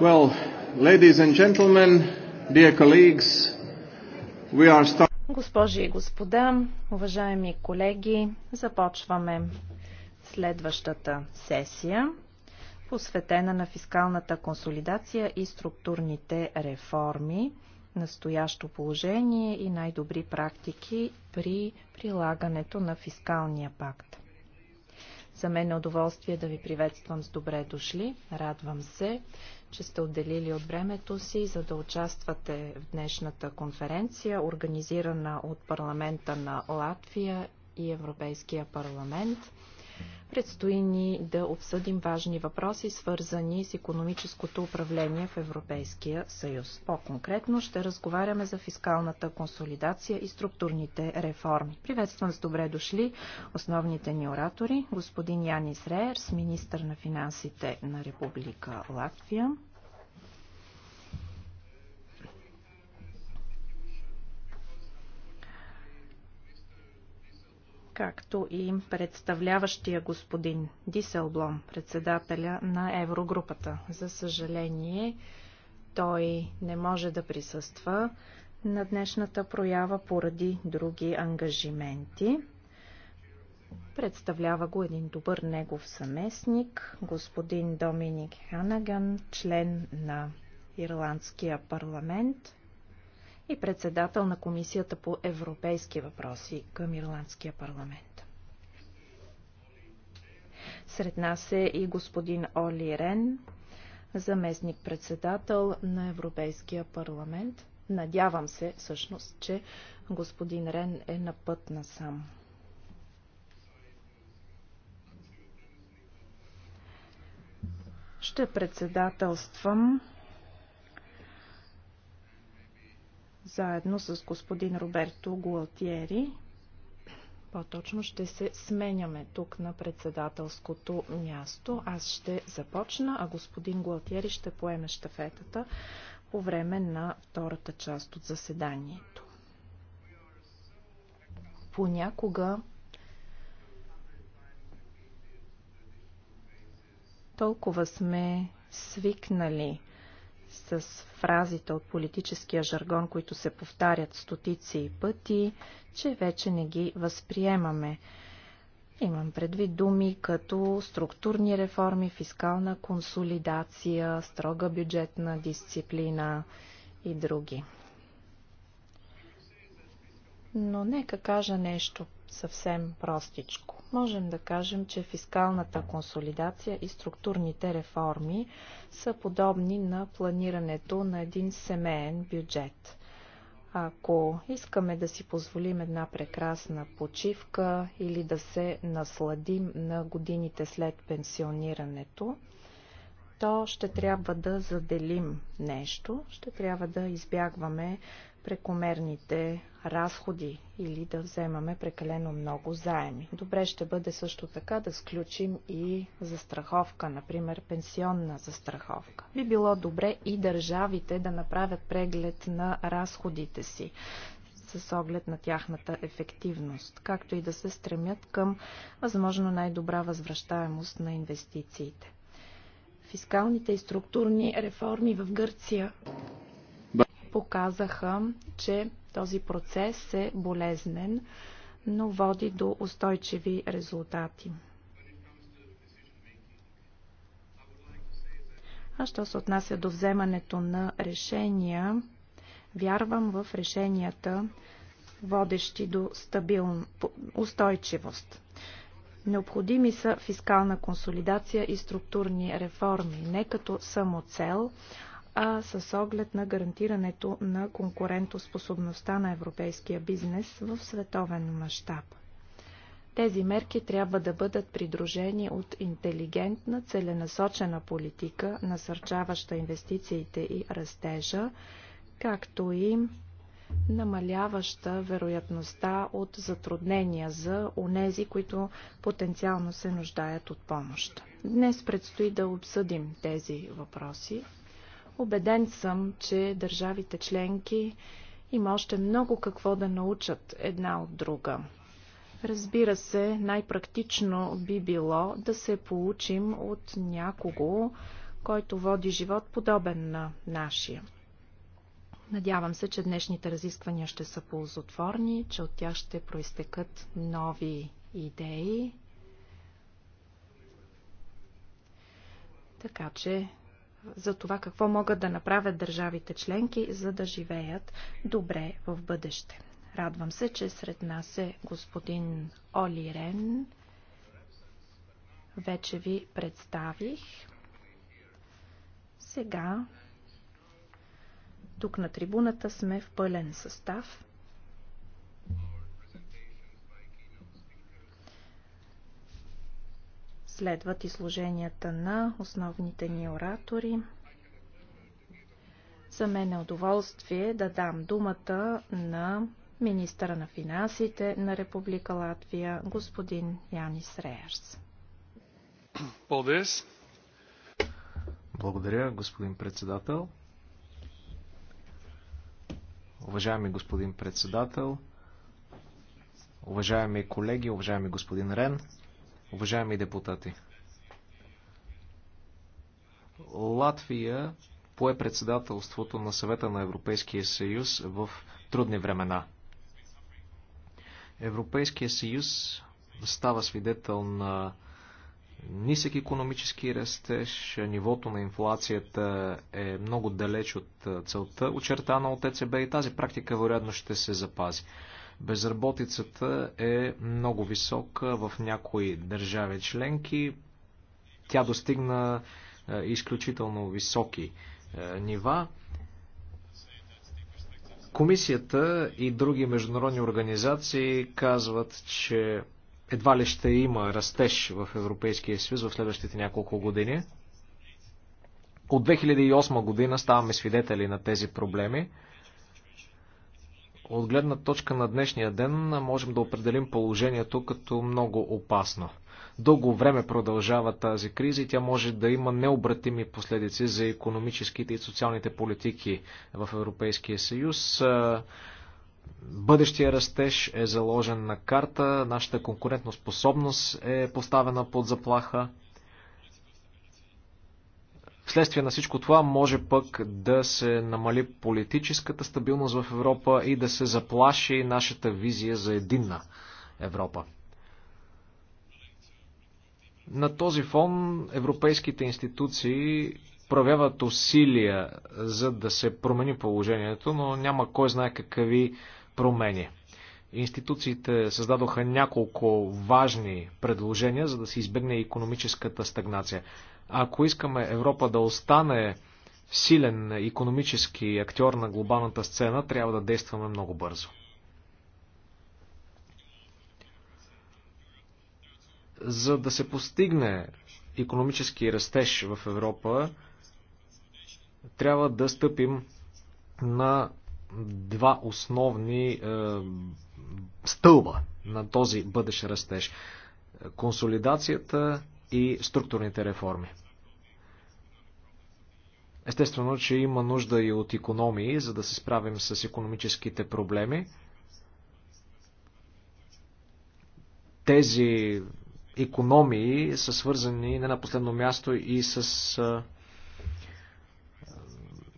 Well, ladies and gentlemen, dear colleagues, we are start... Госпожи и господа, уважаеми колеги, започваме следващата сесия, посветена на фискалната консолидация и структурните реформи, настоящо положение и най-добри практики при прилагането на фискалния пакт. За мен е удоволствие да ви приветствам с добре дошли. Радвам се, че сте отделили от времето си, за да участвате в днешната конференция, организирана от парламента на Латвия и Европейския парламент. Предстои ни да обсъдим важни въпроси, свързани с економическото управление в Европейския съюз. По-конкретно ще разговаряме за фискалната консолидация и структурните реформи. Приветствам с добре дошли основните ни оратори, господин Янис Реерс, министър на финансите на Република Латвия. както и представляващия господин Диселблом, председателя на Еврогрупата. За съжаление, той не може да присъства на днешната проява поради други ангажименти. Представлява го един добър негов съместник, господин Доминик Ханаган, член на Ирландския парламент – и председател на Комисията по европейски въпроси към Ирландския парламент. Сред нас е и господин Оли Рен, заместник-председател на Европейския парламент. Надявам се, всъщност, че господин Рен е на път насам. Ще председателствам заедно с господин Роберто Гуалтиери. По-точно ще се сменяме тук на председателското място. Аз ще започна, а господин Гуалтиери ще поеме щафетата по време на втората част от заседанието. Понякога толкова сме свикнали – с фразите от политическия жаргон, които се повтарят стотици и пъти, че вече не ги възприемаме. Имам предвид думи като структурни реформи, фискална консолидация, строга бюджетна дисциплина и други. Но нека кажа нещо съвсем простичко можем да кажем, че фискалната консолидация и структурните реформи са подобни на планирането на един семейен бюджет. Ако искаме да си позволим една прекрасна почивка или да се насладим на годините след пенсионирането, то ще трябва да заделим нещо, ще трябва да избягваме прекомерните разходи или да вземаме прекалено много заеми. Добре ще бъде също така да сключим и застраховка, например пенсионна застраховка. Би било добре и държавите да направят преглед на разходите си с оглед на тяхната ефективност, както и да се стремят към възможно най-добра възвръщаемост на инвестициите. Фискалните и структурни реформи в Гърция показаха, че този процес е болезнен, но води до устойчиви резултати. А що се отнася до вземането на решения, вярвам в решенията, водещи до стабилна устойчивост. Необходими са фискална консолидация и структурни реформи, не като само цел, а с оглед на гарантирането на конкурентоспособността на европейския бизнес в световен мащаб. Тези мерки трябва да бъдат придружени от интелигентна, целенасочена политика, насърчаваща инвестициите и растежа, както и намаляваща вероятността от затруднения за онези, които потенциално се нуждаят от помощ. Днес предстои да обсъдим тези въпроси. Обеден съм, че държавите членки има още много какво да научат една от друга. Разбира се, най-практично би било да се получим от някого, който води живот подобен на нашия. Надявам се, че днешните разисквания ще са ползотворни, че от тях ще проистекат нови идеи. Така че за това какво могат да направят държавите членки, за да живеят добре в бъдеще. Радвам се, че сред нас е господин Оли Рен. Вече ви представих. Сега тук на трибуната сме в пълен състав. Следват изложенията на основните ни оратори. За мен е удоволствие да дам думата на министъра на финансите на Република Латвия, господин Янис Реерс. Благодаря, господин председател. Уважаеми господин председател, уважаеми колеги, уважаеми господин Рен, Уважаеми депутати, Латвия пое председателството на съвета на Европейския съюз в трудни времена. Европейския съюз става свидетел на нисък економически растеж, нивото на инфлацията е много далеч от целта, очертана от ЕЦБ и тази практика вероятно ще се запази. Безработицата е много висока в някои държави членки. Тя достигна е, изключително високи е, нива. Комисията и други международни организации казват, че едва ли ще има растеж в Европейския съюз в следващите няколко години. От 2008 година ставаме свидетели на тези проблеми. От гледна точка на днешния ден можем да определим положението като много опасно. Дълго време продължава тази криза и тя може да има необратими последици за економическите и социалните политики в Европейския съюз. Бъдещия растеж е заложен на карта, нашата конкурентна способност е поставена под заплаха. Вследствие на всичко това може пък да се намали политическата стабилност в Европа и да се заплаши нашата визия за единна Европа. На този фон европейските институции проявяват усилия за да се промени положението, но няма кой знае какви промени. Институциите създадоха няколко важни предложения, за да се избегне економическата стагнация. Ако искаме Европа да остане силен економически актьор на глобалната сцена, трябва да действаме много бързо. За да се постигне економически растеж в Европа, трябва да стъпим на два основни е, стълба на този бъдещ растеж консолидацията и структурните реформи. Естествено, че има нужда и от економии, за да се справим с економическите проблеми. Тези економии са свързани не на последно място и с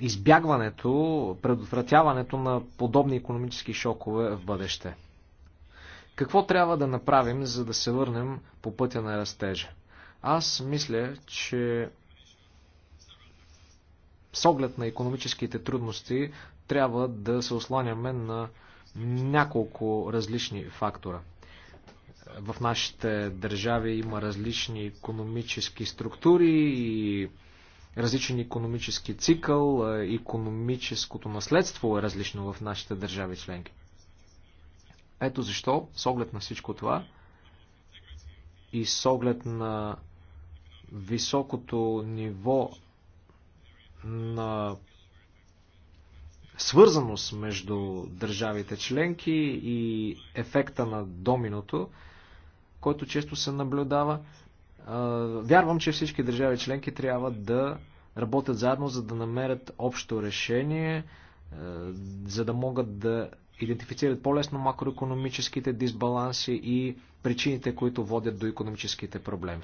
избягването, предотвратяването на подобни економически шокове в бъдеще. Какво трябва да направим, за да се върнем по пътя на растежа? Аз мисля, че с оглед на економическите трудности трябва да се осланяме на няколко различни фактора. В нашите държави има различни економически структури и различен економически цикъл, економическото наследство е различно в нашите държави членки. Ето защо, с оглед на всичко това и с оглед на високото ниво на свързаност между държавите членки и ефекта на доминото, който често се наблюдава. Вярвам, че всички държави членки трябва да работят заедно, за да намерят общо решение, за да могат да идентифицират по-лесно макроекономическите дисбаланси и причините, които водят до економическите проблеми.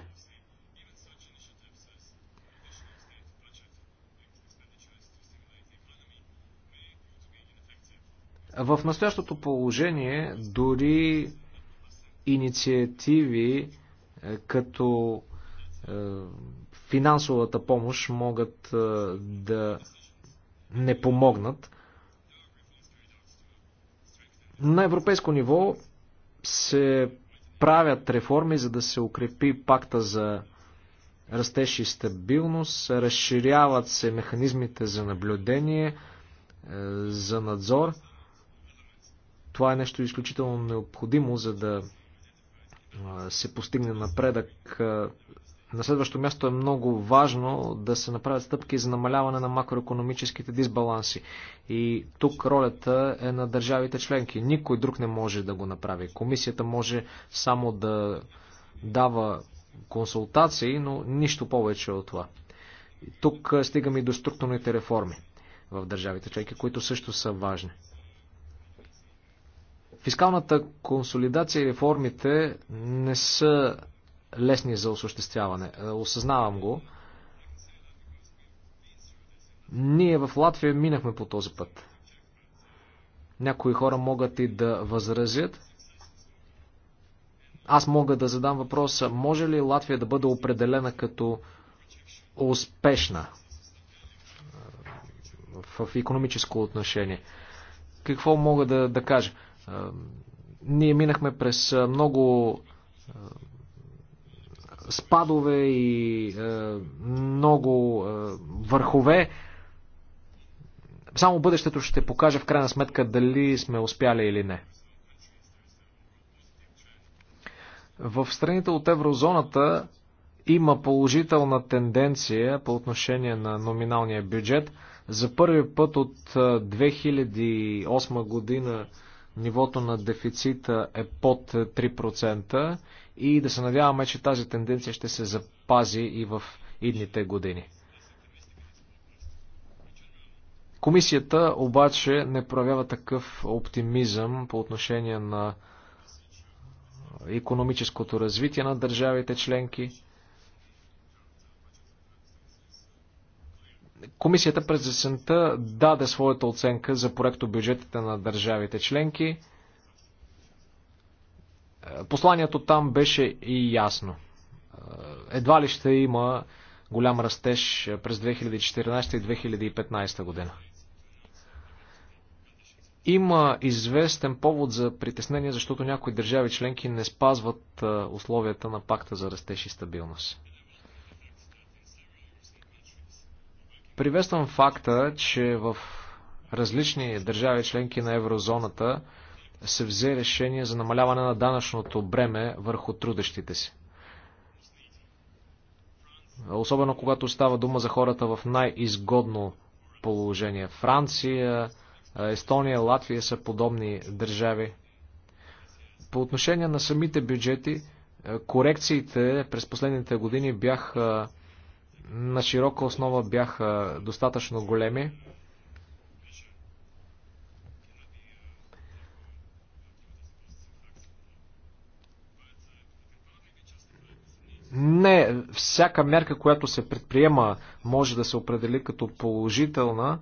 В настоящото положение дори инициативи е, като е, финансовата помощ могат е, да не помогнат. На европейско ниво се правят реформи, за да се укрепи пакта за растеж и стабилност, разширяват се механизмите за наблюдение, за надзор – това е нещо изключително необходимо, за да се постигне напредък. На следващо място е много важно да се направят стъпки за намаляване на макроекономическите дисбаланси. И тук ролята е на държавите членки. Никой друг не може да го направи. Комисията може само да дава консултации, но нищо повече от това. Тук стигаме и до структурните реформи в държавите членки, които също са важни. Фискалната консолидация и реформите не са лесни за осъществяване. Е, осъзнавам го. Ние в Латвия минахме по този път. Някои хора могат и да възразят. Аз мога да задам въпроса, може ли Латвия да бъде определена като успешна е, в економическо отношение? Какво мога да, да кажа? Ние минахме през много спадове и много върхове. Само бъдещето ще покаже в крайна сметка дали сме успяли или не. В страните от еврозоната има положителна тенденция по отношение на номиналния бюджет. За първи път от 2008 година нивото на дефицита е под 3% и да се надяваме, че тази тенденция ще се запази и в идните години. Комисията обаче не проявява такъв оптимизъм по отношение на економическото развитие на държавите членки. Комисията през десента даде своята оценка за проекто бюджетите на държавите членки. Е, посланието там беше и ясно. Е, едва ли ще има голям растеж през 2014 и 2015 година. Има известен повод за притеснение, защото някои държави членки не спазват е, условията на пакта за растеж и стабилност. Приветствам факта, че в различни държави членки на еврозоната се взе решение за намаляване на данъчното бреме върху трудещите си. Особено когато става дума за хората в най-изгодно положение. Франция, Естония, Латвия са подобни държави. По отношение на самите бюджети, корекциите през последните години бяха на широка основа бяха достатъчно големи. Не, всяка мерка, която се предприема, може да се определи като положителна,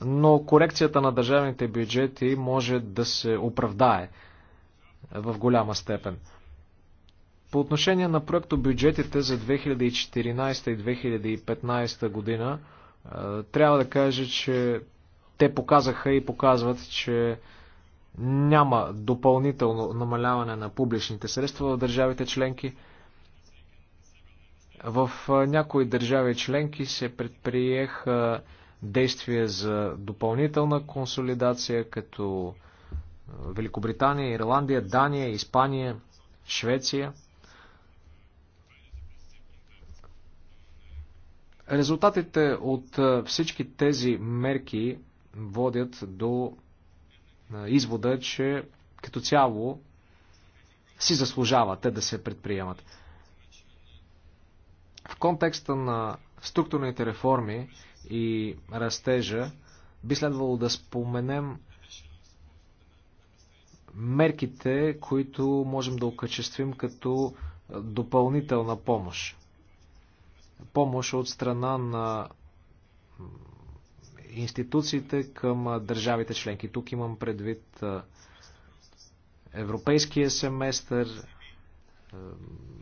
но корекцията на държавните бюджети може да се оправдае в голяма степен. По отношение на проекто бюджетите за 2014 и 2015 година, е, трябва да кажа, че те показаха и показват, че няма допълнително намаляване на публичните средства в държавите членки. В е, някои държави членки се предприеха действия за допълнителна консолидация, като е, Великобритания, Ирландия, Дания, Испания, Швеция – Резултатите от всички тези мерки водят до извода, че като цяло си заслужава те да се предприемат. В контекста на структурните реформи и растежа би следвало да споменем мерките, които можем да окачествим като допълнителна помощ помощ от страна на институциите към държавите членки. Тук имам предвид европейския семестър,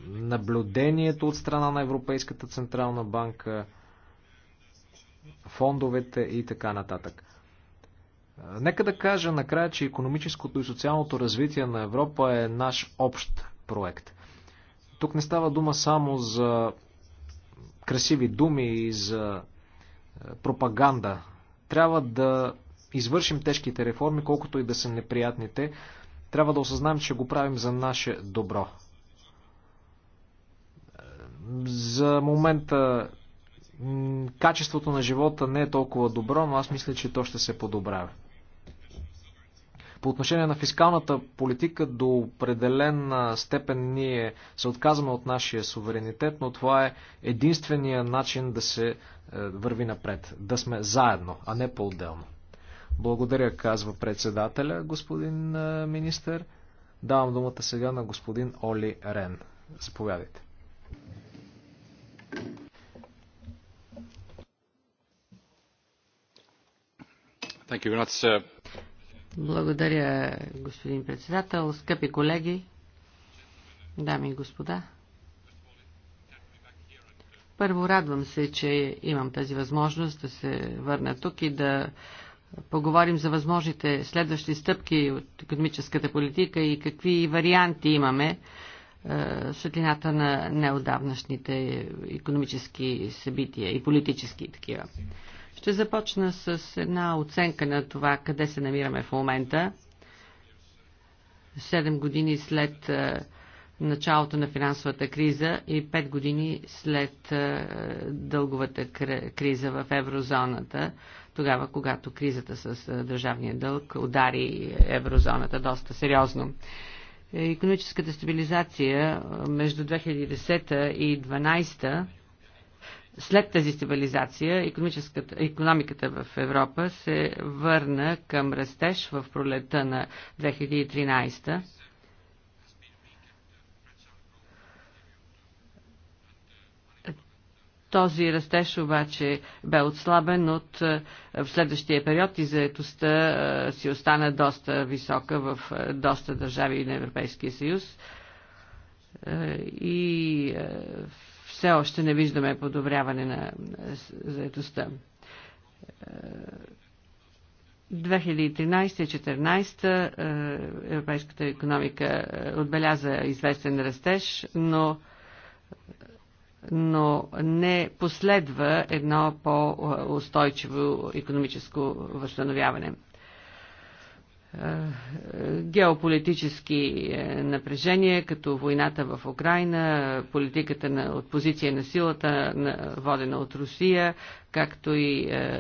наблюдението от страна на Европейската централна банка, фондовете и така нататък. Нека да кажа накрая, че економическото и социалното развитие на Европа е наш общ проект. Тук не става дума само за красиви думи и за е, пропаганда. Трябва да извършим тежките реформи, колкото и да са неприятните. Трябва да осъзнаем, че го правим за наше добро. За момента качеството на живота не е толкова добро, но аз мисля, че то ще се подобрява. По отношение на фискалната политика до определена степен ние се отказваме от нашия суверенитет, но това е единствения начин да се е, върви напред, да сме заедно, а не по-отделно. Благодаря, казва председателя, господин е, министър. Давам думата сега на господин Оли Рен. Заповядайте. Thank you very much, благодаря, господин председател. Скъпи колеги, дами и господа. Първо радвам се, че имам тази възможност да се върна тук и да поговорим за възможните следващи стъпки от економическата политика и какви варианти имаме е, светлината на неодавнашните економически събития и политически такива. Ще започна с една оценка на това къде се намираме в момента. Седем години след е, началото на финансовата криза и 5 години след е, дълговата криза в еврозоната, тогава когато кризата с е, държавния дълг удари еврозоната доста сериозно. Економическата стабилизация между 2010 и 2012 след тази стабилизация економиката в Европа се върна към растеж в пролета на 2013 Този растеж обаче бе отслабен от е, в следващия период и заетостта е, си остана доста висока в е, доста държави на Европейския съюз. И все още не виждаме подобряване на заедостта. 2013-2014 е, е, европейската економика е, отбеляза известен растеж, но, но не последва едно по-устойчиво економическо възстановяване геополитически е, напрежения, като войната в Украина, политиката на, от позиция на силата, на, водена от Русия, както и е,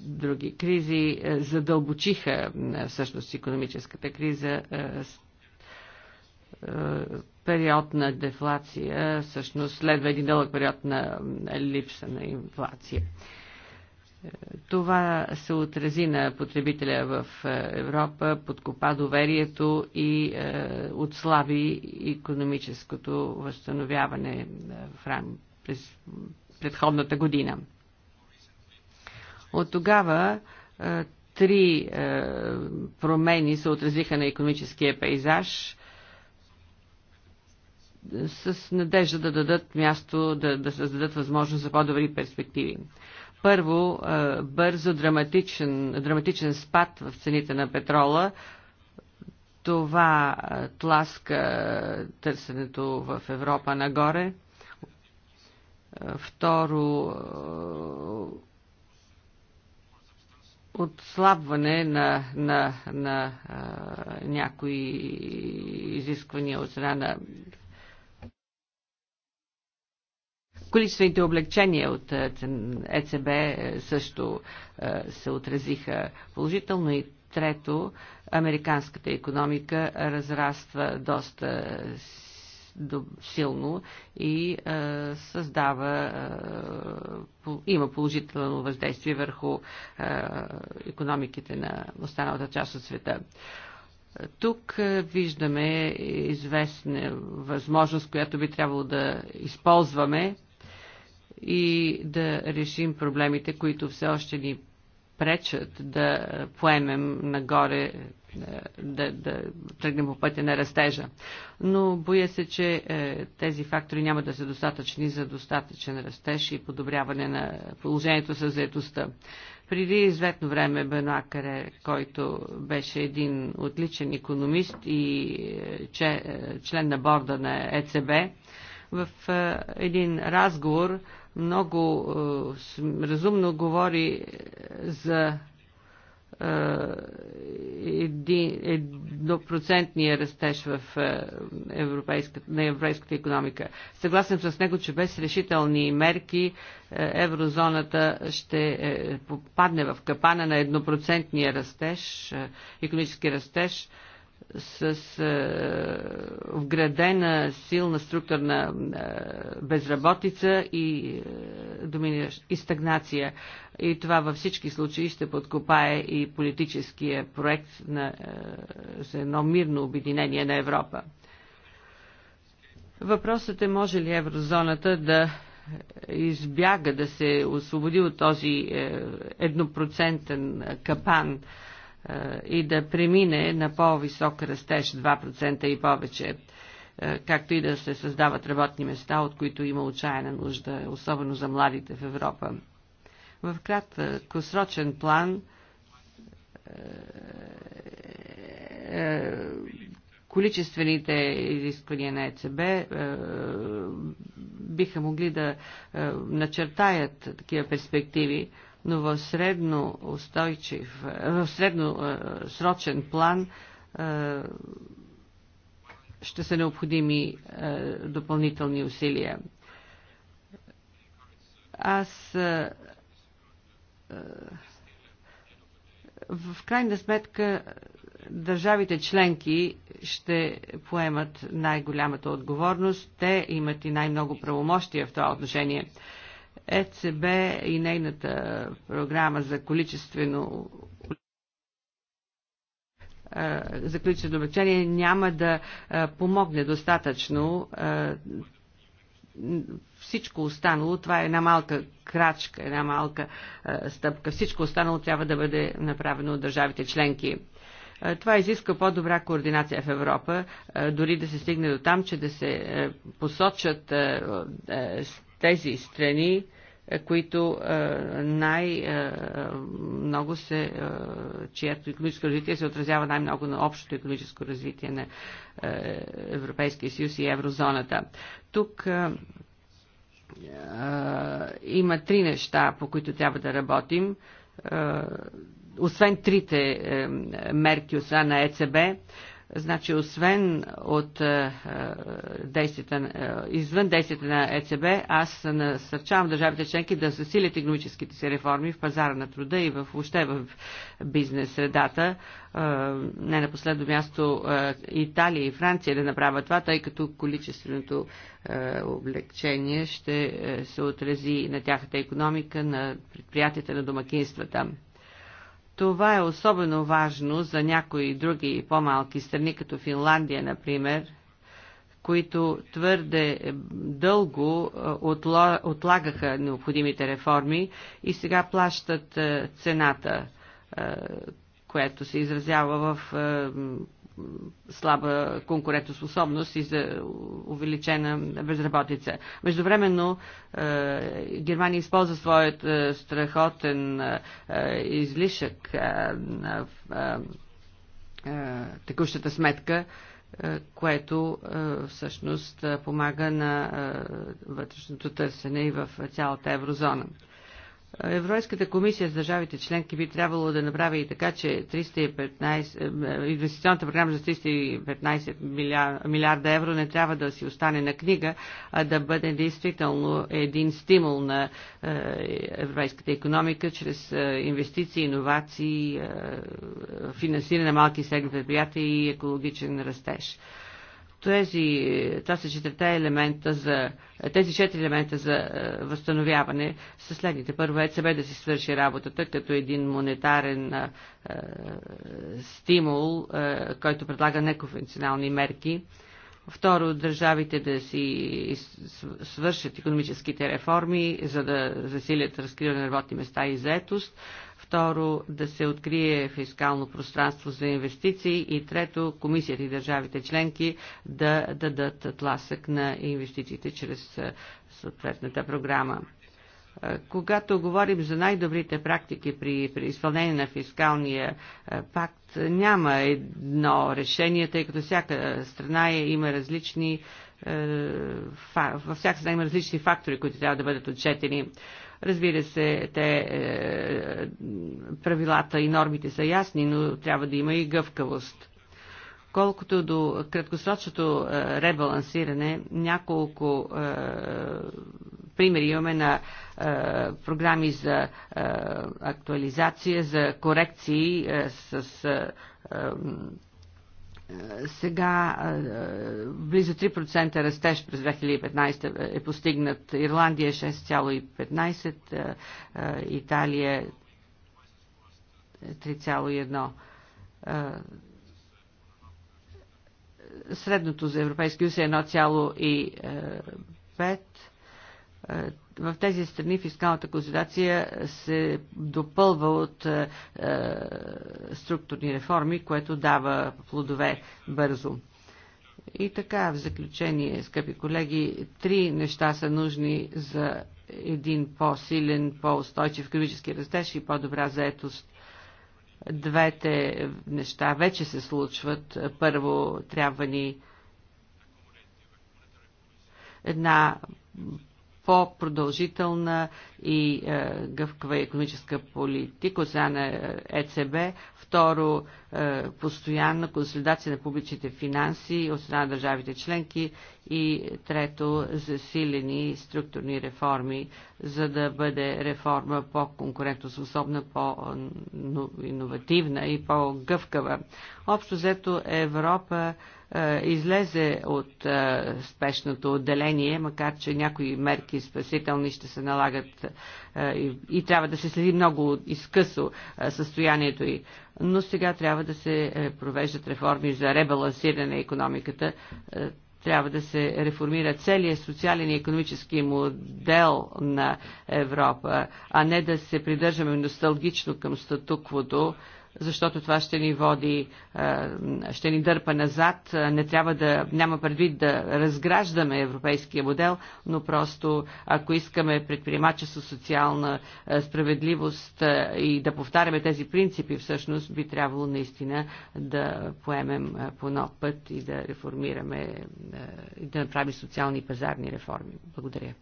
други кризи, е, задълбочиха всъщност економическата криза. Е, е, период на дефлация, всъщност следва един дълъг период на липса на инфлация. Това се отрази на потребителя в е, Европа, подкопа доверието и е, отслаби економическото възстановяване е, в рам, през предходната година. От тогава е, три е, промени се отразиха на економическия пейзаж с надежда да дадат място, да, да създадат възможност за по-добри перспективи. Първо, бързо драматичен, драматичен спад в цените на петрола. Това тласка търсенето в Европа нагоре. Второ, отслабване на, на, на на някои изисквания от страна на Количествените облегчения от ЕЦБ е е, също е, се отразиха положително и трето, американската економика разраства доста силно и създава, има положително въздействие върху економиките на останалата част от света. Тук виждаме известна възможност, която би трябвало да използваме и да решим проблемите, които все още ни пречат да поемем нагоре, да, да тръгнем по пътя на растежа. Но боя се, че е, тези фактори няма да са достатъчни за достатъчен растеж и подобряване на положението с заедостта. Преди известно време Бенакаре, който беше един отличен економист и е, че, е, член на борда на ЕЦБ, в е, един разговор много е, разумно говори е, за е, еднопроцентния растеж в европейска, на европейската економика. Съгласен с него, че без решителни мерки еврозоната ще попадне в капана на еднопроцентния растеж, економически растеж с е, вградена силна структурна е, безработица и, е, доминираща и стагнация. И това във всички случаи ще подкопае и политическия проект на, за едно мирно обединение на Европа. Въпросът е може ли еврозоната да избяга, да се освободи от този еднопроцентен капан, и да премине на по-висок растеж 2% и повече, както и да се създават работни места, от които има отчаяна нужда, особено за младите в Европа. В краткосрочен план е, количествените изисквания на ЕЦБ е, биха могли да е, начертаят такива перспективи но в е, средно устойчив, в средно срочен план е, ще са необходими е, допълнителни усилия. Аз в крайна сметка държавите членки ще поемат най-голямата отговорност. Те имат и най-много правомощия в това отношение. ЕЦБ и нейната програма за количествено за количествено облегчение няма да помогне достатъчно всичко останало, това е една малка крачка, една малка стъпка. Всичко останало трябва да бъде направено от държавите членки. Това изисква по-добра координация в Европа, дори да се стигне до там, че да се посочат тези страни, е, които е, най-много е, се, чието економическо развитие се отразява най-много на общото економическо развитие на Европейския съюз и еврозоната. Тук има три неща, по които трябва да работим. Освен трите мерки от страна на ЕЦБ, Значи, освен от е, е, действията, е, извън действията на ЕЦБ, аз насърчавам държавите членки да засилят економическите си реформи в пазара на труда и въобще в бизнес средата. не на последно място Италия и Франция да направят това, тъй като количественото облегчение ще се отрази на тяхната економика, на предприятията, на домакинствата. Това е особено важно за някои други по-малки страни, като Финландия, например, които твърде дълго е, отлагаха необходимите реформи и сега плащат е, цената, е, която се изразява в слаба конкурентоспособност и за увеличена безработица. Междувременно е, Германия използва своят е, страхотен е, излишък на текущата сметка, което всъщност помага на вътрешното търсене и в цялата еврозона. Европейската комисия с държавите членки би трябвало да направи и така, че 315, инвестиционната програма за 315 милиарда, милиарда евро не трябва да си остане на книга, а да бъде действително един стимул на е, европейската економика чрез е, инвестиции, иновации, е, финансиране на малки и средни предприятия и екологичен растеж. Тези, тази четирите елемента за, тези четири елемента за е, възстановяване са следните. Първо ЕЦБ да си свърши работата като един монетарен а, е, е, стимул, а, който предлага неконвенционални мерки. Второ, държавите да си свършат економическите реформи, за да засилят разкриване на работни места и заетост второ да се открие фискално пространство за инвестиции и трето комисията и държавите членки да дадат тласък на инвестициите чрез съответната програма. Когато говорим за най-добрите практики при, при изпълнение на фискалния пакт, няма едно решение, тъй като всяка страна е, има различни във всяка страна има различни фактори, които трябва да бъдат отчетени. Разбира се, те, е, правилата и нормите са ясни, но трябва да има и гъвкавост. Колкото до краткосрочното е, ребалансиране, няколко е, примери имаме на е, програми за е, актуализация, за корекции е, с. Е, сега близо 3% растеж през 2015 е постигнат. Ирландия 6,15, е Италия 3,1. Е средното за Европейския съюз е 1,5 в тези страни фискалната консолидация се допълва от е, е, структурни реформи, което дава плодове бързо. И така, в заключение, скъпи колеги, три неща са нужни за един по-силен, по-устойчив економически растеж и по-добра заетост двете неща вече се случват. Първо трябва ни една по-продължителна и е, гъвкава економическа политика от страна на е, ЕЦБ. Второ, е, постоянна консолидация на публичните финанси от страна на държавите членки. И трето, засилени структурни реформи, за да бъде реформа по-конкурентоспособна, по-инновативна и по-гъвкава. Общо взето Европа е, излезе от е, спешното отделение, макар че някои мерки спасителни ще се налагат е, и трябва да се следи много изкъсо състоянието й. Но сега трябва да се провеждат реформи за ребалансиране на економиката. Трябва да се реформира целият социален и економически модел на Европа, а не да се придържаме носталгично към статуквото, защото това ще ни води, ще ни дърпа назад. Не трябва да, няма предвид да разграждаме европейския модел, но просто ако искаме предприемачество, социална справедливост и да повтаряме тези принципи, всъщност би трябвало наистина да поемем по нов път и да реформираме и да направим социални и пазарни реформи. Благодаря.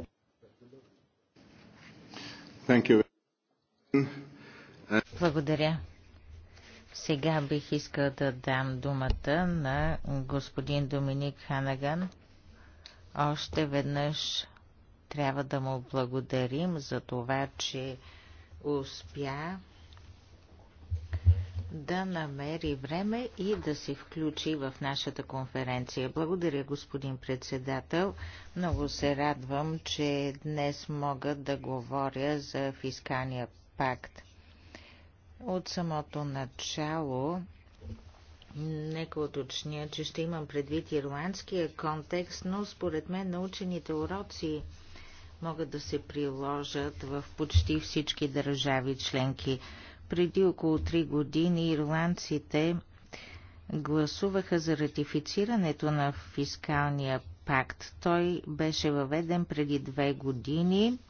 Благодаря. Сега бих искал да дам думата на господин Доминик Ханаган. Още веднъж трябва да му благодарим за това, че успя да намери време и да се включи в нашата конференция. Благодаря, господин председател. Много се радвам, че днес мога да говоря за фискалния пакт. От самото начало Нека уточня, че ще имам предвид ирландския контекст, но според мен научените уроци могат да се приложат в почти всички държави членки. Преди около три години ирландците гласуваха за ратифицирането на фискалния пакт. Той беше въведен преди две години –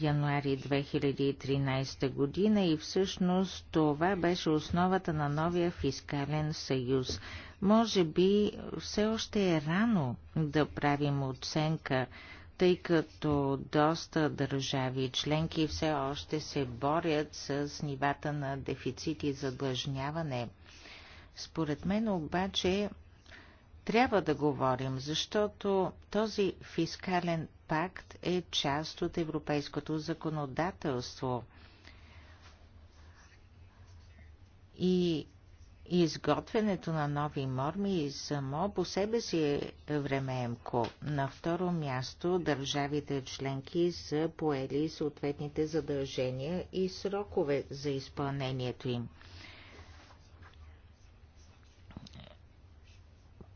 януари 2013 година и всъщност това беше основата на новия фискален съюз. Може би все още е рано да правим оценка, тъй като доста държави и членки все още се борят с нивата на дефицит и задлъжняване. Според мен обаче трябва да говорим, защото този фискален пакт е част от европейското законодателство. И изготвянето на нови норми само по себе си е времеемко. На второ място държавите членки са поели съответните задължения и срокове за изпълнението им.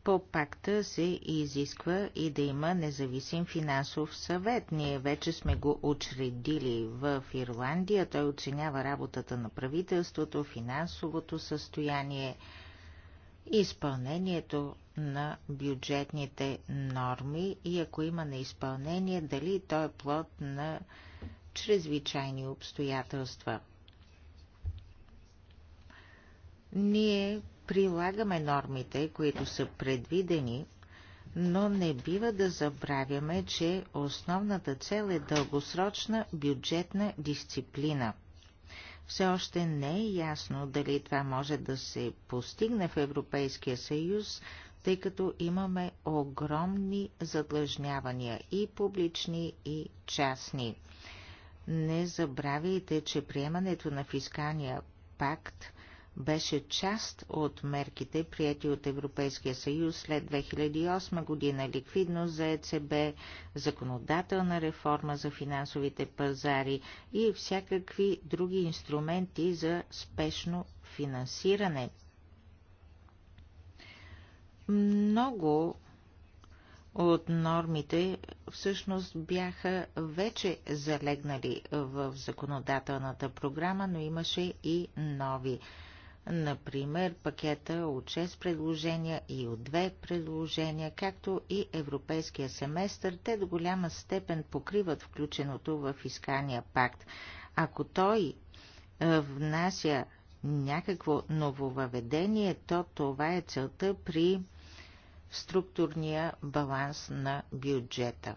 По пакта се изисква и да има независим финансов съвет. Ние вече сме го учредили в Ирландия. Той оценява работата на правителството, финансовото състояние, изпълнението на бюджетните норми и ако има неизпълнение, дали то е плод на чрезвичайни обстоятелства. Ние прилагаме нормите, които са предвидени, но не бива да забравяме, че основната цел е дългосрочна бюджетна дисциплина. Все още не е ясно дали това може да се постигне в Европейския съюз, тъй като имаме огромни задлъжнявания и публични, и частни. Не забравяйте, че приемането на фискалния пакт беше част от мерките, прияти от Европейския съюз след 2008 година, ликвидност за ЕЦБ, законодателна реформа за финансовите пазари и всякакви други инструменти за спешно финансиране. Много от нормите всъщност бяха вече залегнали в законодателната програма, но имаше и нови например пакета от 6 предложения и от 2 предложения, както и европейския семестър, те до голяма степен покриват включеното в фискалния пакт. Ако той е, внася някакво нововъведение, то това е целта при структурния баланс на бюджета.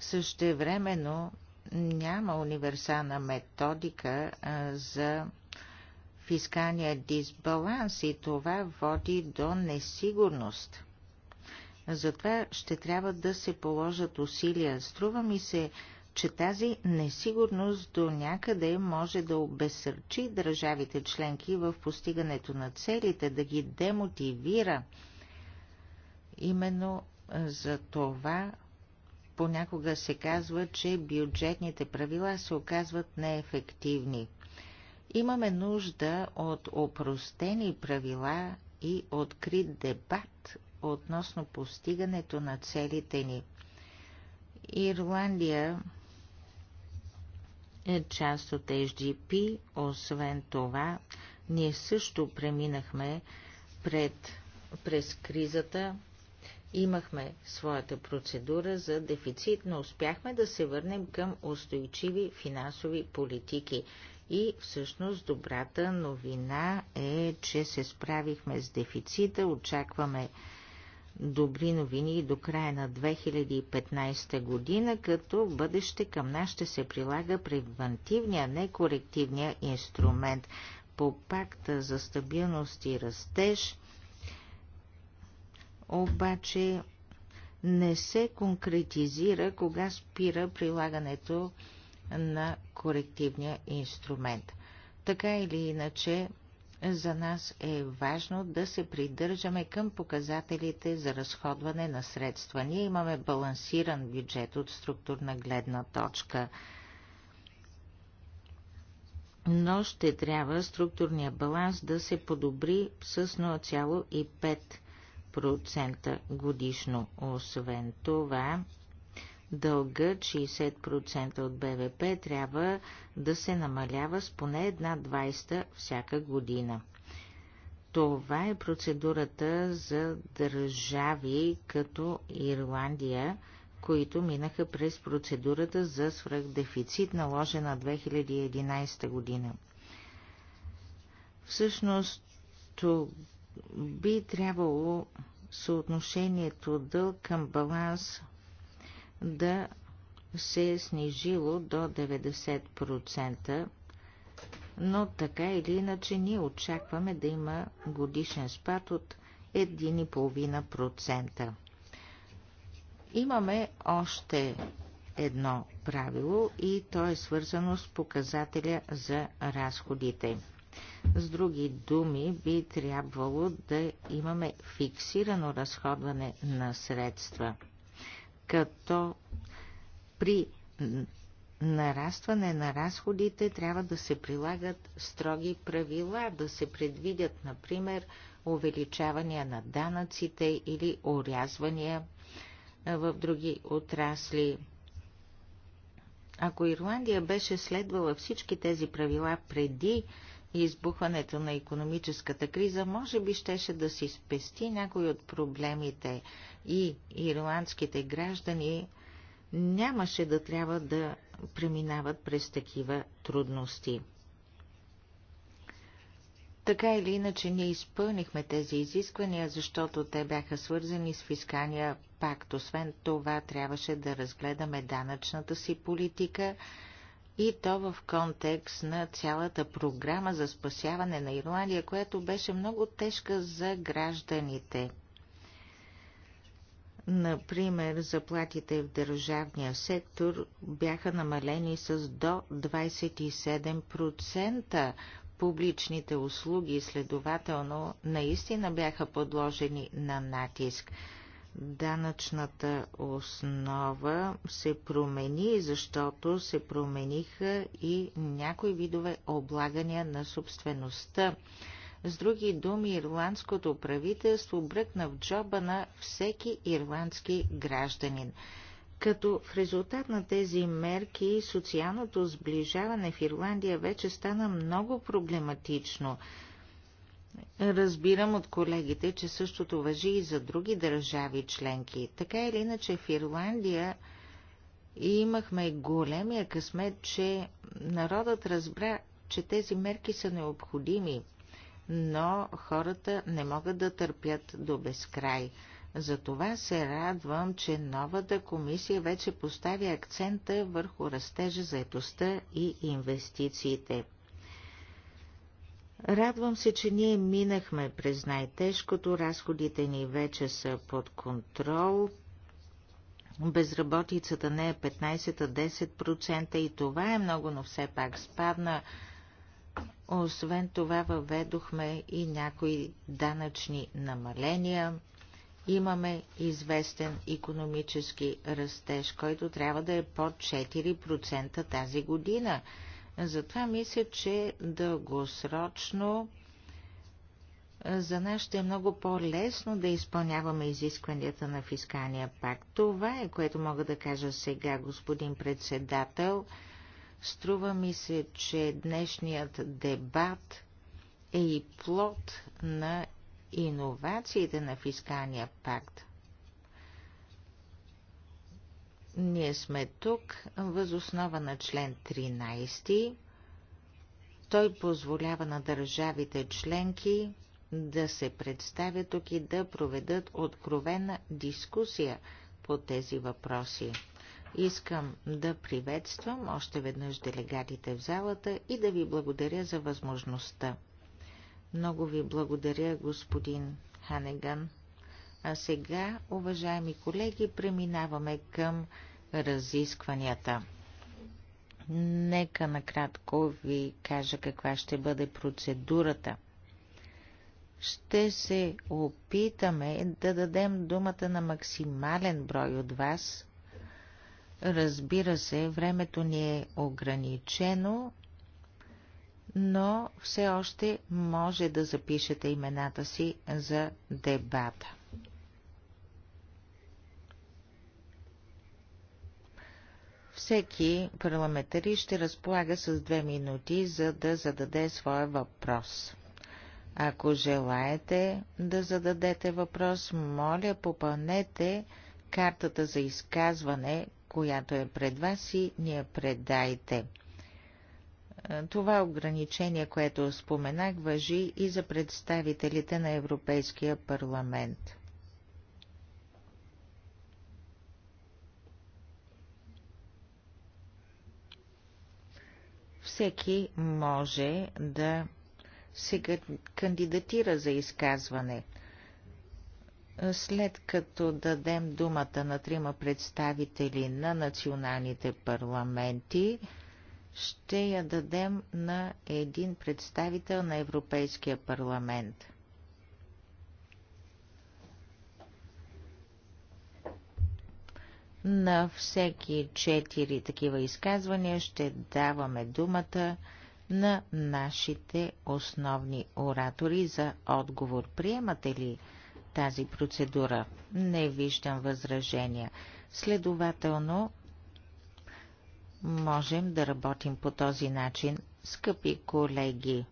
Същевременно няма универсална методика за фискалния дисбаланс и това води до несигурност. Затова ще трябва да се положат усилия. Струва ми се, че тази несигурност до някъде може да обесърчи държавите членки в постигането на целите, да ги демотивира. Именно за това понякога се казва, че бюджетните правила се оказват неефективни. Имаме нужда от опростени правила и открит дебат относно постигането на целите ни. Ирландия е част от HDP, освен това, ние също преминахме пред, през кризата Имахме своята процедура за дефицит, но успяхме да се върнем към устойчиви финансови политики. И всъщност добрата новина е, че се справихме с дефицита, очакваме добри новини до края на 2015 година, като бъдеще към нас ще се прилага превентивния, не корективния инструмент по пакта за стабилност и растеж – обаче не се конкретизира кога спира прилагането на корективния инструмент. Така или иначе, за нас е важно да се придържаме към показателите за разходване на средства. Ние имаме балансиран бюджет от структурна гледна точка, но ще трябва структурния баланс да се подобри с 0,5 60% годишно. Освен това, дълга 60% от БВП трябва да се намалява с поне една 20 всяка година. Това е процедурата за държави като Ирландия, които минаха през процедурата за свръхдефицит, наложена 2011 година. Всъщност, би трябвало съотношението дълг към баланс да се е снижило до 90%, но така или иначе ние очакваме да има годишен спад от 1,5%. Имаме още едно правило и то е свързано с показателя за разходите – с други думи, би трябвало да имаме фиксирано разходване на средства, като при нарастване на разходите трябва да се прилагат строги правила, да се предвидят, например, увеличавания на данъците или урязвания в други отрасли. Ако Ирландия беше следвала всички тези правила преди избухването на економическата криза може би щеше да си спести някои от проблемите и ирландските граждани нямаше да трябва да преминават през такива трудности. Така или иначе ние изпълнихме тези изисквания, защото те бяха свързани с фискалния пакт. Освен това, трябваше да разгледаме данъчната си политика и то в контекст на цялата програма за спасяване на Ирландия, която беше много тежка за гражданите. Например, заплатите в държавния сектор бяха намалени с до 27%. Публичните услуги, следователно, наистина бяха подложени на натиск данъчната основа се промени, защото се промениха и някои видове облагания на собствеността. С други думи, ирландското правителство бръкна в джоба на всеки ирландски гражданин. Като в резултат на тези мерки социалното сближаване в Ирландия вече стана много проблематично. Разбирам от колегите, че същото въжи и за други държави членки. Така или иначе в Ирландия имахме големия късмет, че народът разбра, че тези мерки са необходими, но хората не могат да търпят до безкрай. Затова се радвам, че новата комисия вече поставя акцента върху растежа, заетостта и инвестициите – Радвам се, че ние минахме през най-тежкото, разходите ни вече са под контрол. Безработицата не е 15-10% и това е много, но все пак спадна. Освен това въведохме и някои данъчни намаления. Имаме известен економически растеж, който трябва да е под 4% тази година. Затова мисля, че дългосрочно за нас ще е много по-лесно да изпълняваме изискванията на фискалния пакт. Това е, което мога да кажа сега, господин председател. Струва ми се, че днешният дебат е и плод на иновациите на фискалния пакт. Ние сме тук възоснова на член 13. Той позволява на държавите членки да се представят тук и да проведат откровена дискусия по тези въпроси. Искам да приветствам още веднъж делегатите в залата и да ви благодаря за възможността. Много ви благодаря, господин Ханеган. А сега, уважаеми колеги, преминаваме към разискванията. Нека накратко ви кажа каква ще бъде процедурата. Ще се опитаме да дадем думата на максимален брой от вас. Разбира се, времето ни е ограничено, но все още може да запишете имената си за дебата. Всеки парламентари ще разполага с две минути, за да зададе своя въпрос. Ако желаете да зададете въпрос, моля попълнете картата за изказване, която е пред вас и ни я предайте. Това ограничение, което споменах, въжи и за представителите на Европейския парламент. всеки може да се кандидатира за изказване. След като дадем думата на трима представители на националните парламенти, ще я дадем на един представител на Европейския парламент. На всеки четири такива изказвания ще даваме думата на нашите основни оратори за отговор. Приемате ли тази процедура? Не виждам възражения. Следователно, можем да работим по този начин, скъпи колеги.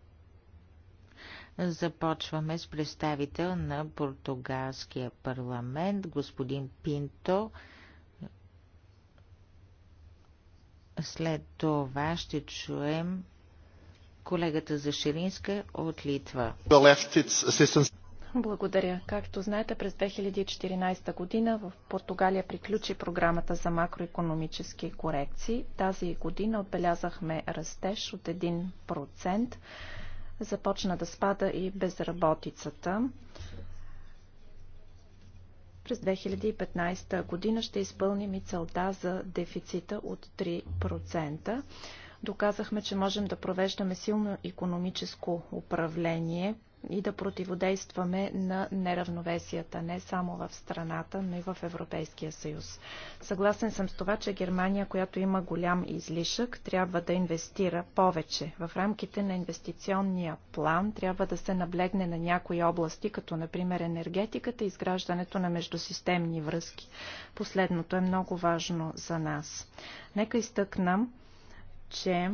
Започваме с представител на португалския парламент, господин Пинто. След това ще чуем колегата Зашелинска от Литва. Благодаря. Както знаете, през 2014 година в Португалия приключи програмата за макроекономически корекции. Тази година отбелязахме растеж от 1%. Започна да спада и безработицата. През 2015 година ще изпълним и целта за дефицита от 3%. Доказахме, че можем да провеждаме силно економическо управление и да противодействаме на неравновесията, не само в страната, но и в Европейския съюз. Съгласен съм с това, че Германия, която има голям излишък, трябва да инвестира повече. В рамките на инвестиционния план трябва да се наблегне на някои области, като например енергетиката и изграждането на междусистемни връзки. Последното е много важно за нас. Нека изтъкнам, че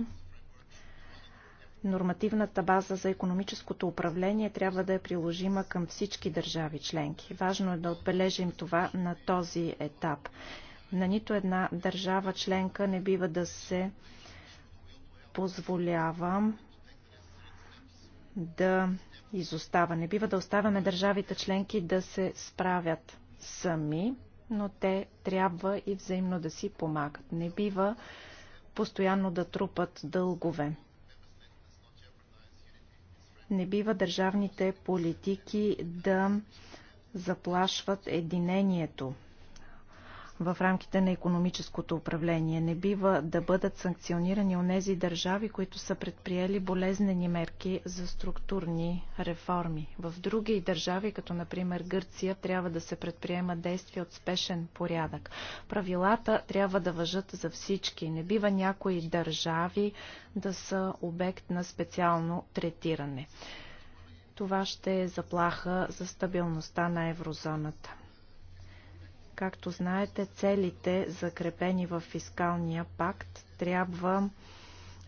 нормативната база за економическото управление трябва да е приложима към всички държави членки. Важно е да отбележим това на този етап. На нито една държава членка не бива да се позволява да изостава. Не бива да оставяме държавите членки да се справят сами, но те трябва и взаимно да си помагат. Не бива постоянно да трупат дългове. Не бива държавните политики да заплашват единението в рамките на економическото управление. Не бива да бъдат санкционирани онези държави, които са предприели болезнени мерки за структурни реформи. В други държави, като например Гърция, трябва да се предприема действия от спешен порядък. Правилата трябва да въжат за всички. Не бива някои държави да са обект на специално третиране. Това ще е заплаха за стабилността на еврозоната. Както знаете, целите, закрепени в фискалния пакт, трябва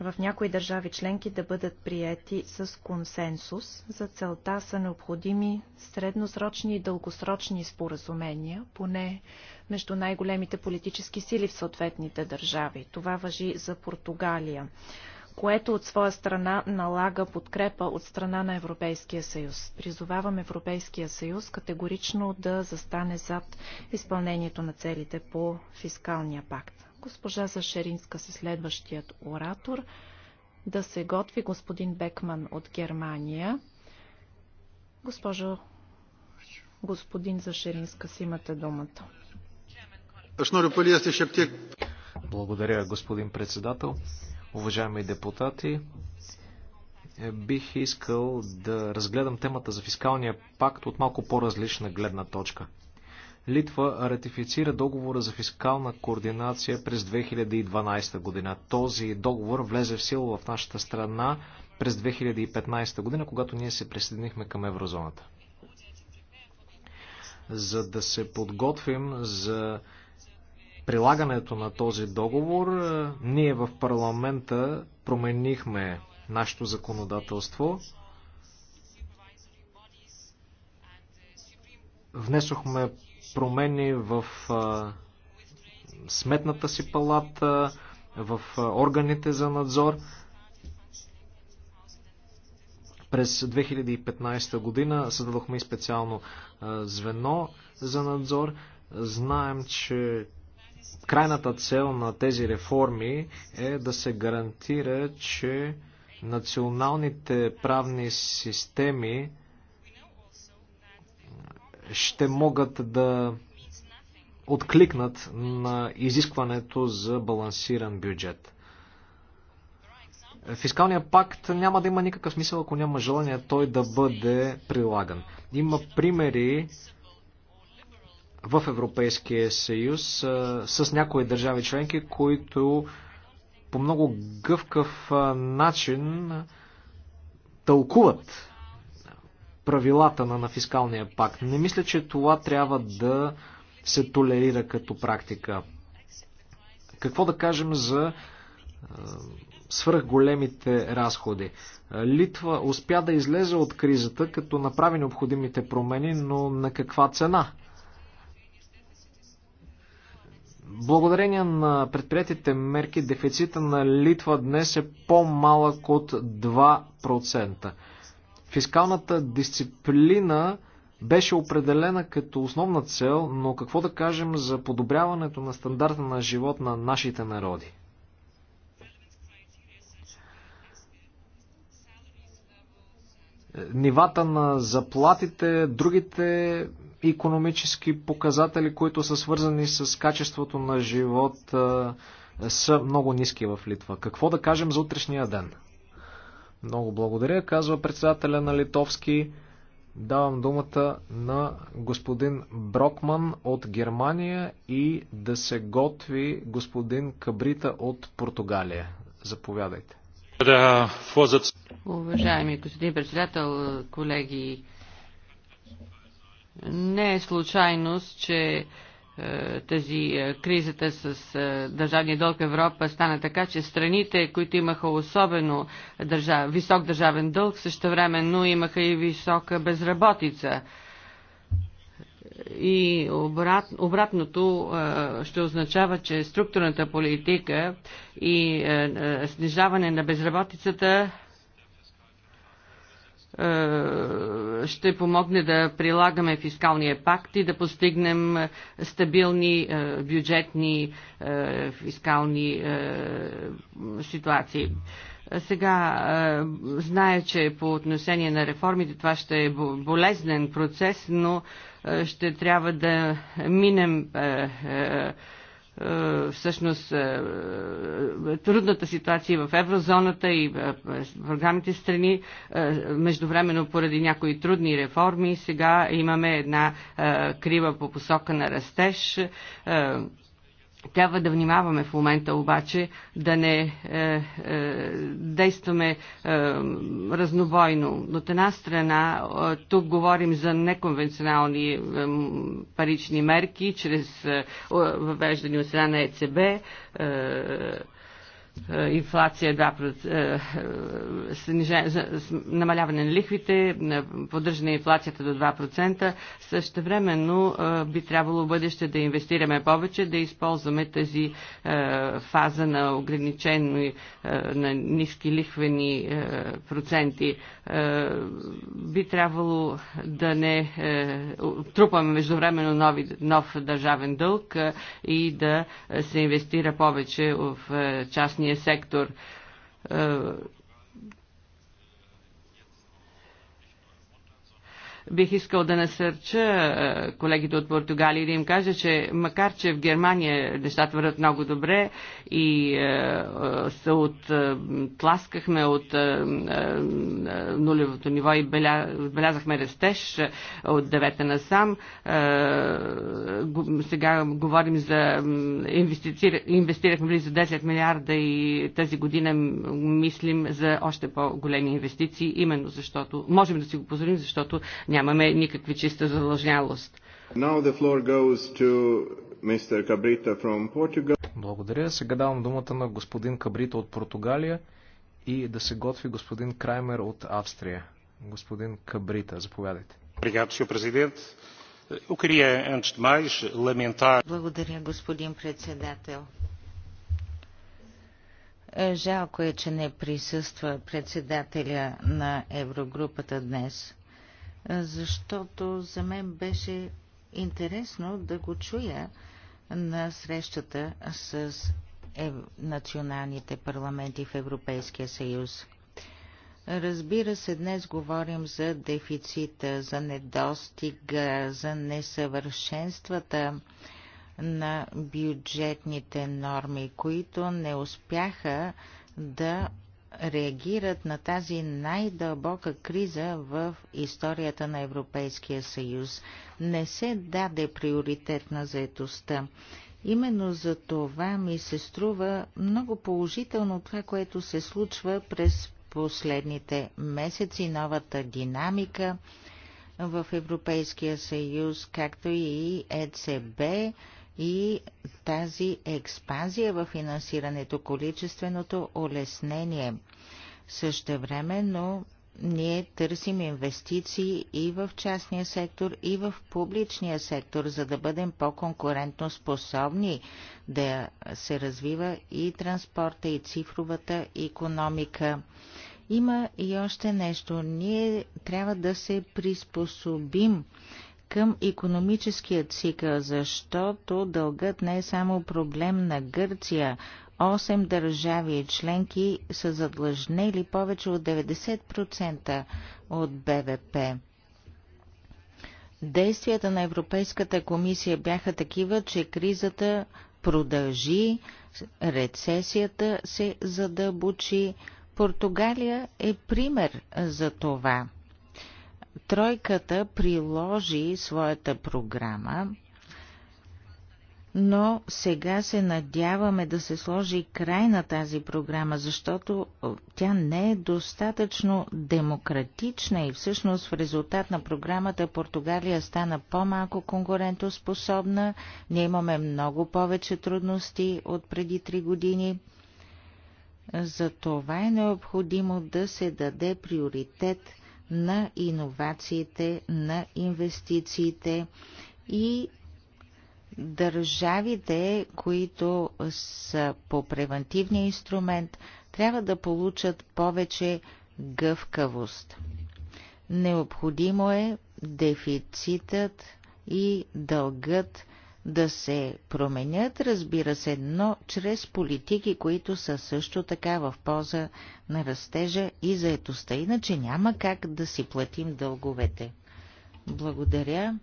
в някои държави членки да бъдат приети с консенсус. За целта са необходими средносрочни и дългосрочни споразумения, поне между най-големите политически сили в съответните държави. Това въжи за Португалия което от своя страна налага подкрепа от страна на Европейския съюз. Призовавам Европейския съюз категорично да застане зад изпълнението на целите по фискалния пакт. Госпожа Зашеринска се следващият оратор да се готви господин Бекман от Германия. Госпожо, господин Зашеринска, си имате думата. Благодаря, господин председател уважаеми депутати. Е, бих искал да разгледам темата за фискалния пакт от малко по-различна гледна точка. Литва ратифицира договора за фискална координация през 2012 година. Този договор влезе в сила в нашата страна през 2015 година, когато ние се присъединихме към еврозоната. За да се подготвим за прилагането на този договор, е, ние в парламента променихме нашето законодателство. Внесохме промени в е, сметната си палата, в е, органите за надзор. През 2015 година създадохме и специално звено за надзор. Знаем, че крайната цел на тези реформи е да се гарантира, че националните правни системи ще могат да откликнат на изискването за балансиран бюджет. Фискалният пакт няма да има никакъв смисъл, ако няма желание той да бъде прилаган. Има примери в Европейския съюз а, с някои държави членки, които по много гъвкав а, начин тълкуват правилата на, на фискалния пакт. Не мисля, че това трябва да се толерира като практика. Какво да кажем за свръхголемите разходи. Литва успя да излезе от кризата, като направи необходимите промени, но на каква цена? Благодарение на предприятите мерки, дефицита на Литва днес е по-малък от 2%. Фискалната дисциплина беше определена като основна цел, но какво да кажем за подобряването на стандарта на живот на нашите народи? Нивата на заплатите, другите економически показатели, които са свързани с качеството на живот, са много ниски в Литва. Какво да кажем за утрешния ден? Много благодаря, казва председателя на Литовски. Давам думата на господин Брокман от Германия и да се готви господин Кабрита от Португалия. Заповядайте. Уважаеми господин председател, колеги, не е случайност, че е, тази е, кризата с е, държавния дълг в Европа стана така, че страните, които имаха особено държав, висок държавен дълг, също време, но имаха и висока безработица. И обрат, обратното ще означава, че структурната политика и снижаване на безработицата е, ще помогне да прилагаме фискалния пакт и да постигнем е, стабилни е, бюджетни фискални ситуации. Сега зная, че по отношение на реформите това ще е болезнен процес, но ще трябва да минем е, всъщност е, е, трудната ситуация в еврозоната и в програмите страни, междувременно поради някои трудни реформи, сега имаме една крива по посока на растеж, трябва да внимаваме в момента обаче да не е, е, действаме е, разнобойно. От една страна, е, тук говорим за неконвенционални е, парични мерки, чрез е, въвеждане от страна на ЕЦБ. Е, е, инфлация 2%, е е, намаляване на лихвите, поддържане на инфлацията до 2%. Също времено би трябвало бъдеще да инвестираме повече, да използваме тази фаза на ограничени, на ниски лихвени проценти. Би трябвало да не трупаме междувременно нови, нов държавен дълг и да се инвестира повече в част частния сектор е, Бих искал да насърча е, колегите от Португалия и да им кажа, че макар, че в Германия нещата върват много добре и се оттласкахме от е, е, нулевото ниво и белязахме растеж от девета насам, сега говорим за инвестирахме близо 10 милиарда и тази година мислим за още по-големи инвестиции, именно защото можем да си го позволим, защото няма нямаме никакви чиста задължнялост. Благодаря. Сега давам думата на господин Кабрита от Португалия и да се готви господин Краймер от Австрия. Господин Кабрита, заповядайте. Благодаря, господин председател. Жалко е, че не присъства председателя на Еврогрупата днес защото за мен беше интересно да го чуя на срещата с националните парламенти в Европейския съюз. Разбира се, днес говорим за дефицита, за недостига, за несъвършенствата на бюджетните норми, които не успяха да реагират на тази най-дълбока криза в историята на Европейския съюз. Не се даде приоритет на заетостта. Именно за това ми се струва много положително това, което се случва през последните месеци, новата динамика в Европейския съюз, както и ЕЦБ, и тази експанзия в финансирането, количественото улеснение. Същевременно ние търсим инвестиции и в частния сектор, и в публичния сектор, за да бъдем по-конкурентно способни да се развива и транспорта, и цифровата економика. Има и още нещо. Ние трябва да се приспособим към економическия цикъл, защото дългът не е само проблем на Гърция. Осем държави и членки са задлъжнели повече от 90% от БВП. Действията на Европейската комисия бяха такива, че кризата продължи, рецесията се задълбочи. Португалия е пример за това – Тройката приложи своята програма, но сега се надяваме да се сложи край на тази програма, защото тя не е достатъчно демократична и всъщност в резултат на програмата Португалия стана по-малко конкурентоспособна. Ние имаме много повече трудности от преди три години. За това е необходимо да се даде приоритет на иновациите, на инвестициите и държавите, които са по превентивния инструмент, трябва да получат повече гъвкавост. Необходимо е дефицитът и дългът да се променят, разбира се, но чрез политики, които са също така в полза на растежа и заетостта. Иначе няма как да си платим дълговете. Благодаря.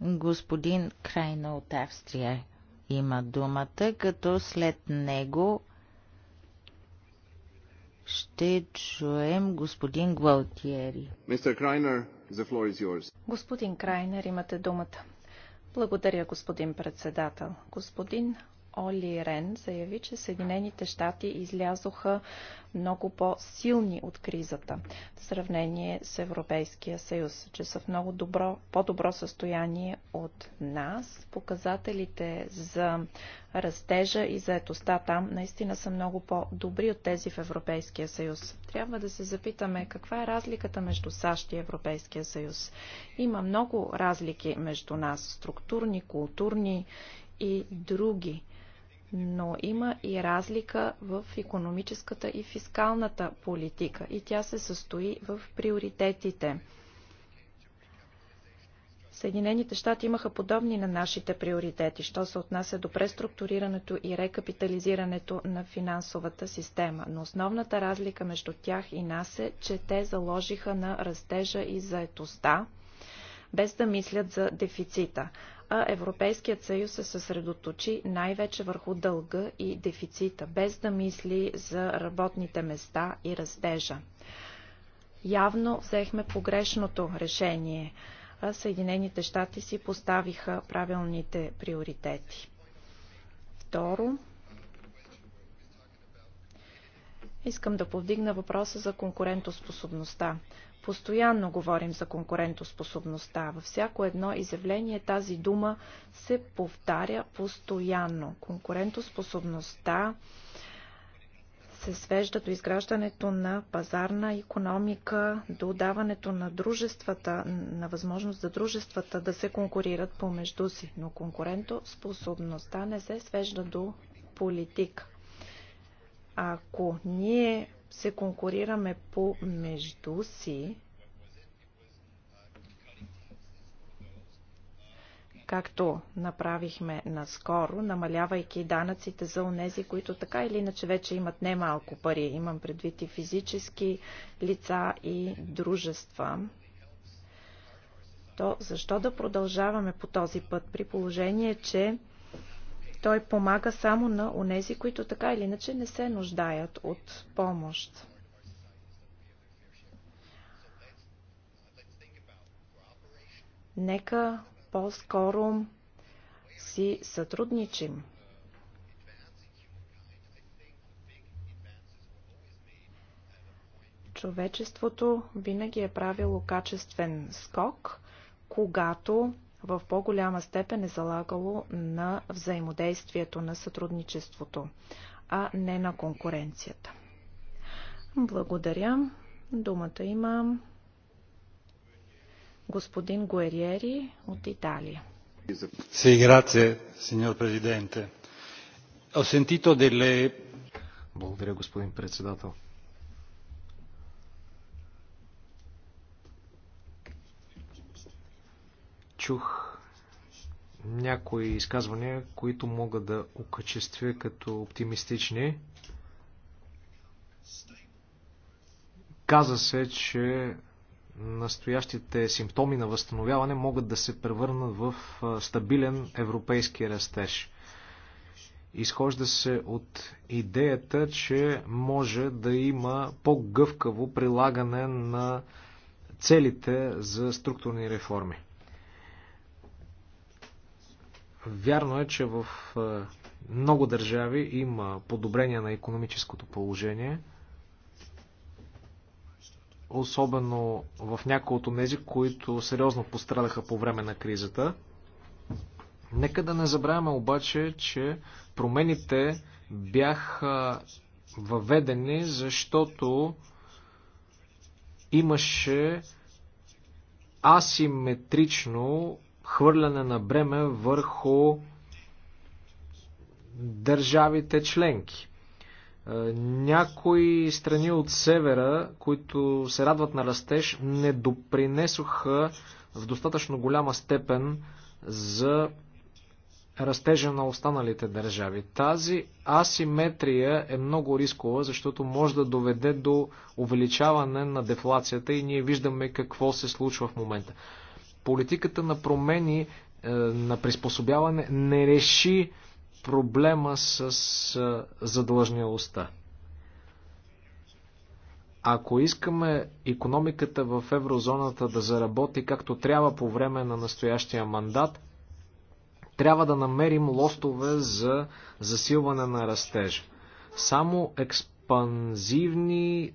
Господин Крайна от Австрия има думата, като след него ще чуем господин Гвалтиери. Мистер Крайнер, The floor is yours. Господин Крайнер, имате думата. Благодаря, господин председател. Господин Оли Рен заяви, че Съединените щати излязоха много по-силни от кризата в сравнение с Европейския съюз, че са в много добро, по-добро състояние от нас. Показателите за растежа и заетостта там наистина са много по-добри от тези в Европейския съюз. Трябва да се запитаме каква е разликата между САЩ и Европейския съюз. Има много разлики между нас, структурни, културни и други но има и разлика в економическата и фискалната политика и тя се състои в приоритетите. Съединените щати имаха подобни на нашите приоритети, що се отнася до преструктурирането и рекапитализирането на финансовата система. Но основната разлика между тях и нас е, че те заложиха на растежа и заетостта, без да мислят за дефицита а Европейският съюз се съсредоточи най-вече върху дълга и дефицита, без да мисли за работните места и растежа. Явно взехме погрешното решение, а Съединените щати си поставиха правилните приоритети. Второ, искам да повдигна въпроса за конкурентоспособността. Постоянно говорим за конкурентоспособността. Във всяко едно изявление тази дума се повтаря постоянно. Конкурентоспособността се свежда до изграждането на пазарна економика, до даването на дружествата, на възможност за дружествата да се конкурират помежду си. Но конкурентоспособността не се свежда до политика. Ако ние се конкурираме помежду си, както направихме наскоро, намалявайки данъците за онези, които така или иначе вече имат немалко пари. Имам предвид и физически лица и дружества. То защо да продължаваме по този път при положение, че той помага само на онези, които така или иначе не се нуждаят от помощ. Нека по-скоро си сътрудничим. Човечеството винаги е правило качествен скок, когато в по-голяма степен е залагало на взаимодействието на сътрудничеството, а не на конкуренцията. Благодаря. Думата има господин Гуериери от Италия. Sì, grazie, signor Presidente. Ho sentito delle... Благодаря, господин председател. чух някои изказвания, които мога да окачествя като оптимистични. Каза се, че настоящите симптоми на възстановяване могат да се превърнат в стабилен европейски растеж. Изхожда се от идеята, че може да има по-гъвкаво прилагане на целите за структурни реформи. Вярно е, че в е, много държави има подобрение на економическото положение, особено в някои от тези, които сериозно пострадаха по време на кризата. Нека да не забравяме обаче, че промените бяха въведени, защото имаше асиметрично хвърляне на бреме върху държавите членки. Е, някои страни от севера, които се радват на растеж, не допринесоха в достатъчно голяма степен за растежа на останалите държави. Тази асиметрия е много рискова, защото може да доведе до увеличаване на дефлацията и ние виждаме какво се случва в момента политиката на промени, е, на приспособяване не реши проблема с е, задлъжнялостта. Ако искаме економиката в еврозоната да заработи както трябва по време на настоящия мандат, трябва да намерим лостове за засилване на растежа. Само експанзивни е,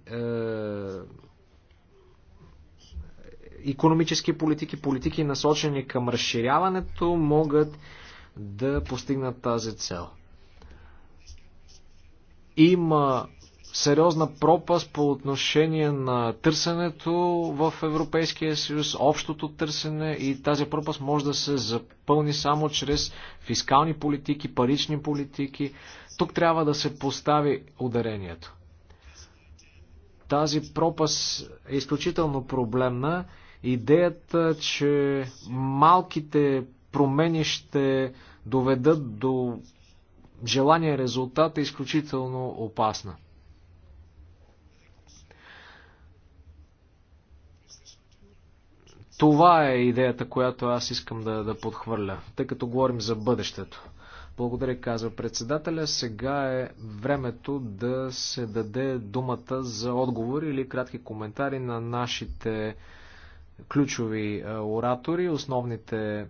економически политики, политики насочени към разширяването, могат да постигнат тази цел. Има сериозна пропаст по отношение на търсенето в Европейския съюз, общото търсене и тази пропаст може да се запълни само чрез фискални политики, парични политики. Тук трябва да се постави ударението. Тази пропаст е изключително проблемна Идеята, че малките промени ще доведат до желания резултат е изключително опасна. Това е идеята, която аз искам да, да подхвърля, тъй като говорим за бъдещето. Благодаря, казва председателя. Сега е времето да се даде думата за отговори или кратки коментари на нашите ключови оратори, основните е,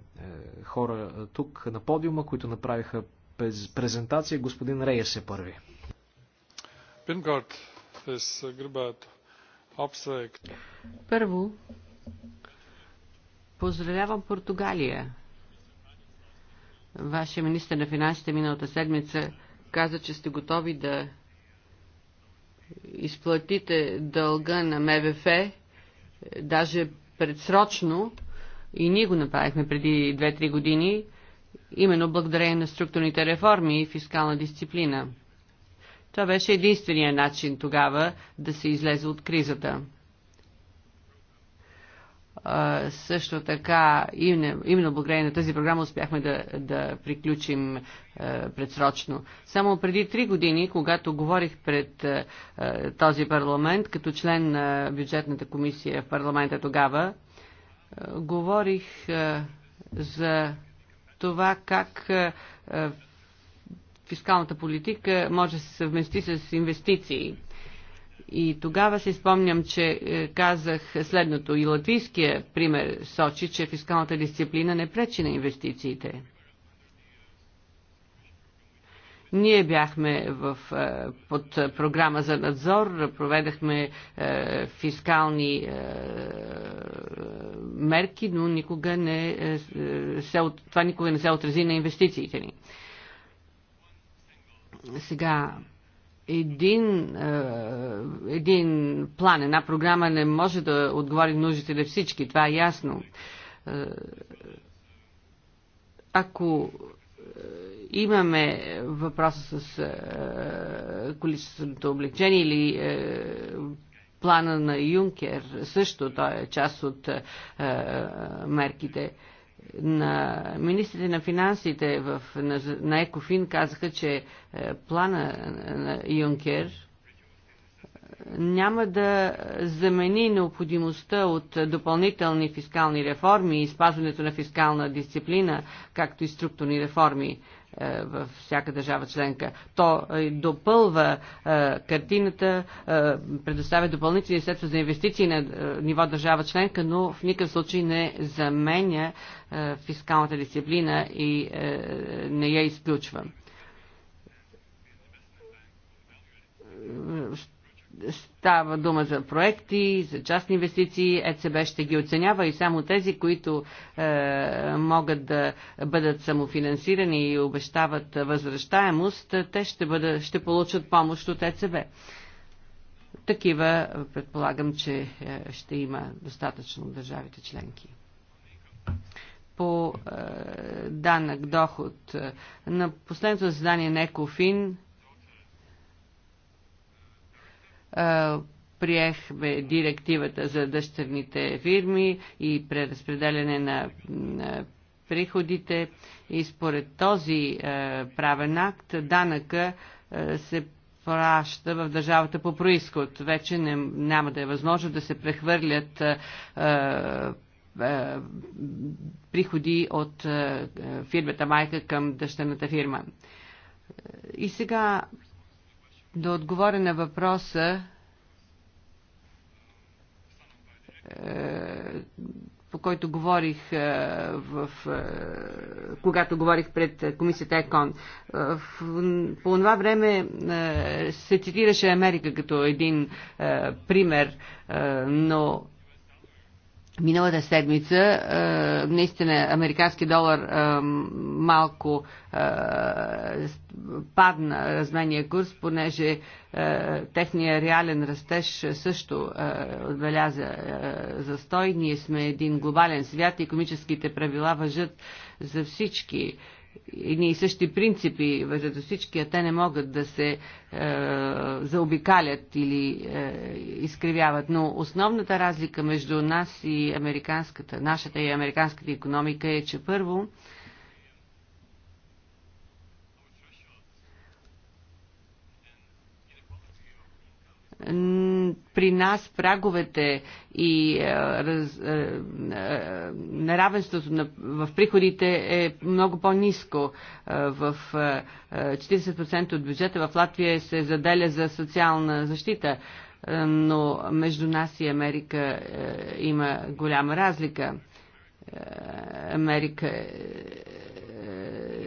хора тук на подиума, които направиха презентация. Господин Рейес е първи. Първо, поздравявам Португалия. Вашия министр на финансите миналата седмица каза, че сте готови да изплатите дълга на МВФ, даже предсрочно и ние го направихме преди 2-3 години, именно благодарение на структурните реформи и фискална дисциплина. Това беше единствения начин тогава да се излезе от кризата също така, именно, благодарение на тази програма успяхме да, да приключим предсрочно. Само преди три години, когато говорих пред този парламент, като член на бюджетната комисия в парламента тогава, говорих за това как фискалната политика може да се съвмести с инвестиции и тогава си спомням, че е, казах следното. И латвийския пример сочи, че фискалната дисциплина не пречи на инвестициите. Ние бяхме в, е, под програма за надзор, проведахме е, фискални мерки, но никога не, се, това никога не се отрази на инвестициите ни. Сега, един, е, един план, една програма не може да отговори нуждите на всички. Това е ясно. Е, ако е, имаме въпроса с количественото облегчение или плана на Юнкер, също той е част от мерките на министрите на финансите в, на, на Екофин казаха, че е, плана на Юнкер е, няма да замени необходимостта от допълнителни фискални реформи и спазването на фискална дисциплина, както и структурни реформи. Е, във всяка държава членка. То е, допълва е, картината, предоставя допълнителни средства за инвестиции на ниво държава членка, но в никакъв случай не заменя фискалната дисциплина и не я изключва Става дума за проекти, за частни инвестиции. ЕЦБ ще ги оценява и само тези, които е, могат да бъдат самофинансирани и обещават възвръщаемост, те ще, бъдат, ще получат помощ от ЕЦБ. Такива предполагам, че е, ще има достатъчно държавите членки по е, данък доход. На последното заседание на Екофин приехме директивата за дъщерните фирми и преразпределяне на, на приходите и според този е, правен акт данъка е, се праща в държавата по происход. Вече не, няма да е възможно да се прехвърлят е, е, приходи от е, фирмата майка към дъщерната фирма. И сега да отговоря на въпроса е, по който говорих е, в, е, когато говорих пред комисията ЕКОН. По това време се цитираше Америка като един пример, но Миналата седмица е, наистина американски долар е, малко е, падна разменния курс, понеже е, техния реален растеж също отбеляза е, застой. Ние сме един глобален свят и економическите правила въжат за всички едни и същи принципи въжат за всички, а те не могат да се е, заобикалят или е, изкривяват. Но основната разлика между нас и американската, нашата и американската економика е, че първо е, при нас праговете и е, раз, е, е, неравенството на, в приходите е много по-низко. В 40% от бюджета в Латвия се заделя за социална защита, но между нас и Америка има голяма разлика. Америка е,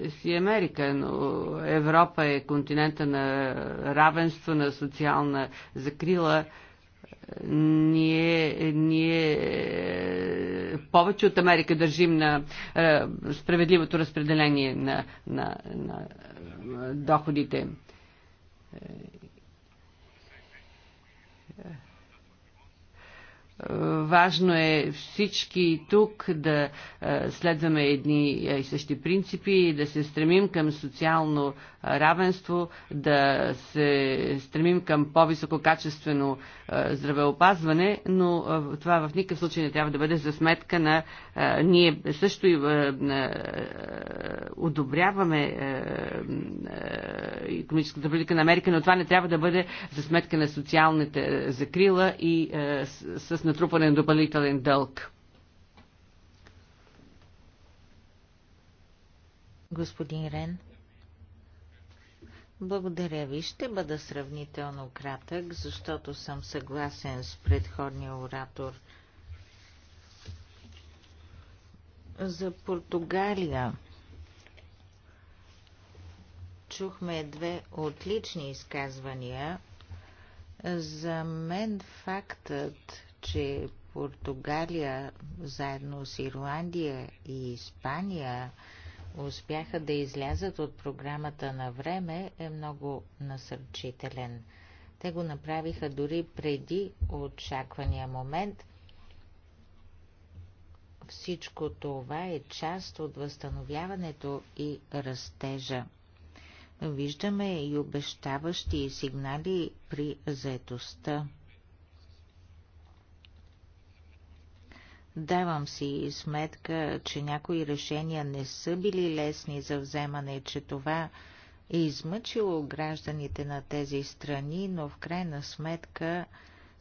е, си Америка, но Европа е континента на равенство, на социална закрила. Ние, ние повече от Америка държим на е, справедливото разпределение на, на, на доходите Важно е всички тук да следваме едни и същи принципи и да се стремим към социално равенство, да се стремим към по-високо качествено е, здравеопазване, но е, това в никакъв случай не трябва да бъде за сметка на... Е, ние също и одобряваме економическата политика на Америка, но това не трябва да бъде за сметка на социалните закрила и с натрупване на допълнителен дълг. Господин Рен. Благодаря ви. Ще бъда сравнително кратък, защото съм съгласен с предходния оратор. За Португалия чухме две отлични изказвания. За мен фактът, че Португалия заедно с Ирландия и Испания успяха да излязат от програмата на време е много насърчителен. Те го направиха дори преди очаквания момент. Всичко това е част от възстановяването и растежа. Виждаме и обещаващи сигнали при заетостта. Давам си сметка, че някои решения не са били лесни за вземане, че това е измъчило гражданите на тези страни, но в крайна сметка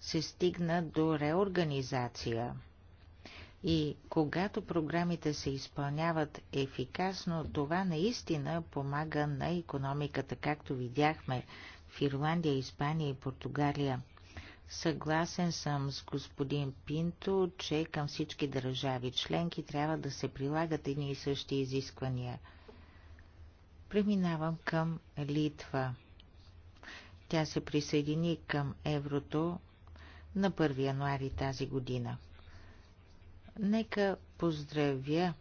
се стигна до реорганизация. И когато програмите се изпълняват ефикасно, това наистина помага на економиката, както видяхме в Ирландия, Испания и Португалия – Съгласен съм с господин Пинто, че към всички държави членки трябва да се прилагат едни и същи изисквания. Преминавам към Литва. Тя се присъедини към еврото на 1 януари тази година. Нека поздравя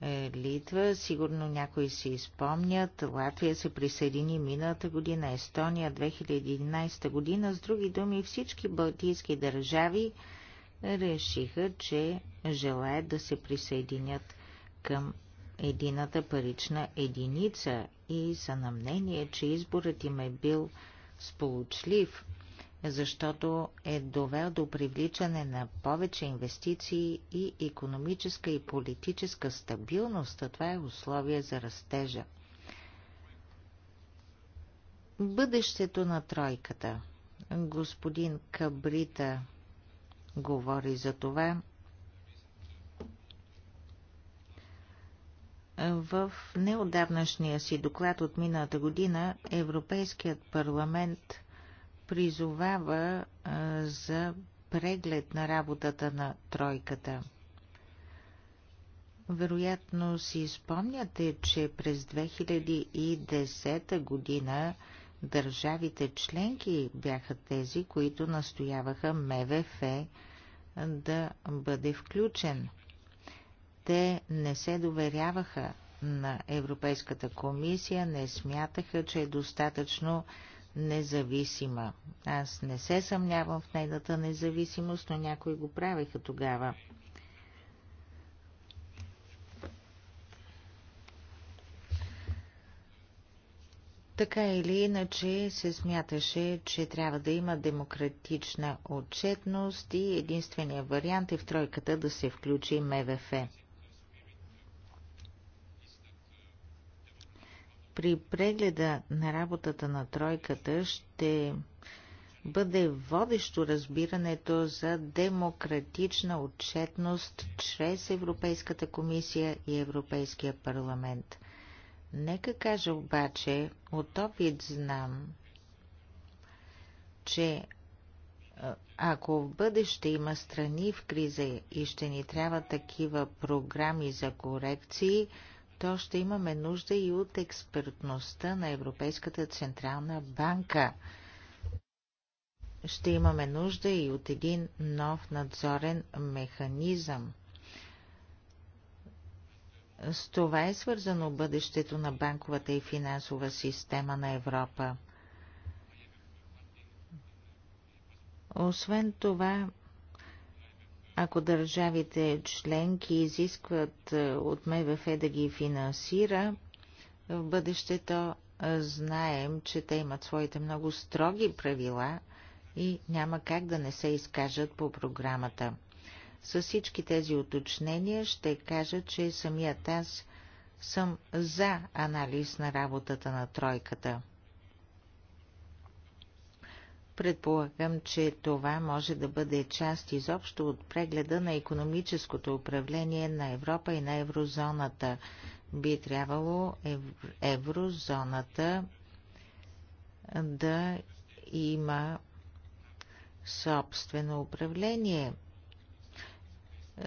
е, Литва, сигурно някои си изпомнят, Латвия се присъедини миналата година, Естония 2011 година. С други думи, всички балтийски държави решиха, че желаят да се присъединят към едината парична единица и са на мнение, че изборът им е бил сполучлив защото е довел до привличане на повече инвестиции и економическа и политическа стабилност, а това е условие за растежа. Бъдещето на тройката. Господин Кабрита говори за това. В неодавнашния си доклад от миналата година Европейският парламент – призовава за преглед на работата на тройката. Вероятно си спомняте, че през 2010 година държавите членки бяха тези, които настояваха МВФ да бъде включен. Те не се доверяваха на Европейската комисия, не смятаха, че е достатъчно независима. Аз не се съмнявам в нейната независимост, но някои го правиха тогава. Така или иначе се смяташе, че трябва да има демократична отчетност и единствения вариант е в тройката да се включи МВФ. При прегледа на работата на тройката ще бъде водещо разбирането за демократична отчетност чрез Европейската комисия и Европейския парламент. Нека кажа обаче, от опит знам, че е, ако в бъдеще има страни в криза и ще ни трябва такива програми за корекции, то ще имаме нужда и от експертността на Европейската Централна банка. Ще имаме нужда и от един нов надзорен механизъм. С това е свързано бъдещето на банковата и финансова система на Европа. Освен това, ако държавите членки изискват е, от МВФ да ги финансира, в бъдещето е, знаем, че те имат своите много строги правила и няма как да не се изкажат по програмата. С всички тези уточнения ще кажа, че самият аз съм за анализ на работата на тройката – Предполагам, че това може да бъде част изобщо от прегледа на економическото управление на Европа и на еврозоната. Би трябвало еврозоната да има собствено управление.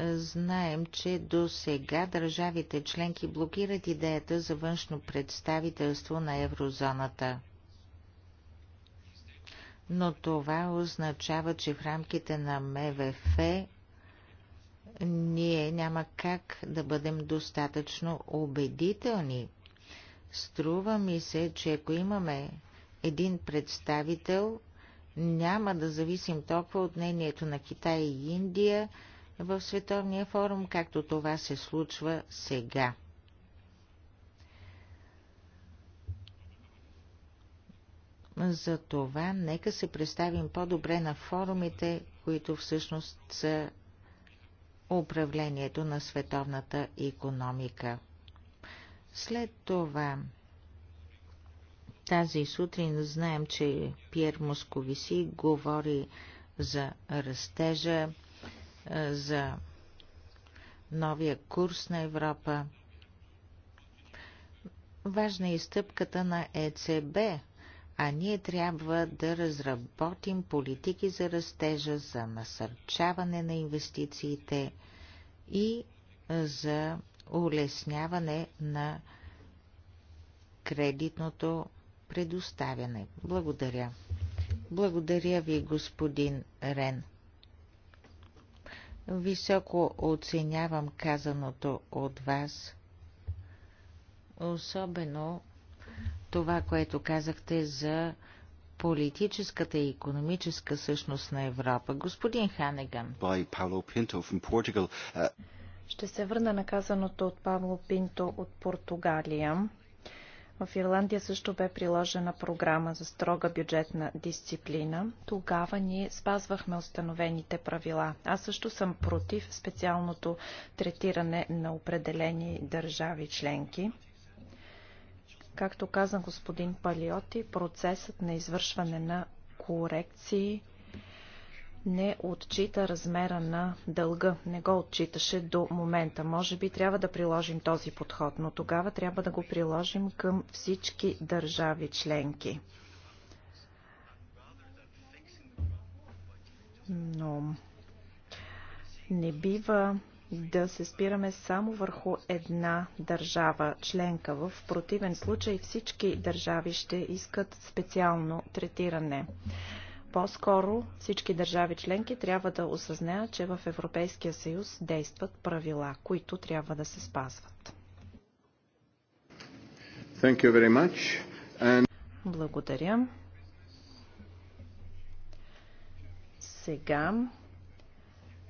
Знаем, че до сега държавите членки блокират идеята за външно представителство на еврозоната но това означава, че в рамките на МВФ ние няма как да бъдем достатъчно убедителни. Струва ми се, че ако имаме един представител, няма да зависим толкова от мнението на Китай и Индия в Световния форум, както това се случва сега. За това нека се представим по-добре на форумите, които всъщност са управлението на световната економика. След това тази сутрин знаем, че Пьер Московиси говори за растежа, за новия курс на Европа. Важна е и стъпката на ЕЦБ а ние трябва да разработим политики за растежа, за насърчаване на инвестициите и за улесняване на кредитното предоставяне. Благодаря. Благодаря ви, господин Рен. Високо оценявам казаното от вас, особено това, което казахте за политическата и економическа същност на Европа. Господин Ханеган. Uh, Ще се върна на казаното от Павло Пинто от Португалия. В Ирландия също бе приложена програма за строга бюджетна дисциплина. Тогава ние спазвахме установените правила. Аз също съм против специалното третиране на определени държави членки. Както каза господин Палиоти, процесът на извършване на корекции не отчита размера на дълга. Не го отчиташе до момента. Може би трябва да приложим този подход, но тогава трябва да го приложим към всички държави членки. Но не бива да се спираме само върху една държава членка. В противен случай всички държави ще искат специално третиране. По-скоро всички държави членки трябва да осъзнаят, че в Европейския съюз действат правила, които трябва да се спазват. Thank you very much. And... Благодаря. Сега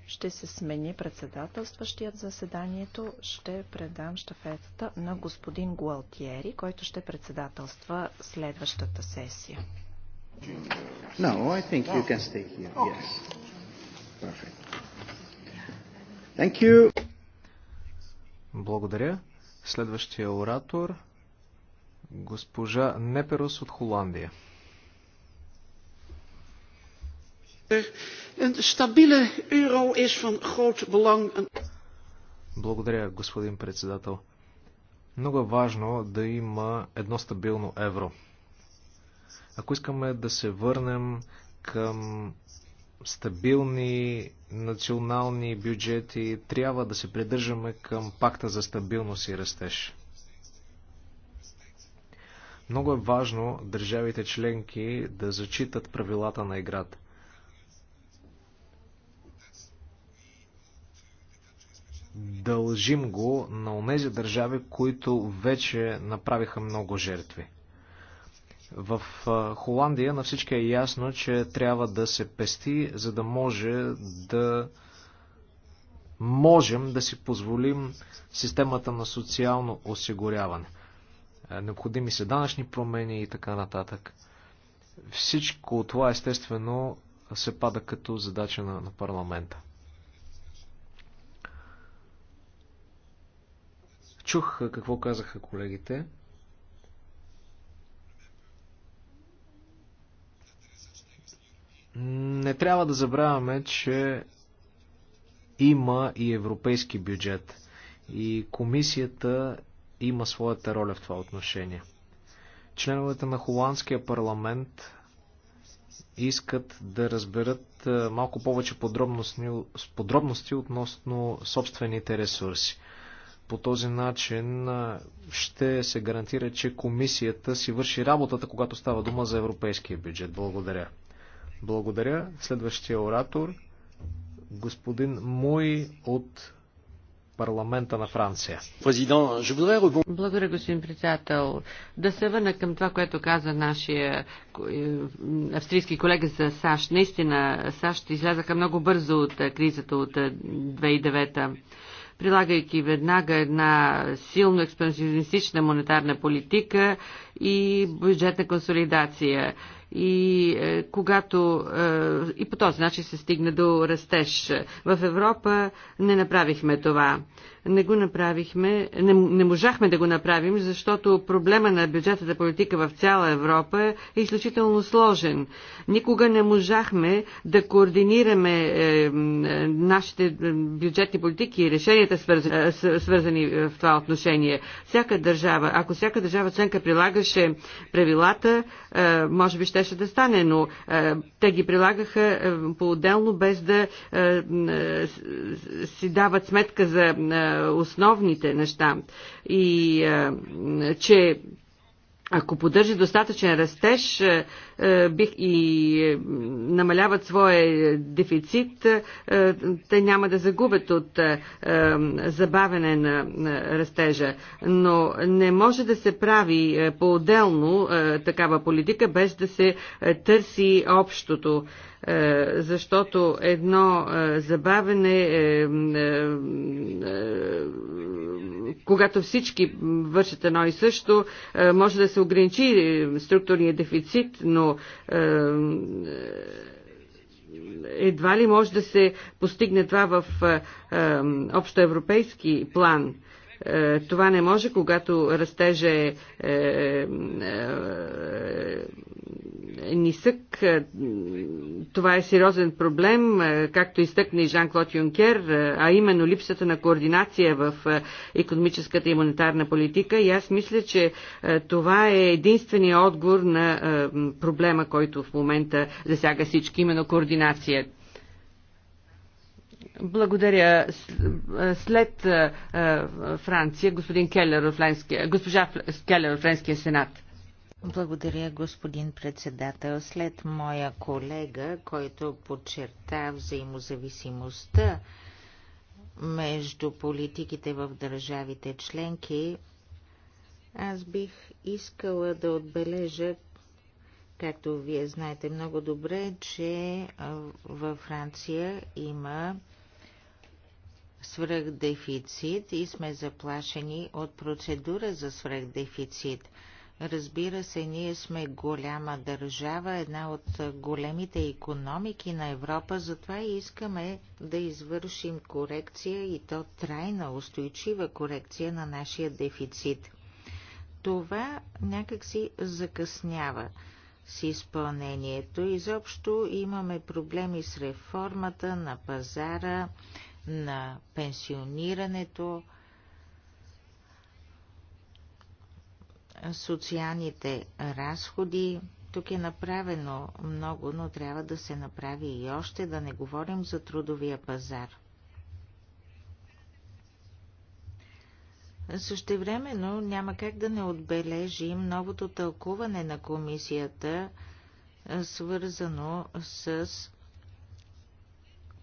ще се смени председателстващият заседанието. Ще предам щафетата на господин Гуалтиери, който ще председателства следващата сесия. No, I think you can stay here. Yes. Perfect. Thank you. Благодаря. Следващия оратор госпожа Неперус от Холандия. Een stabiele euro is van groot belang. Благодаря, господин председател. Много е важно да има едно стабилно евро. Ако искаме да се върнем към стабилни национални бюджети, трябва да се придържаме към пакта за стабилност и растеж. Много е важно държавите членки да зачитат правилата на играта. Дължим го на онези държави, които вече направиха много жертви. В Холандия на всички е ясно, че трябва да се пести, за да може да можем да си позволим системата на социално осигуряване. Е, необходими са данъчни промени и така нататък. Всичко това естествено се пада като задача на, на парламента. Чух какво казаха колегите. Не трябва да забравяме, че има и европейски бюджет. И комисията има своята роля в това отношение. Членовете на Холандския парламент искат да разберат малко повече подробности, подробности относно собствените ресурси. По този начин ще се гарантира, че комисията си върши работата, когато става дума за европейския бюджет. Благодаря. Благодаря. Следващия оратор господин Мой от парламента на Франция. Благодаря, господин председател. Да се върна към това, което каза нашия е, австрийски колега за САЩ. Наистина, САЩ излязаха много бързо от е, кризата от 2009 е, прилагайки веднага една силно експансионистична монетарна политика и бюджетна консолидация и е, когато е, и по този начин се стигна до растеж. В Европа не направихме това. Не го направихме, не, не можахме да го направим, защото проблема на бюджетната политика в цяла Европа е изключително сложен. Никога не можахме да координираме е, нашите бюджетни политики и решенията свързани, е, свързани в това отношение. Всяка държава, ако всяка държава членка прилагаше правилата, е, може би ще щеше да стане, но е, те ги прилагаха е, по-отделно, без да е, е, си дават сметка за е, основните неща. И е, че ако поддържат достатъчен растеж е, е, бих и е, намаляват своя дефицит, те няма да загубят от забавене на растежа. Но не може да се прави по-отделно такава политика, без да се търси общото е, защото едно е, забавене, е, когато всички вършат едно и също, може да се ограничи структурния дефицит, но едва ли може да се постигне това в общоевропейски план. Това не може, когато растеже. е нисък. Е, това е сериозен проблем, е, както изтъкне Жан-Клод Юнкер, е, а именно липсата на координация в економическата и монетарна политика. И аз мисля, че това е единствения отговор на проблема, който в момента засяга всички, именно координация. Благодаря. След Франция, господин Келер, Фленския, госпожа Келер, Френския сенат. Благодаря, господин председател. След моя колега, който подчерта взаимозависимостта между политиките в държавите членки, аз бих искала да отбележа, както вие знаете много добре, че във Франция има свръхдефицит и сме заплашени от процедура за свръхдефицит – Разбира се, ние сме голяма държава, една от големите економики на Европа, затова искаме да извършим корекция и то трайна, устойчива корекция на нашия дефицит. Това някакси закъснява с изпълнението. Изобщо имаме проблеми с реформата на пазара, на пенсионирането, социалните разходи. Тук е направено много, но трябва да се направи и още, да не говорим за трудовия пазар. Същевременно няма как да не отбележим новото тълкуване на комисията, свързано с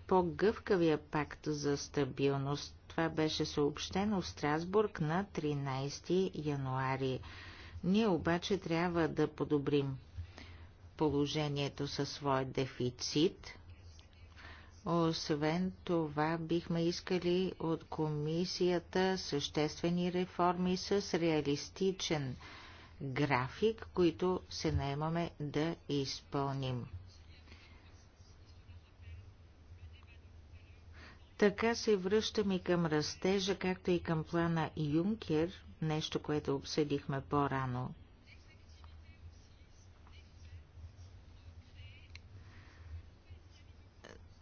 по-гъвкавия пакт за стабилност. Това беше съобщено в Страсбург на 13 януари. Ние обаче трябва да подобрим положението със своя дефицит. Освен това, бихме искали от комисията съществени реформи с реалистичен график, които се наемаме да изпълним. Така се връщаме към растежа, както и към плана Юнкер, нещо, което обсъдихме по-рано.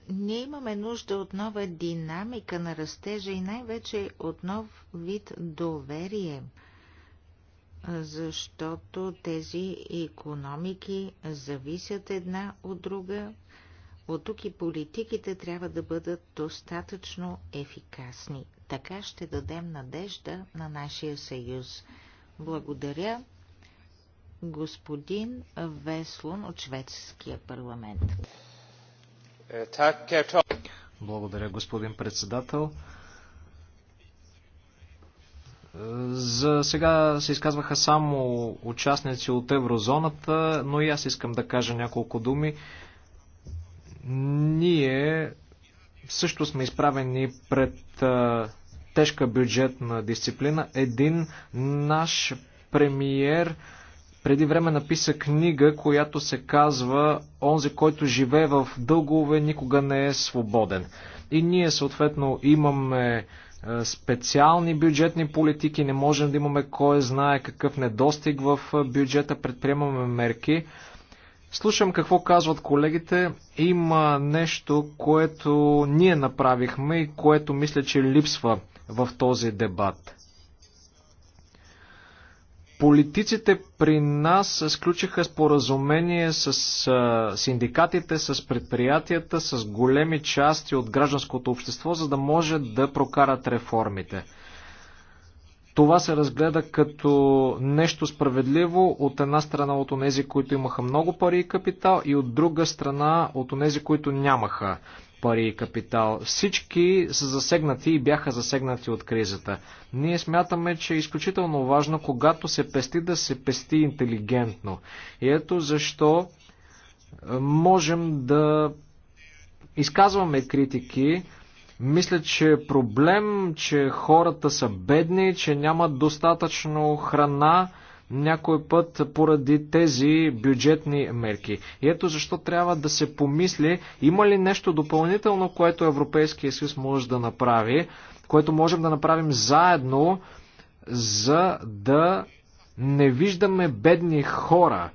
Ние имаме нужда от нова динамика на растежа и най-вече от нов вид доверие, защото тези економики зависят една от друга. От тук и политиките трябва да бъдат достатъчно ефикасни. Така ще дадем надежда на нашия съюз. Благодаря, господин Веслун от шведския парламент. Е, е, Благодаря, господин председател. За сега се изказваха само участници от еврозоната, но и аз искам да кажа няколко думи. Ние също сме изправени пред а, тежка бюджетна дисциплина. Един наш премиер преди време написа книга, която се казва Онзи, който живее в дългове, никога не е свободен. И ние съответно имаме специални бюджетни политики, не можем да имаме кой знае какъв недостиг в бюджета, предприемаме мерки. Слушам какво казват колегите. Има нещо, което ние направихме и което мисля, че липсва в този дебат. Политиците при нас сключиха споразумение с синдикатите, с предприятията, с големи части от гражданското общество, за да може да прокарат реформите. Това се разгледа като нещо справедливо от една страна от онези, които имаха много пари и капитал и от друга страна от онези, които нямаха пари и капитал. Всички са засегнати и бяха засегнати от кризата. Ние смятаме, че е изключително важно, когато се пести, да се пести интелигентно. И ето защо е, можем да изказваме критики, мисля, че е проблем, че хората са бедни, че нямат достатъчно храна някой път поради тези бюджетни мерки. И ето защо трябва да се помисли, има ли нещо допълнително, което Европейския съюз може да направи, което можем да направим заедно, за да не виждаме бедни хора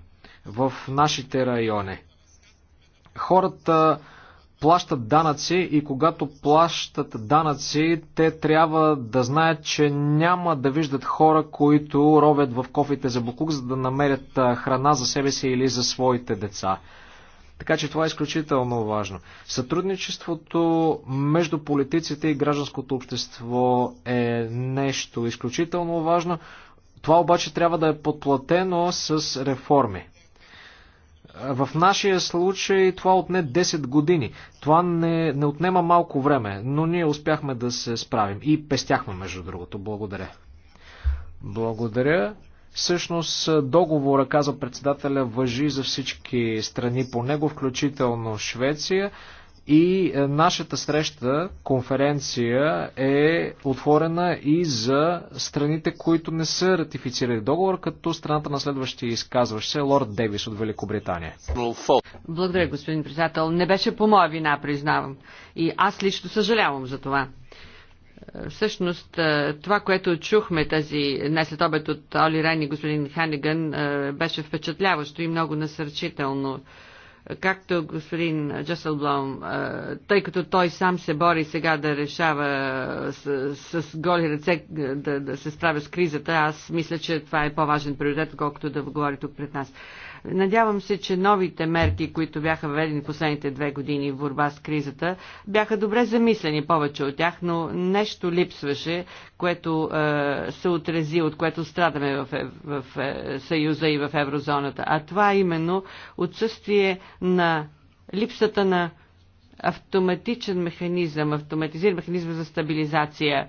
в нашите райони. Хората плащат данъци и когато плащат данъци, те трябва да знаят, че няма да виждат хора, които ровят в кофите за буклук, за да намерят храна за себе си или за своите деца. Така че това е изключително важно. Сътрудничеството между политиците и гражданското общество е нещо изключително важно. Това обаче трябва да е подплатено с реформи. В нашия случай това отне 10 години. Това не, не отнема малко време, но ние успяхме да се справим и пестяхме, между другото. Благодаря. Благодаря. Всъщност договора, каза председателя, въжи за всички страни по него, включително Швеция. И е, нашата среща, конференция е отворена и за страните, които не са ратифицирали договор, като страната на следващия изказващ се Лорд Дейвис от Великобритания. Благодаря, господин председател. Не беше по моя вина, признавам. И аз лично съжалявам за това. Е, всъщност, е, това, което чухме тази днес след обед от Оли Рен и господин Ханиган, беше впечатляващо и много насърчително както господин Джаселблом, тъй като той сам се бори сега да решава с, с голи ръце да, да се справя с кризата, аз мисля, че това е по-важен приоритет, колкото да говори тук пред нас. Надявам се, че новите мерки, които бяха введени последните две години в борба с кризата, бяха добре замислени повече от тях, но нещо липсваше, което е, се отрези, от което страдаме в, в, в е, Съюза и в еврозоната. А това е именно отсъствие на липсата на автоматичен механизъм, автоматизиран механизъм за стабилизация,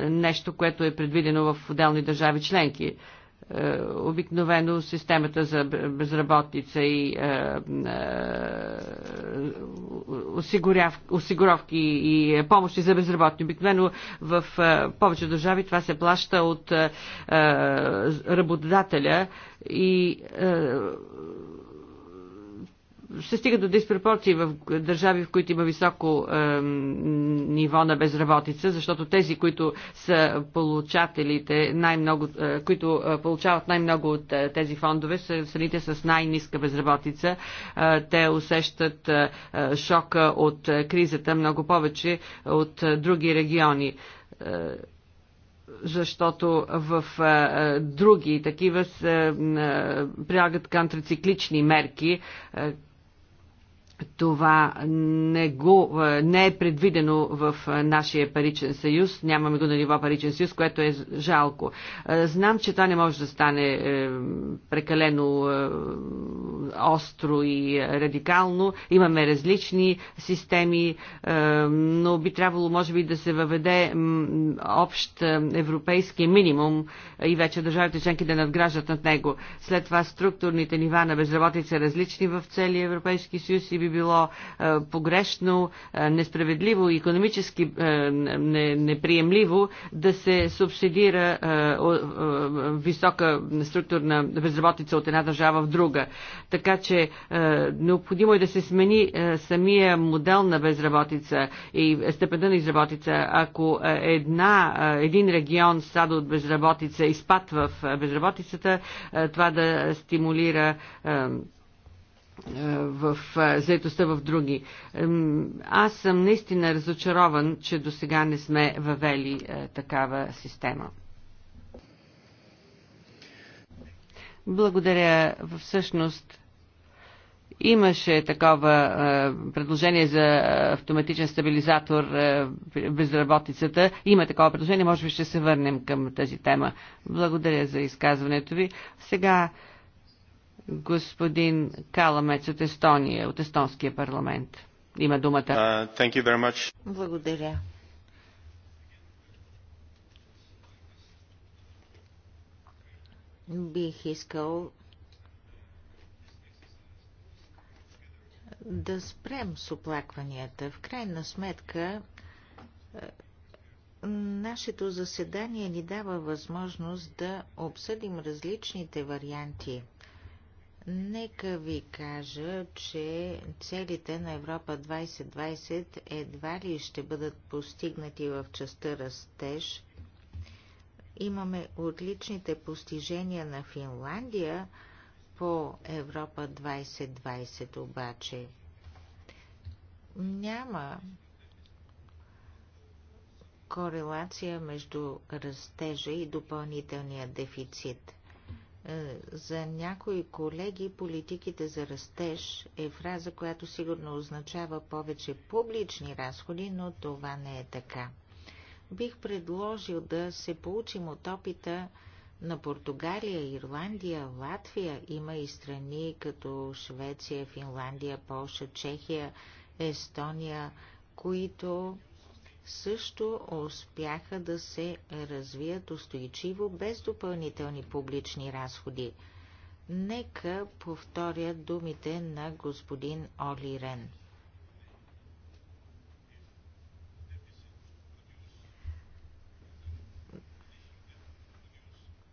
е, нещо, което е предвидено в отделни държави членки. Е, обикновено системата за безработница и е, е, осигуровки и помощи за безработни. Обикновено в повече държави това се плаща от работодателя и се стига до диспропорции в държави, в които има високо е, ниво на безработица, защото тези, които са получателите най-много, е, които е, получават най-много от е, тези фондове, са страните с най-ниска безработица. Е, те усещат е, е шока от е, кризата много повече от е, други региони. Е, защото в а, е, други такива се а, прилагат контрациклични мерки, а, това не, го, е, не е предвидено в е, нашия паричен съюз, нямаме го на ниво паричен съюз, което е жалко. Е, знам, че това не може да стане прекалено остро и радикално. Имаме различни системи, но би трябвало, може би, да се въведе общ европейски минимум и вече държавите членки да надграждат над него. След това структурните нива на безработица са различни в целия Европейски съюз и би било е, погрешно, е, несправедливо, економически е, неприемливо да се субсидира висока структурна безработица от една държава в друга. Така че необходимо е да се смени самия модел на безработица и степента на изработица. Ако една, един регион сада от безработица, изпад в безработицата, това да стимулира в заедостта в други. Аз съм наистина разочарован, че до сега не сме въвели е, такава система. Благодаря. Всъщност имаше такова е, предложение за автоматичен стабилизатор е, безработицата. Има такова предложение. Може би ще се върнем към тази тема. Благодаря за изказването ви. Сега Господин Каламец от Естония, от Естонския парламент. Има думата. Uh, thank you very much. Благодаря. Бих искал да спрем с оплакванията. В крайна сметка, е, нашето заседание ни дава възможност да обсъдим различните варианти – Нека ви кажа, че целите на Европа 2020 едва ли ще бъдат постигнати в частта растеж. Имаме отличните постижения на Финландия по Европа 2020 обаче. Няма корелация между растежа и допълнителния дефицит – е, за някои колеги политиките за растеж е фраза, която сигурно означава повече публични разходи, но това не е така. Бих предложил да се получим от опита на Португалия, Ирландия, Латвия. Има и страни като Швеция, Финландия, Полша, Чехия, Естония, които също успяха да се развият устойчиво без допълнителни публични разходи. Нека повторя думите на господин Оли Рен.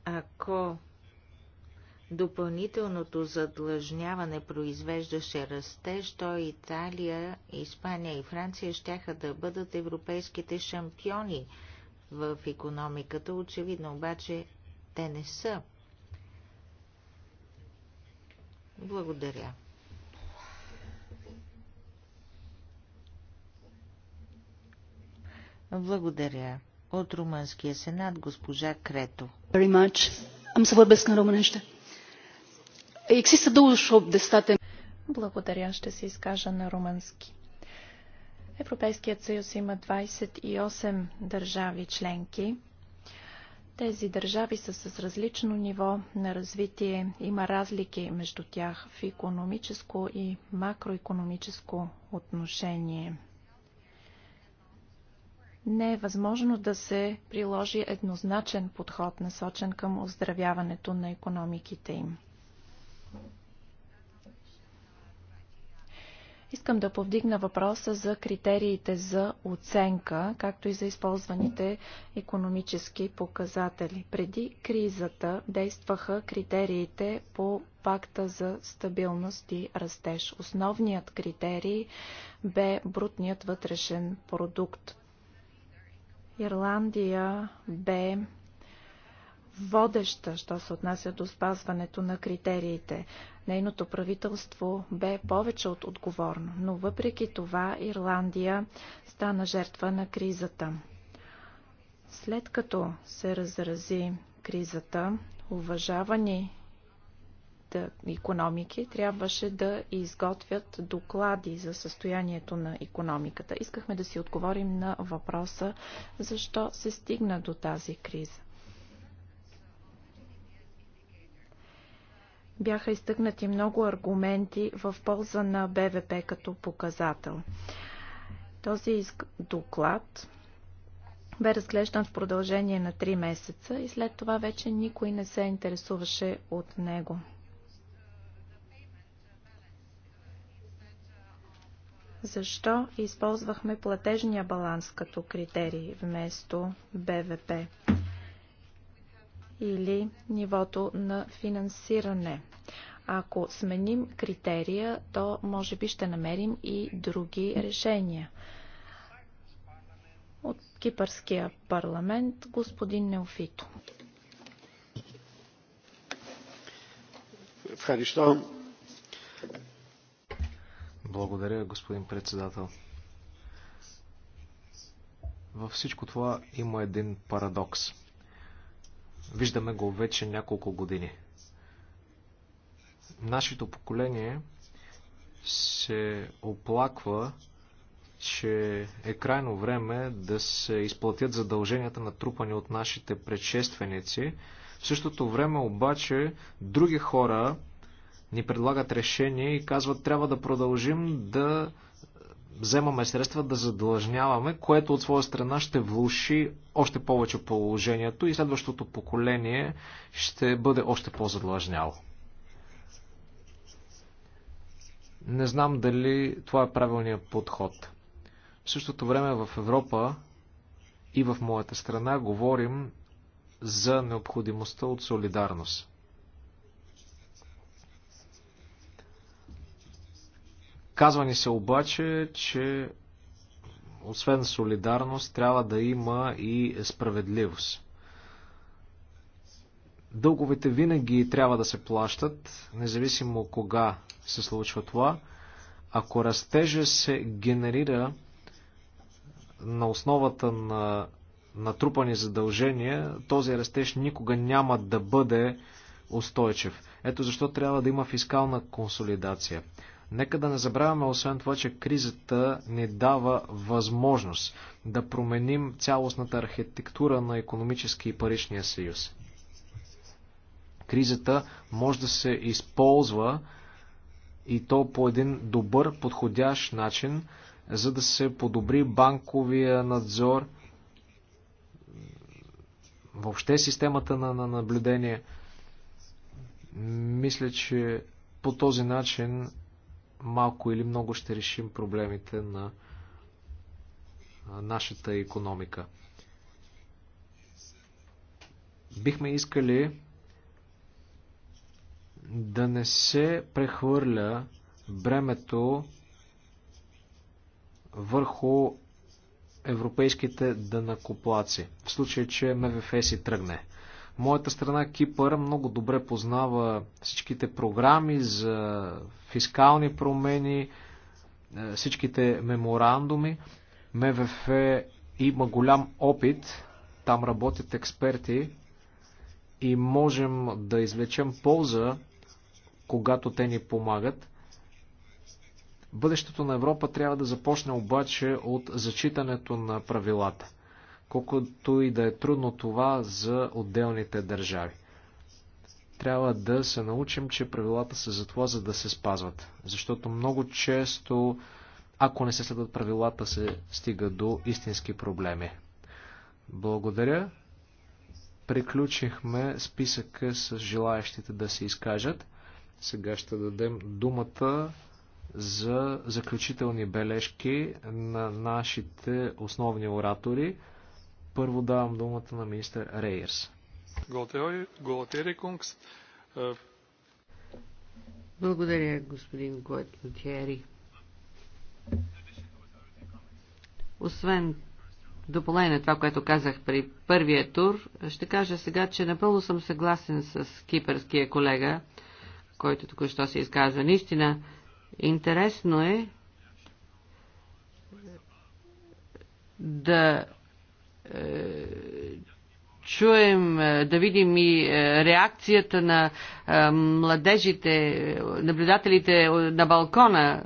Ако Допълнителното задлъжняване произвеждаше растеж, то Италия, Испания и Франция щяха да бъдат европейските шампиони в економиката. Очевидно обаче те не са. Благодаря. Благодаря. От Румънския сенат госпожа Крето. Very much. Am să vorbesc în Există 28 de state. Благодаря, ще се изкажа на румънски. Европейският съюз има 28 държави членки. Тези държави са с различно ниво на развитие. Има разлики между тях в економическо и макроекономическо отношение. Не е възможно да се приложи еднозначен подход, насочен към оздравяването на економиките им. Искам да повдигна въпроса за критериите за оценка, както и за използваните економически показатели. Преди кризата действаха критериите по пакта за стабилност и растеж. Основният критерий бе брутният вътрешен продукт. Ирландия бе водеща, що се отнася до спазването на критериите. Нейното правителство бе повече от отговорно, но въпреки това Ирландия стана жертва на кризата. След като се разрази кризата, уважавани економики трябваше да изготвят доклади за състоянието на економиката. Искахме да си отговорим на въпроса защо се стигна до тази криза. бяха изтъкнати много аргументи в полза на БВП като показател. Този доклад бе разглеждан в продължение на 3 месеца и след това вече никой не се интересуваше от него. Защо използвахме платежния баланс като критерий вместо БВП? или нивото на финансиране. Ако сменим критерия, то може би ще намерим и други решения. От Кипърския парламент господин Неофито. Благодаря, господин председател. Във всичко това има един парадокс – Виждаме го вече няколко години. Нашето поколение се оплаква, че е крайно време да се изплатят задълженията на трупани от нашите предшественици. В същото време обаче други хора ни предлагат решение и казват трябва да продължим да вземаме средства да задлъжняваме, което от своя страна ще влуши още повече положението и следващото поколение ще бъде още по-задлъжняло. Не знам дали това е правилният подход. В същото време в Европа и в моята страна говорим за необходимостта от солидарност. Казва ни се обаче, че освен солидарност, трябва да има и справедливост. Дълговете винаги трябва да се плащат, независимо кога се случва това. Ако растежа се генерира на основата на натрупани задължения, този растеж никога няма да бъде устойчив. Ето защо трябва да има фискална консолидация. Нека да не забравяме, освен това, че кризата ни дава възможност да променим цялостната архитектура на економически и паричния съюз. Кризата може да се използва и то по един добър, подходящ начин, за да се подобри банковия надзор, въобще системата на, на наблюдение. Мисля, че по този начин малко или много ще решим проблемите на нашата економика. Бихме искали да не се прехвърля бремето върху европейските дънакоплаци, в случай, че МВФ си тръгне. Моята страна Кипър много добре познава всичките програми за фискални промени, е, всичките меморандуми. МВФ има голям опит, там работят експерти и можем да извлечем полза, когато те ни помагат. Бъдещето на Европа трябва да започне обаче от зачитането на правилата колкото и да е трудно това за отделните държави. Трябва да се научим, че правилата са за това, за да се спазват. Защото много често, ако не се следват правилата, се стига до истински проблеми. Благодаря. Приключихме списъка с желаящите да се изкажат. Сега ще дадем думата за заключителни бележки на нашите основни оратори. Първо давам думата на министър Рейерс. Е, Благодаря, господин Готлотиери. Освен допълнение на това, което казах при първия тур, ще кажа сега, че напълно съм съгласен с кипърския колега, който току-що се изказа. Наистина, интересно е да чуем, е, да видим и е, реакцията на е, младежите, наблюдателите на балкона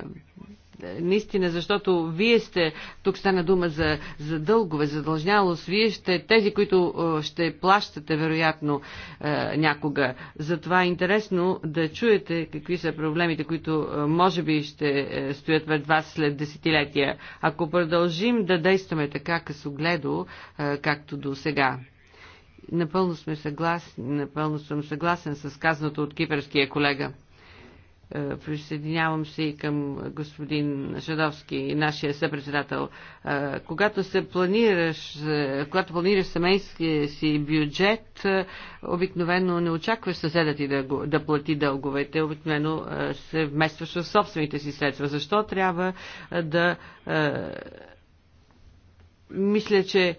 наистина, защото вие сте, тук стана дума за, за дългове, дължнялост, вие сте тези, които ще плащате, вероятно, някога. Затова е интересно да чуете какви са проблемите, които може би ще стоят пред вас след десетилетия, ако продължим да действаме така късогледо, както до сега. Напълно сме съгласни, напълно съм съгласен с казаното от кипърския колега. Е, присъединявам се и към господин и нашия съпредседател. Е, когато се планираш, е, когато планираш семейския си бюджет, обикновено не очакваш съседа ти да, да плати дълговете, обикновено се вместваш в собствените си средства. Защо трябва да мисля, че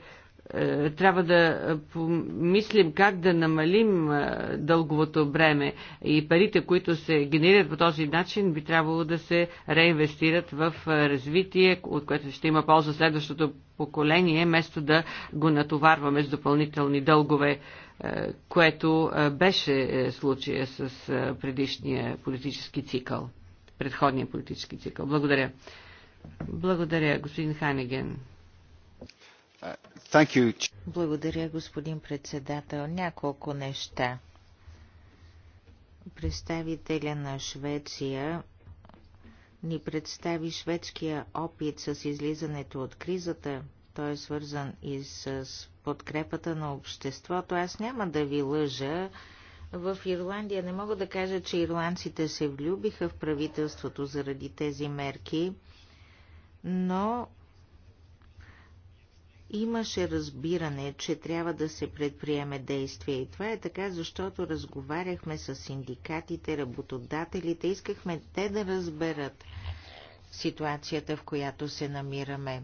е, трябва да помислим как да намалим е, дълговото бреме и парите, които се генерират по този начин, би трябвало да се реинвестират в е, развитие, от което ще има полза следващото поколение, вместо да го натоварваме с допълнителни дългове, което беше случая с предишния политически цикъл, предходния политически цикъл. Благодаря. Благодаря, господин Ханеген. Благодаря, господин председател. Няколко неща. Представителя на Швеция ни представи шведския опит с излизането от кризата. Той е свързан и с подкрепата на обществото. Аз няма да ви лъжа. В Ирландия не мога да кажа, че ирландците се влюбиха в правителството заради тези мерки, но имаше разбиране, че трябва да се предприеме действие. И това е така, защото разговаряхме с синдикатите, работодателите, искахме те да разберат ситуацията, в която се намираме.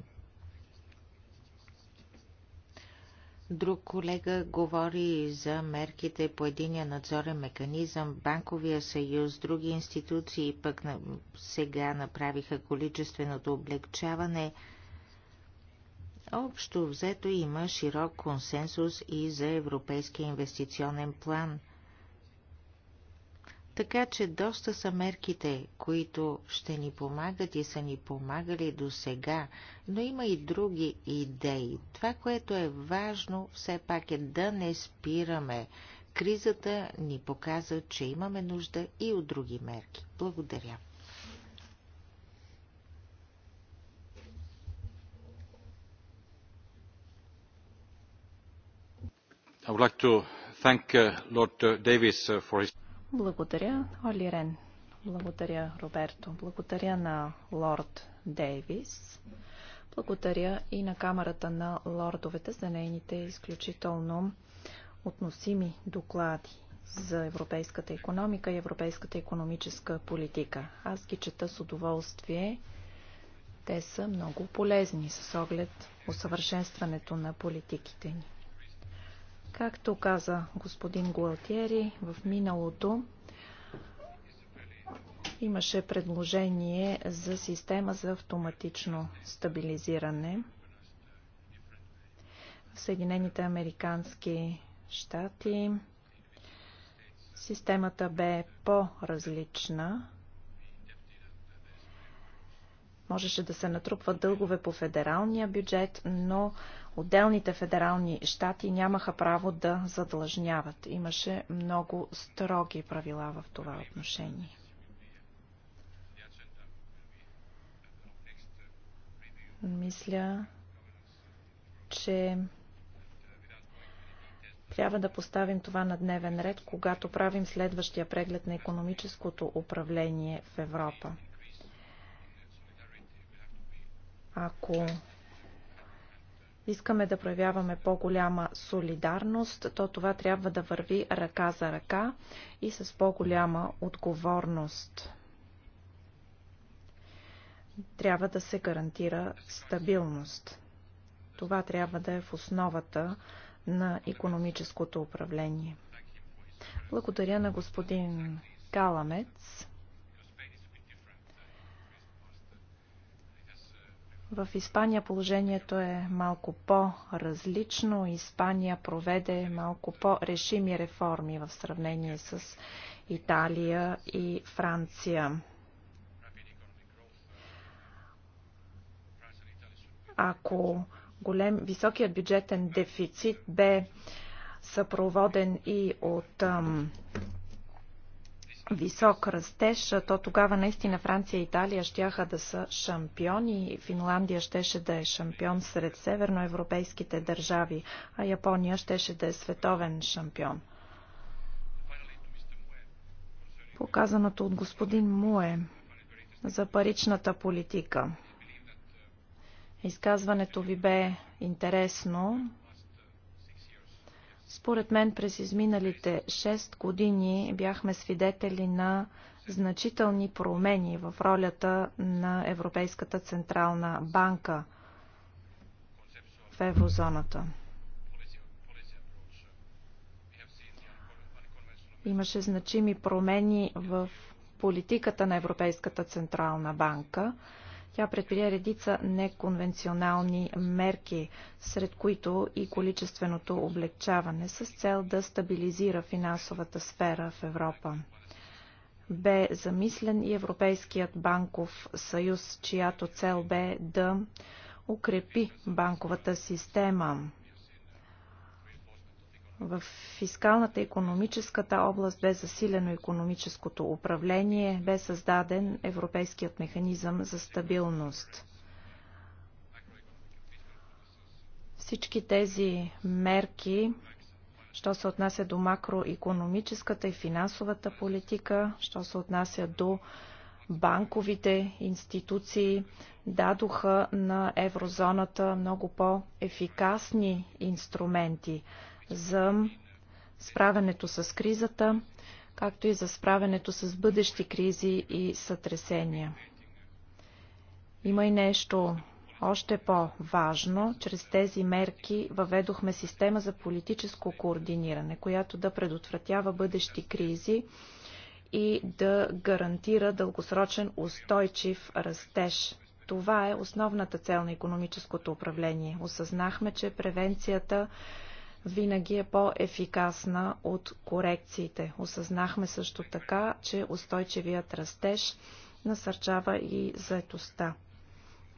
Друг колега говори за мерките по единия надзорен механизъм, Банковия съюз, други институции пък сега направиха количественото облегчаване – Общо взето има широк консенсус и за Европейския инвестиционен план. Така че доста са мерките, които ще ни помагат и са ни помагали до сега, но има и други идеи. Това, което е важно, все пак е да не спираме. Кризата ни показа, че имаме нужда и от други мерки. Благодаря. Uh, uh, uh, Благодаря, Оли Рен. Благодаря, Роберто. Благодаря на лорд Дейвис. Благодаря и на Камерата на лордовете за нейните изключително относими доклади за европейската економика и европейската економическа политика. Аз ги чета с удоволствие. Те са много полезни с оглед усъвършенстването на политиките ни. Както каза господин Гуалтиери, в миналото имаше предложение за система за автоматично стабилизиране. В Съединените американски щати системата бе по-различна. Можеше да се натрупват дългове по федералния бюджет, но Отделните федерални щати нямаха право да задлъжняват. Имаше много строги правила в това отношение. Мисля, че трябва да поставим това на дневен ред, когато правим следващия преглед на економическото управление в Европа. Ако искаме да проявяваме по-голяма солидарност, то това трябва да върви ръка за ръка и с по-голяма отговорност. Трябва да се гарантира стабилност. Това трябва да е в основата на економическото управление. Благодаря на господин Каламец. В Испания положението е малко по-различно. Испания проведе малко по-решими реформи в сравнение с Италия и Франция. Ако голем, високият бюджетен дефицит бе съпроводен и от ам, висок растеж, то тогава наистина Франция и Италия щяха да са шампиони. Финландия щеше да е шампион сред северноевропейските държави, а Япония щеше да е световен шампион. Показаното от господин Муе за паричната политика. Изказването ви бе интересно. Според мен през изминалите 6 години бяхме свидетели на значителни промени в ролята на Европейската централна банка в еврозоната. Имаше значими промени в политиката на Европейската централна банка. Тя предприе редица неконвенционални мерки, сред които и количественото облегчаване с цел да стабилизира финансовата сфера в Европа. Бе замислен и Европейският банков съюз, чиято цел бе да укрепи банковата система. В фискалната и економическата област бе засилено економическото управление, бе създаден Европейският механизъм за стабилност. Всички тези мерки, що се отнася до макроекономическата и финансовата политика, що се отнася до банковите институции дадоха на еврозоната много по-ефикасни инструменти за справянето с кризата, както и за справянето с бъдещи кризи и сътресения. Има и нещо още по-важно, чрез тези мерки въведохме система за политическо координиране, която да предотвратява бъдещи кризи и да гарантира дългосрочен устойчив растеж. Това е основната цел на економическото управление. Осъзнахме, че превенцията винаги е по-ефикасна от корекциите. Осъзнахме също така, че устойчивият растеж насърчава и заетостта.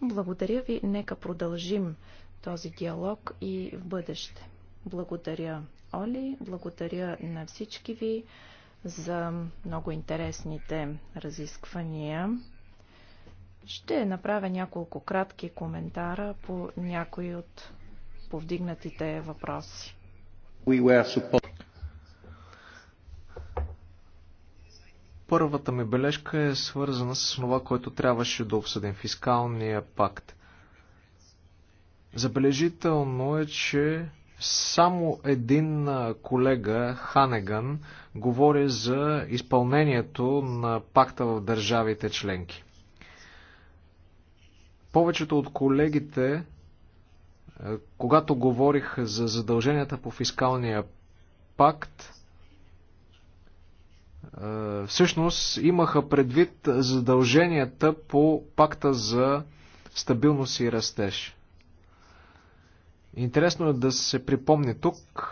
Благодаря ви, нека продължим този диалог и в бъдеще. Благодаря, Оли, благодаря на всички ви за много интересните разисквания. Ще направя няколко кратки коментара по някои от повдигнатите въпроси. Първата ми бележка е свързана с това, което трябваше да обсъдим фискалния пакт. Забележително е, че само един колега, Ханеган, говори за изпълнението на пакта в държавите членки. Повечето от колегите е, когато говорих за задълженията по фискалния пакт, е, всъщност имаха предвид задълженията по пакта за стабилност и растеж. Интересно е да се припомни тук,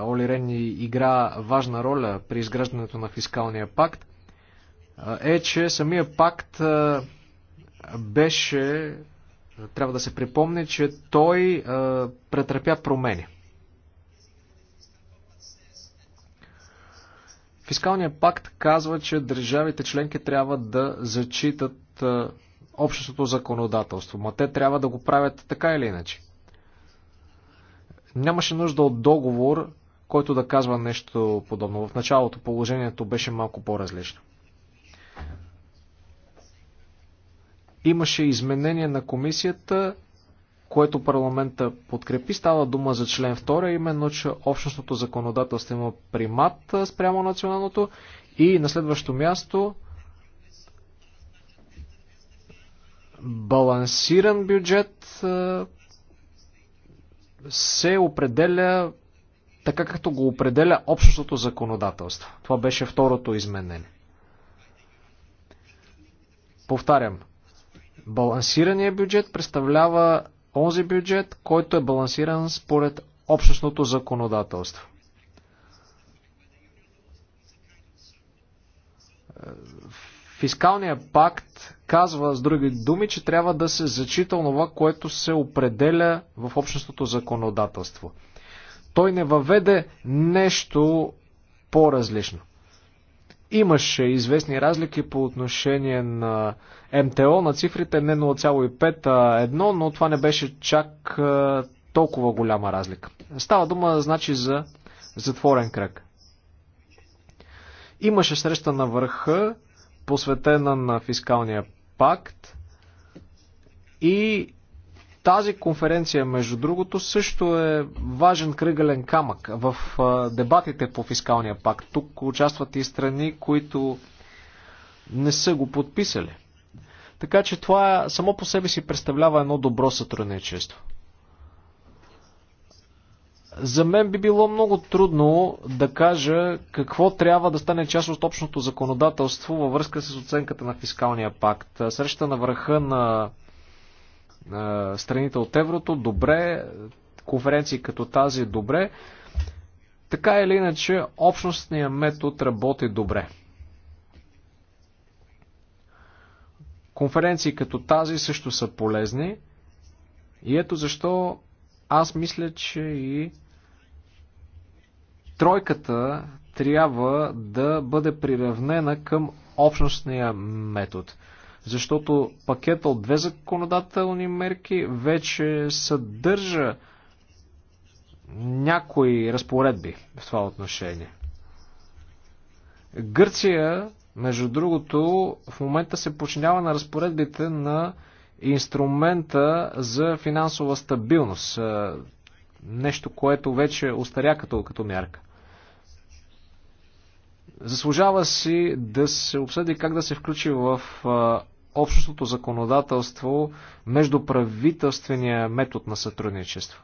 Оли Рени игра важна роля при изграждането на фискалния пакт, е, че самия пакт е, беше трябва да се припомни, че той е, претърпя промени. Фискалният пакт казва, че държавите членки трябва да зачитат е, общото законодателство. Ма те трябва да го правят така или иначе. Нямаше нужда от договор, който да казва нещо подобно. В началото положението беше малко по-различно. Имаше изменение на комисията, което парламента подкрепи. Става дума за член 2, именно, че общностното законодателство има примат спрямо националното. И на следващо място балансиран бюджет се определя така както го определя общото законодателство. Това беше второто изменение. Повтарям, Балансираният бюджет представлява онзи бюджет, който е балансиран според общностното законодателство. Фискалният пакт казва с други думи, че трябва да се зачита това, което се определя в общностното законодателство. Той не въведе нещо по-различно. Имаше известни разлики по отношение на МТО на цифрите не 0,5, а 1, но това не беше чак толкова голяма разлика. Става дума, значи, за затворен кръг. Имаше среща на върха, посветена на фискалния пакт и тази конференция, между другото, също е важен кръгален камък в дебатите по фискалния пакт. Тук участват и страни, които не са го подписали. Така че това само по себе си представлява едно добро сътрудничество. За мен би било много трудно да кажа какво трябва да стане част от общото законодателство във връзка с оценката на фискалния пакт. Среща на върха на страните от еврото, добре, конференции като тази, добре. Така или иначе, общностният метод работи добре. Конференции като тази също са полезни. И ето защо аз мисля, че и тройката трябва да бъде приравнена към общностния метод защото пакета от две законодателни мерки вече съдържа някои разпоредби в това отношение. Гърция, между другото, в момента се починява на разпоредбите на инструмента за финансова стабилност. Е, нещо, което вече остаря като, като мярка. Заслужава си да се обсъди как да се включи в е, общностното законодателство между правителствения метод на сътрудничество.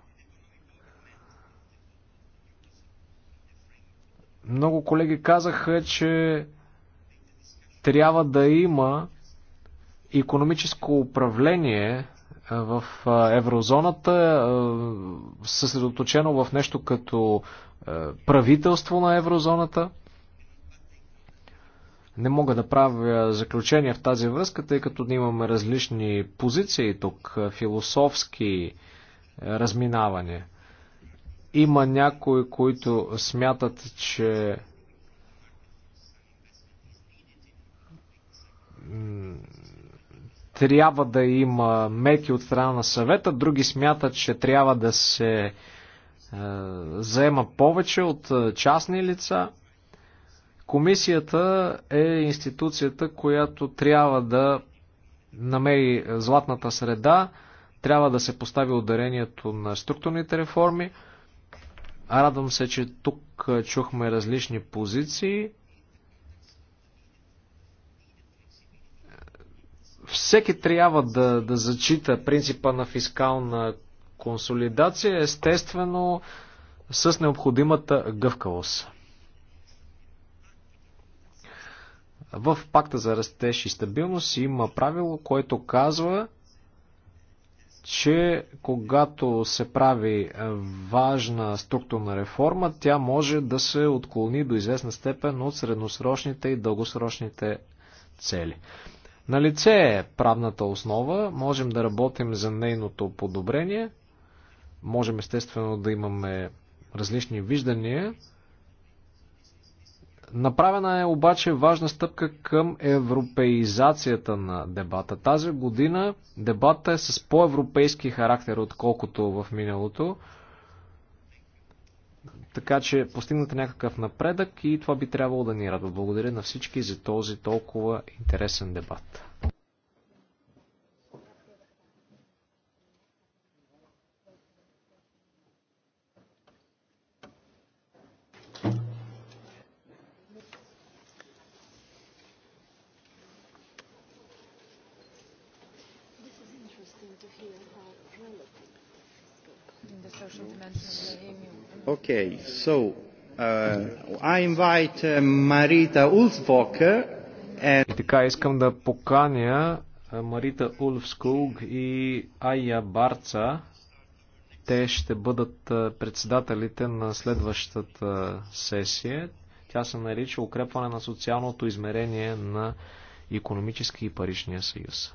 Много колеги казаха, че трябва да има економическо управление в еврозоната, съсредоточено в нещо като правителство на еврозоната – не мога да правя заключение в тази връзка, тъй като имаме различни позиции тук, е, философски е, разминавания. Има някои, които смятат, че трябва да има меки от страна на съвета, други смятат, че трябва да се е, заема повече от е, частни лица. Комисията е институцията, която трябва да намери златната среда, трябва да се постави ударението на структурните реформи. Радвам се, че тук чухме различни позиции. Всеки трябва да, да зачита принципа на фискална консолидация, естествено с необходимата гъвкавост. В пакта за растеж и стабилност има правило, което казва, че когато се прави е, важна структурна реформа, тя може да се отклони до известна степен от средносрочните и дългосрочните цели. На лице е правната основа, можем да работим за нейното подобрение, можем естествено да имаме различни виждания, Направена е обаче важна стъпка към европеизацията на дебата. Тази година дебата е с по-европейски характер, отколкото в миналото. Така че постигнате някакъв напредък и това би трябвало да ни радва. Благодаря на всички за този толкова интересен дебат. Okay, so uh, I invite uh, Marita Ulfsvok and... И така искам да поканя Марита Улфског и Айя Барца. Те ще бъдат председателите на следващата сесия. Тя се нарича Укрепване на социалното измерение на економически и паричния съюз.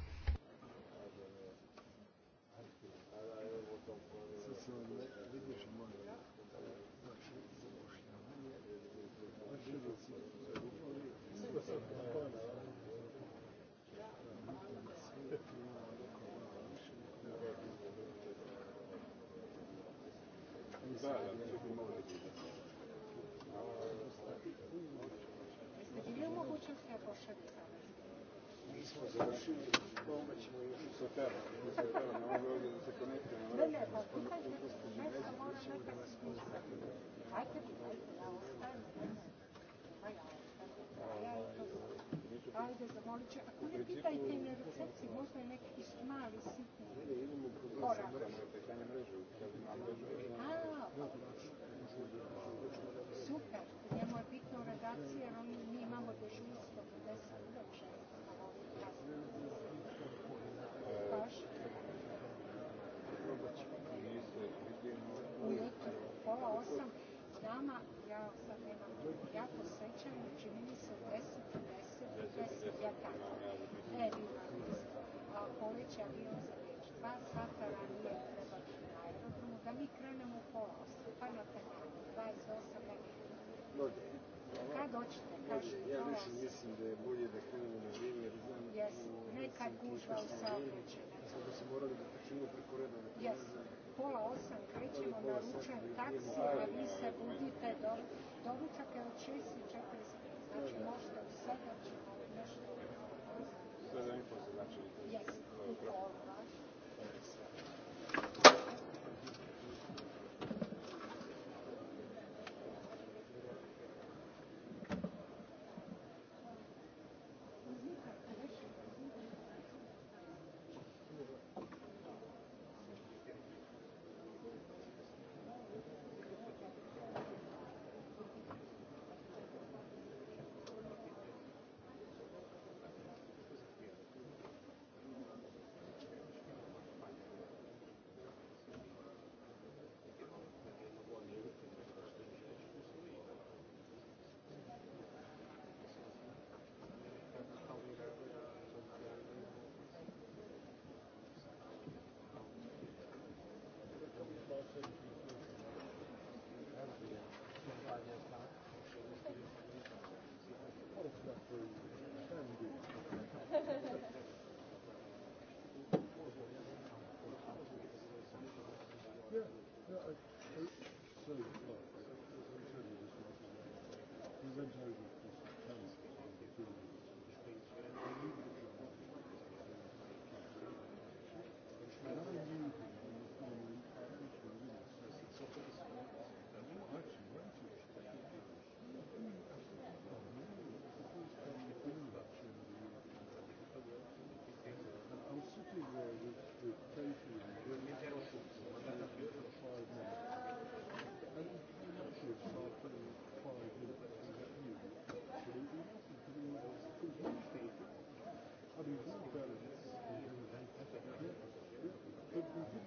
Yes. Pola osam krećemo, naručujem taksi, pa vi se budite do... Doručak je od 6 i 45, znači možete u 7 ćemo nešto... 7 i po znači... Yes, u pola.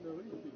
no anything.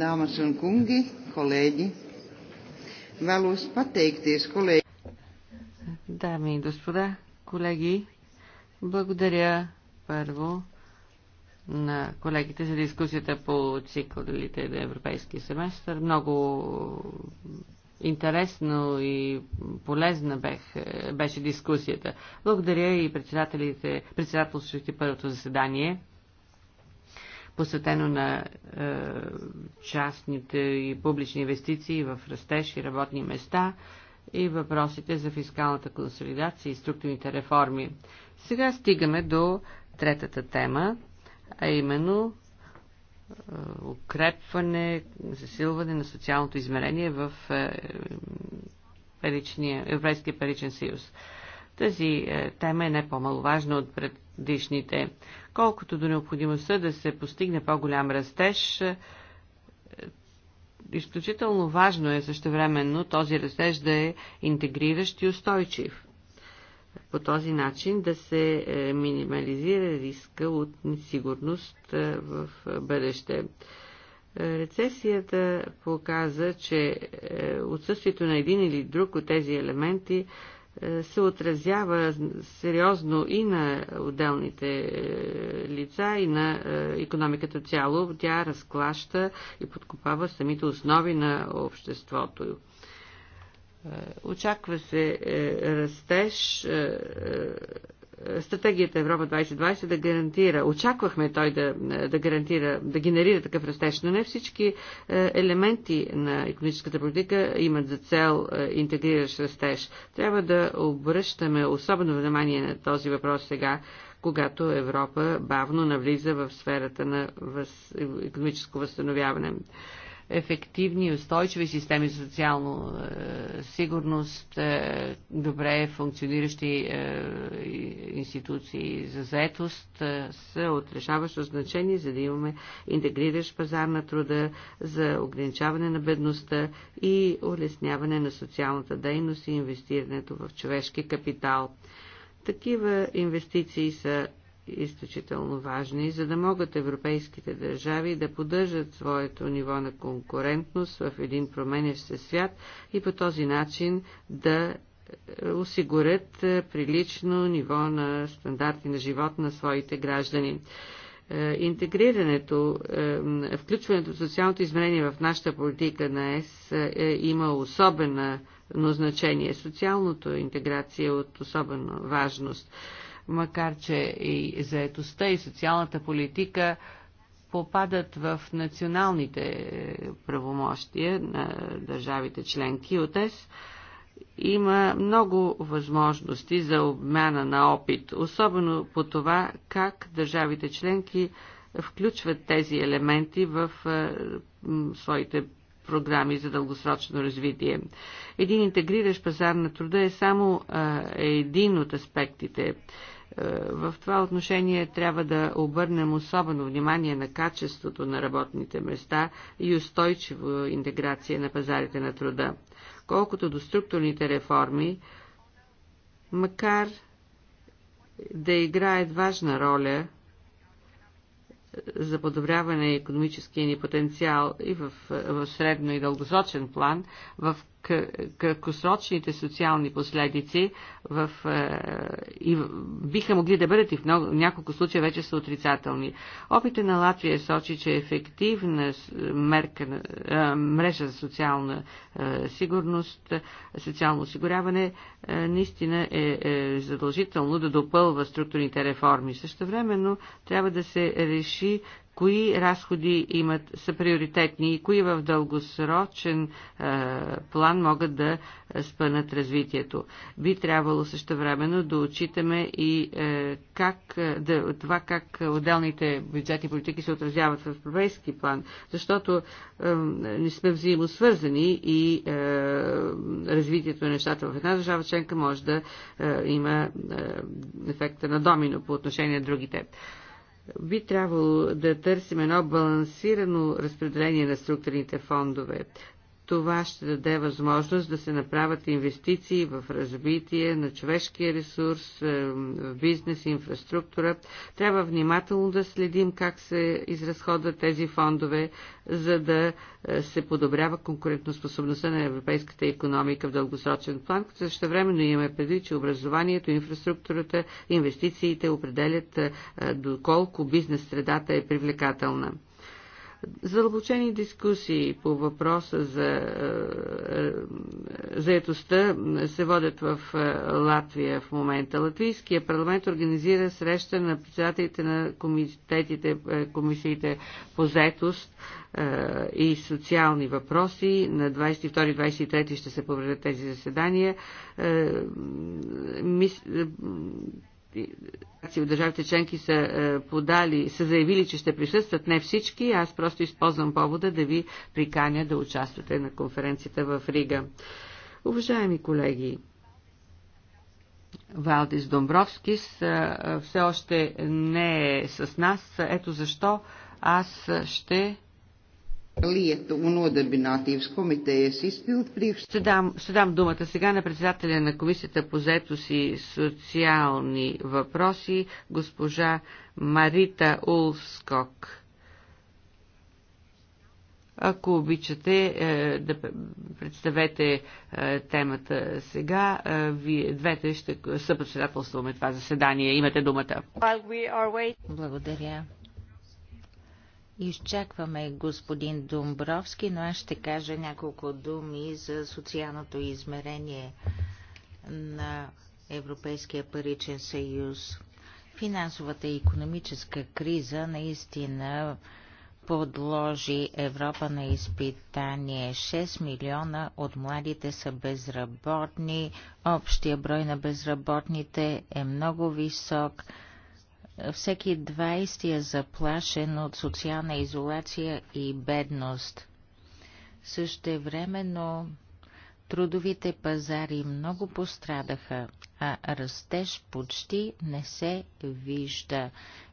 Dāmas un kungi, kolēģi, vēlos pateikties kolēģi. Дами и господа, колеги, благодаря първо на колегите за дискусията по циклите на Европейския семестър. Много интересно и полезна бех, беше дискусията. Благодаря и председателите, председателстващите първото заседание посветено на е, частните и публични инвестиции в растеж и работни места и въпросите за фискалната консолидация и структурните реформи. Сега стигаме до третата тема, а именно е, укрепване, засилване на социалното измерение в е, е Европейския паричен съюз. Тази е, тема е не по-маловажна от предишните. Колкото до необходимостта да се постигне по-голям растеж, е, изключително важно е същевременно този растеж да е интегриращ и устойчив. По този начин да се е, минимализира риска от несигурност в бъдеще. Рецесията показа, че отсъствието на един или друг от тези елементи е, се отразява сериозно и на отделните е, лица, и на економиката цяло. Тя разклаща и подкопава самите основи на обществото. Е, очаква се растеж стратегията Европа 2020 да гарантира, очаквахме той да, да гарантира, да генерира такъв растеж, но не всички е, елементи на економическата политика имат за цел е, интегриращ растеж. Трябва да обръщаме особено внимание на този въпрос сега, когато Европа бавно навлиза в сферата на въз... економическо възстановяване ефективни и устойчиви системи за социална е, сигурност, е, добре функциониращи е, институции за заетост е, са от решаващо значение, за да имаме интегриращ пазар на труда за ограничаване на бедността и улесняване на социалната дейност и инвестирането в човешки капитал. Такива инвестиции са изключително важни, за да могат европейските държави да поддържат своето ниво на конкурентност в един променящ се свят и по този начин да осигурят прилично ниво на стандарти на живот на своите граждани. Е, интегрирането, е, включването в социалното измерение в нашата политика на ЕС е, има особено значение. Социалното интеграция е от особена важност макар че и заетостта и социалната политика попадат в националните е, правомощия на държавите членки от ЕС, има много възможности за обмяна на опит, особено по това как държавите членки включват тези елементи в е, своите програми за дългосрочно развитие. Един интегриращ пазар на труда е само е, един от аспектите е, в това отношение трябва да обърнем особено внимание на качеството на работните места и устойчиво интеграция на пазарите на труда. Колкото до структурните реформи, макар да играят важна роля за подобряване на економическия ни потенциал и в, в средно и дългосрочен план, в краткосрочните социални последици в, е, и биха могли да бъдат и в много, няколко случая вече са отрицателни. Опита на Латвия сочи, че ефективна мерка, е, мрежа за социална е, сигурност, социално осигуряване е, наистина е, е задължително да допълва структурните реформи. Също времено трябва да се реши кои разходи имат, са приоритетни и кои в дългосрочен е, план могат да спънат развитието. Би трябвало също времено да отчитаме и е, как, е, да, това как отделните бюджетни политики се отразяват в европейски план, защото е, не сме взаимосвързани и е, развитието на нещата в една държава членка може да е, има е, ефекта на домино по отношение на другите. Е, би трябвало да търсим едно балансирано разпределение на структурните фондове. Това ще даде възможност да се направят инвестиции в развитие на човешкия ресурс, е, в бизнес, инфраструктура. Трябва внимателно да следим как се изразходват тези фондове, за да е, се подобрява конкурентоспособността на европейската економика в дългосрочен план, като също времено имаме предвид, че образованието, инфраструктурата, инвестициите определят е, доколко бизнес средата е привлекателна. Задълбочени дискусии по въпроса за е, е, заетостта се водят в е, Латвия в момента. Латвийския парламент организира среща на председателите на комитетите, комисиите по заетост и социални въпроси. На 22-23 ще се проведат тези заседания от държавите членки са е, подали, са заявили, че ще присъстват не всички. Аз просто използвам повода да ви приканя да участвате на конференцията в Рига. Уважаеми колеги, Валдис Домбровскис е, е, все още не е с нас. Ето защо аз ще Lieta un nodarbinātības komitejas izpildu priekš. Ще дам, ще дам думата сега на председателя на комисията по заето си социални въпроси, госпожа Марита Улскок. Ако обичате е, да представете е, темата сега, е, вие двете ще съпредседателстваме това заседание. Имате думата. Благодаря. Изчакваме господин Домбровски, но аз ще кажа няколко думи за социалното измерение на Европейския паричен съюз. Финансовата и економическа криза наистина подложи Европа на изпитание. 6 милиона от младите са безработни, общия брой на безработните е много висок – всеки 20 е заплашен от социална изолация и бедност. Същевременно трудовите пазари много пострадаха, а растеж почти не се вижда.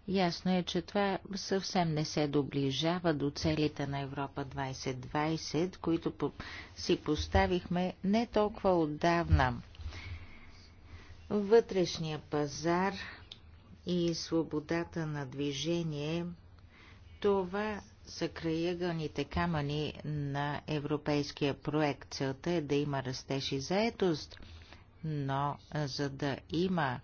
Ясно е, че това съвсем не се доближава до целите на Европа 2020, които си поставихме не толкова отдавна. Вътрешния пазар и свободата на движение, това са краягълните камъни на европейския проект. Целта е да има растеж и заетост, но за да има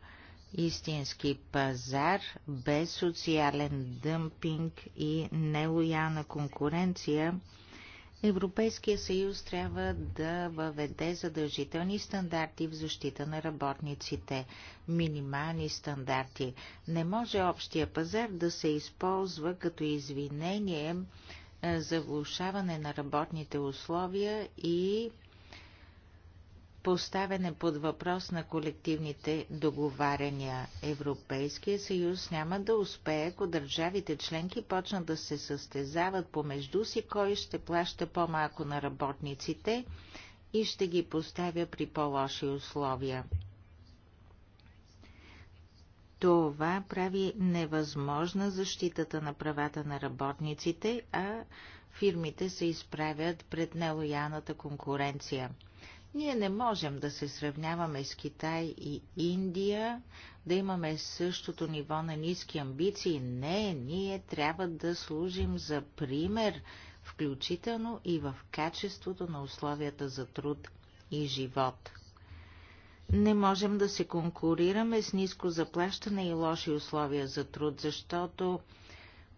истински пазар без социален дъмпинг и нелоялна конкуренция – Европейския съюз трябва да въведе задължителни стандарти в защита на работниците, минимални стандарти. Не може общия пазар да се използва като извинение за влушаване на работните условия и поставяне под въпрос на колективните договаряния. Европейския съюз няма да успее, ако държавите членки почнат да се състезават помежду си, кой ще плаща по-малко на работниците и ще ги поставя при по-лоши условия. Това прави невъзможна защитата на правата на работниците, а фирмите се изправят пред нелоялната конкуренция – ние не можем да се сравняваме с Китай и Индия, да имаме същото ниво на ниски амбиции. Не, ние трябва да служим за пример, включително и в качеството на условията за труд и живот. Не можем да се конкурираме с ниско заплащане и лоши условия за труд, защото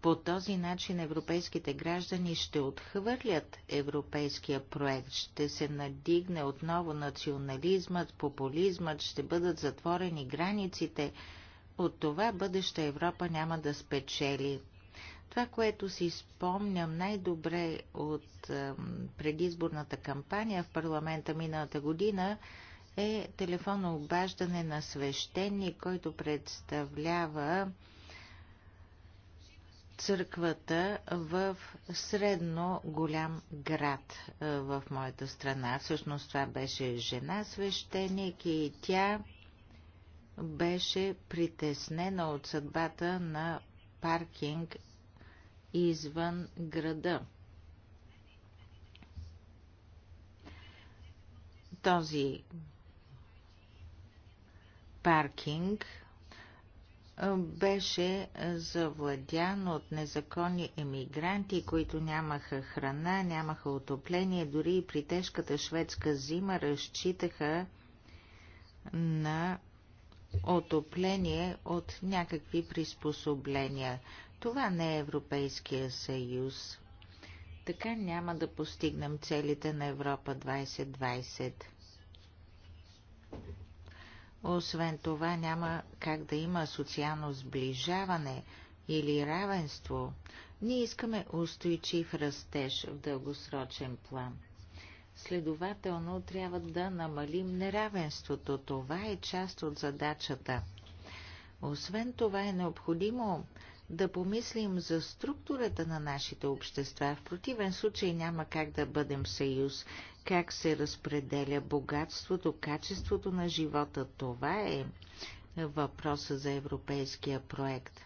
по този начин европейските граждани ще отхвърлят европейския проект, ще се надигне отново национализмът, популизмът, ще бъдат затворени границите. От това бъдеща Европа няма да спечели. Това, което си спомням най-добре от е, предизборната кампания в парламента миналата година, е телефонно обаждане на свещеник, който представлява църквата в средно голям град е, в моята страна. Всъщност това беше жена свещеник и тя беше притеснена от съдбата на паркинг извън града. Този паркинг беше завладян от незаконни емигранти, които нямаха храна, нямаха отопление, дори и при тежката шведска зима разчитаха на отопление от някакви приспособления. Това не е Европейския съюз. Така няма да постигнем целите на Европа 2020. Освен това няма как да има социално сближаване или равенство. Ние искаме устойчив растеж в дългосрочен план. Следователно трябва да намалим неравенството. Това е част от задачата. Освен това е необходимо да помислим за структурата на нашите общества. В противен случай няма как да бъдем съюз. Как се разпределя богатството, качеството на живота, това е въпроса за европейския проект.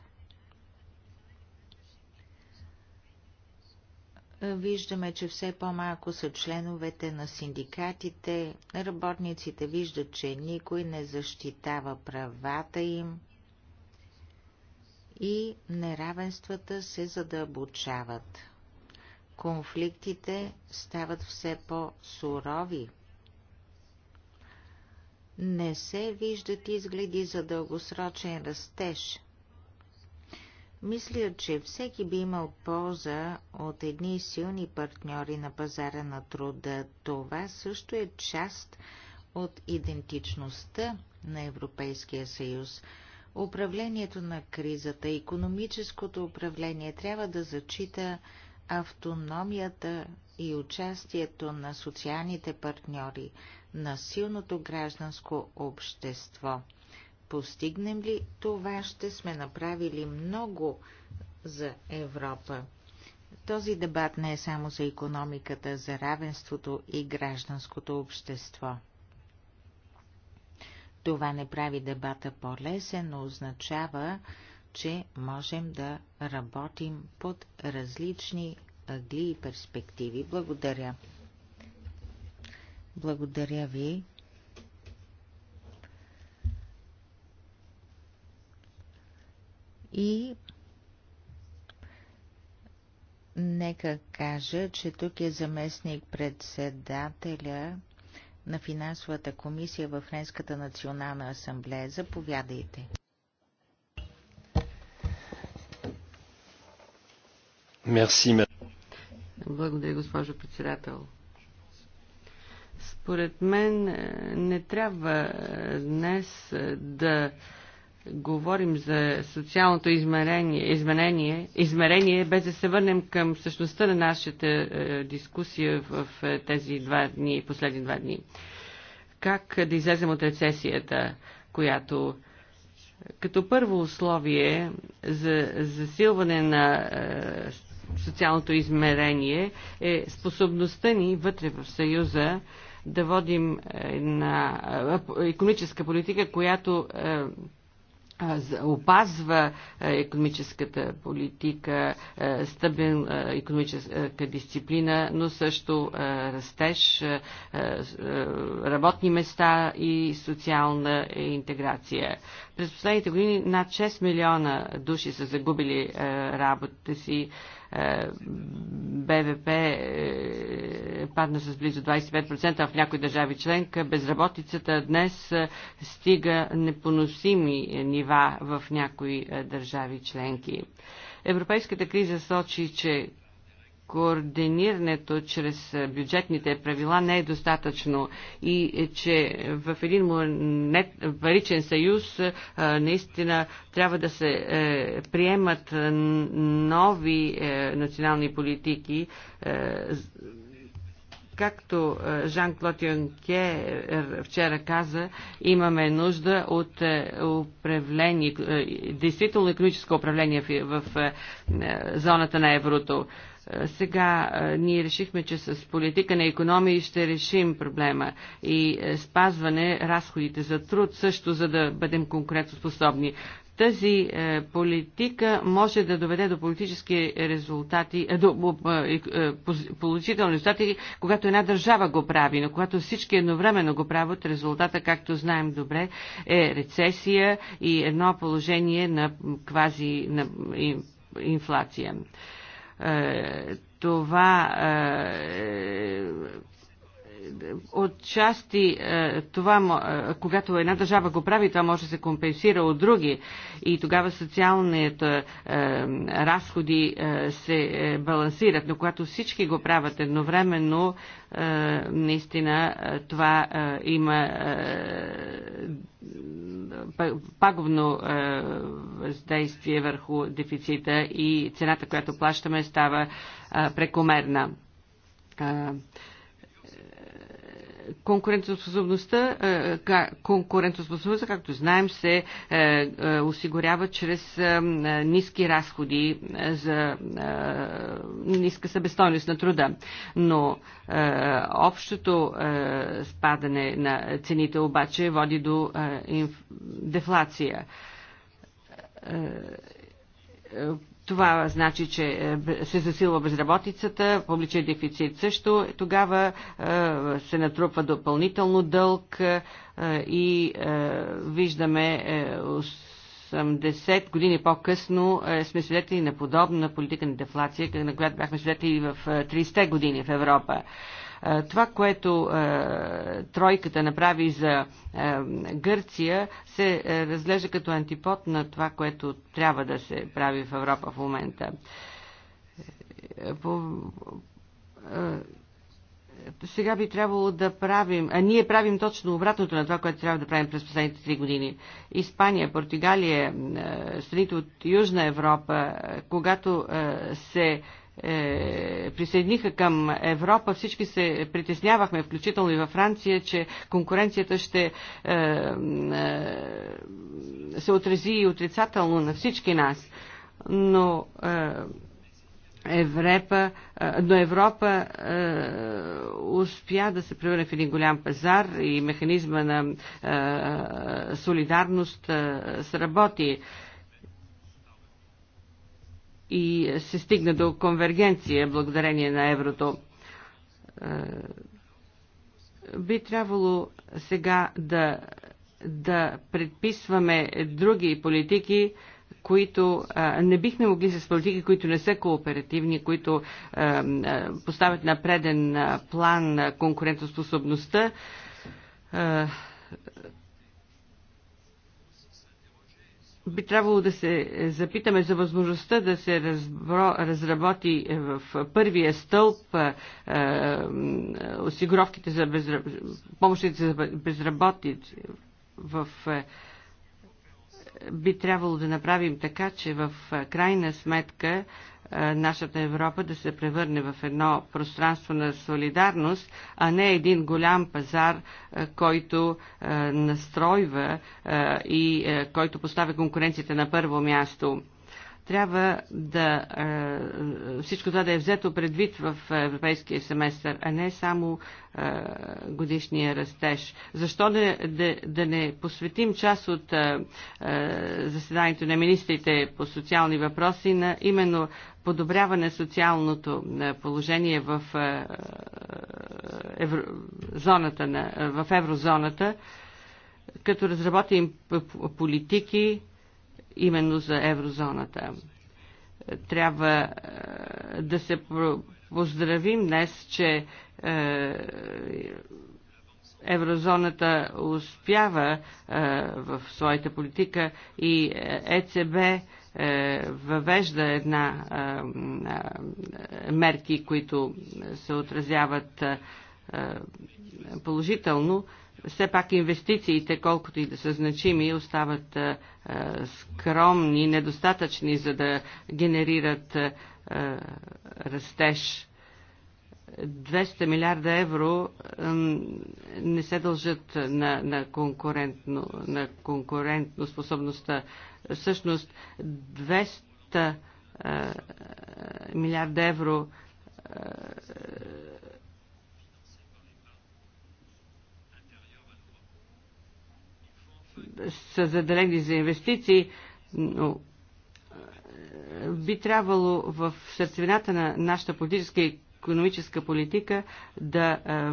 Виждаме, че все по-малко са членовете на синдикатите. Работниците виждат, че никой не защитава правата им и неравенствата се задълбочават. Конфликтите стават все по-сурови. Не се виждат изгледи за дългосрочен растеж. Мисля, че всеки би имал полза от едни силни партньори на пазара на труда. Това също е част от идентичността на Европейския съюз – Управлението на кризата, економическото управление трябва да зачита автономията и участието на социалните партньори, на силното гражданско общество. Постигнем ли това, ще сме направили много за Европа. Този дебат не е само за економиката, за равенството и гражданското общество. Това не прави дебата по-лесен, но означава, че можем да работим под различни ъгли и перспективи. Благодаря. Благодаря ви. И нека кажа, че тук е заместник председателя на финансовата комисия във Френската национална асамблея. Заповядайте. Мерси. Благодаря, госпожо председател. Според мен е, не трябва е, днес е, да говорим за социалното измерение, изменение, измерение, без да се върнем към същността на нашата е, дискусия в, в тези два дни, последни два дни. Как да излезем от рецесията, която като първо условие за засилване на е, социалното измерение е способността ни вътре в Съюза да водим на економическа политика, която е, опазва економическата политика, стабилна економическа дисциплина, но също растеж, работни места и социална интеграция. През последните години над 6 милиона души са загубили работата си БВП е, падна с близо 25%, а в някои държави членка безработицата днес е, стига непоносими нива в някои е, държави членки. Европейската криза сочи, че координирането чрез бюджетните правила не е достатъчно и е, че в един монет, паричен съюз наистина трябва да се е, приемат нови е, национални политики както Жан-Клод Юнке вчера каза, имаме нужда от управление, действително економическо управление в зоната на еврото. Е, сега е, ние решихме, че с политика на економии ще решим проблема и е, спазване разходите за труд също, за да бъдем конкурентоспособни тази политика може да доведе до политически резултати, до положителни резултати, когато една държава го прави, но когато всички едновременно го правят, резултата, както знаем добре, е рецесия и едно положение на квази на инфлация. Е, това е, от части е, това, е, когато една държава го прави, това може да се компенсира от други и тогава социалните е, разходи се балансират, но когато всички го правят едновременно, наистина това има пагубно въздействие върху дефицита и цената, която плащаме, става прекомерна Конкурентоспособността, е, конкурентоспособността, както знаем, се е, е, осигурява чрез ниски разходи за ниска събестойност на труда. Но общото спадане на цените обаче води до дефлация това значи, че е, се засилва безработицата, публичен дефицит също. Тогава е, се натрупва допълнително дълг е, и виждаме 80 години по-късно сме свидетели на подобна политика на дефлация, на която бяхме свидетели в 30-те години в Европа. Това, което тройката направи за Гърция, се разглежда като антипод на това, което трябва да се прави в Европа в момента. сега би трябвало да правим, а ние правим точно обратното на това, което трябва да правим през последните три години. Испания, Португалия, страните от Южна Европа, когато се е, присъединиха към Европа, всички се притеснявахме, включително и във Франция, че конкуренцията ще е, е, се отрази и отрицателно на всички нас. Но е, Европа, е, но Европа е, успя да се превърне в един голям пазар и механизма на е, солидарност е, сработи. Е, и се стигна до конвергенция благодарение на еврото. Е, би трябвало сега да, да предписваме други политики, които а, не бихме могли с политики, които не са кооперативни, които а, а, поставят на преден план конкурентоспособността. А, би трябвало да се е, запитаме за възможността да се разбро, разработи е, в първия стълб е, е осигуровките за безраб... помощите за безработни в е, би трябвало да направим така, че в крайна сметка е, нашата Европа да се превърне в едно пространство на солидарност, а не един голям пазар, е, който е, настройва и който поставя конкуренцията на първо място. Трябва да е, всичко това да е взето предвид в европейския семестър, а не само е, годишния растеж. Защо да, да, да не посветим част от е, заседанието на министрите по социални въпроси на именно подобряване социалното положение в евро, зоната на, в еврозоната, като разработим политики, именно за еврозоната. Трябва е, да се поздравим днес, че е, еврозоната успява е, в своята политика и ЕЦБ въвежда една мерки, които се отразяват положително все пак инвестициите, колкото и да са значими, остават а, скромни, недостатъчни, за да генерират а, растеж. 200 милиарда евро а, не се дължат на, на, конкурентно, на конкурентно способността. Всъщност 200 милиарда евро са заделени за инвестиции, но е, би трябвало в сърцевината на нашата политическа и економическа политика да е,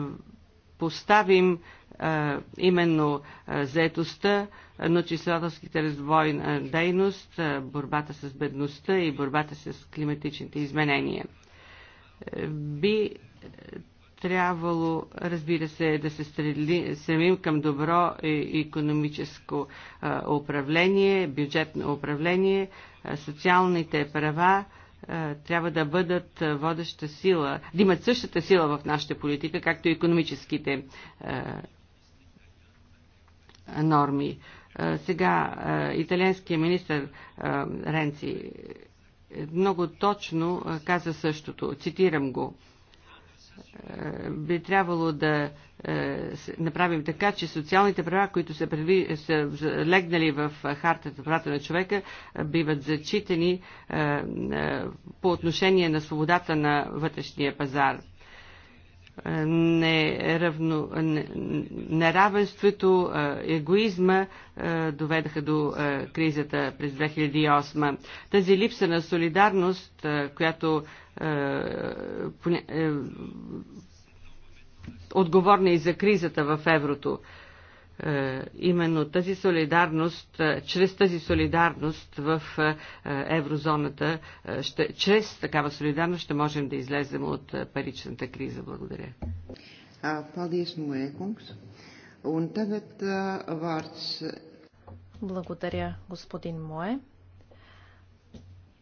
поставим е, именно заетостта, числателските развои на дейност, борбата с бедността и борбата с климатичните изменения. Би трябвало, разбира се, да се стремим към добро економическо управление, бюджетно управление, социалните права трябва да бъдат водеща сила, да имат същата сила в нашата политика, както и економическите норми. Сега италианският министр Ренци много точно каза същото. Цитирам го. Е, би трябвало да е, направим така, че социалните права, които са, предви, са легнали в хартата правата на човека, е, биват зачитани по отношение на свободата на вътрешния пазар неравно, неравенството, егоизма доведаха до кризата през 2008. Тази липса на солидарност, която е, отговорна и за кризата в еврото. Е, именно тази солидарност, е, чрез тази солидарност в е, еврозоната, ще, чрез такава солидарност ще можем да излезем от паричната криза. Благодаря. Благодаря, господин Мое.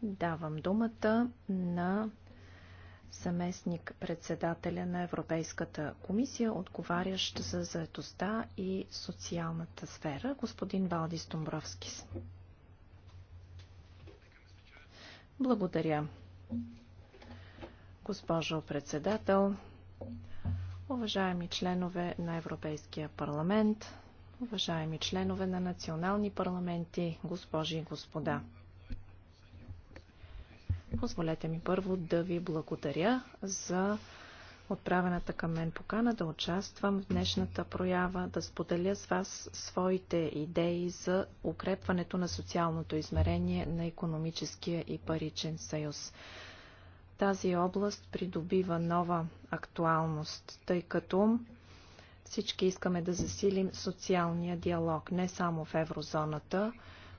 Давам думата на заместник председателя на Европейската комисия, отговарящ за заетостта и социалната сфера, господин Валдис Домбровскис. Благодаря. Госпожо председател, уважаеми членове на Европейския парламент, уважаеми членове на национални парламенти, госпожи и господа. Позволете ми първо да ви благодаря за отправената към мен покана да участвам в днешната проява, да споделя с вас своите идеи за укрепването на социалното измерение на економическия и паричен съюз. Тази област придобива нова актуалност, тъй като всички искаме да засилим социалния диалог не само в еврозоната,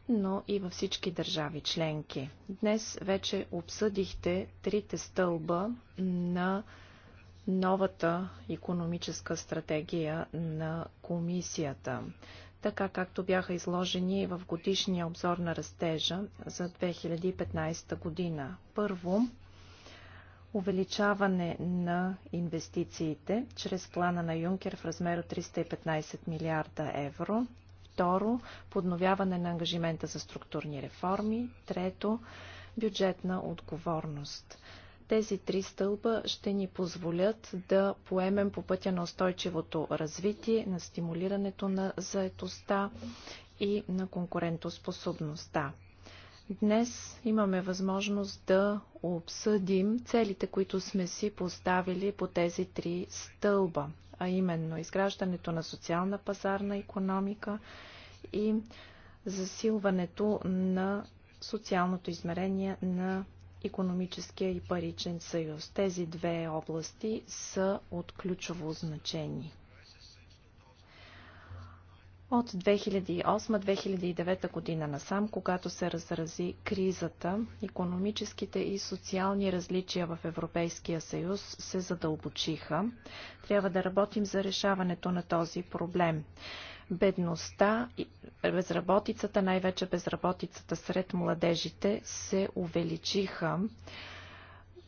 но и във всички държави членки. Днес вече обсъдихте трите стълба на новата економическа стратегия на комисията, така както бяха изложени в годишния обзор на растежа за 2015 година. Първо, увеличаване на инвестициите чрез плана на Юнкер в размер от 315 милиарда евро. Второ, подновяване на ангажимента за структурни реформи. Трето, бюджетна отговорност. Тези три стълба ще ни позволят да поемем по пътя на устойчивото развитие, на стимулирането на заетостта и на конкурентоспособността. Днес имаме възможност да обсъдим целите, които сме си поставили по тези три стълба а именно изграждането на социална пазарна економика и засилването на социалното измерение на економическия и паричен съюз. Тези две области са от ключово значение. От 2008-2009 година насам, когато се разрази кризата, економическите и социални различия в Европейския съюз се задълбочиха. Трябва да работим за решаването на този проблем. Бедността, безработицата, най-вече безработицата сред младежите, се увеличиха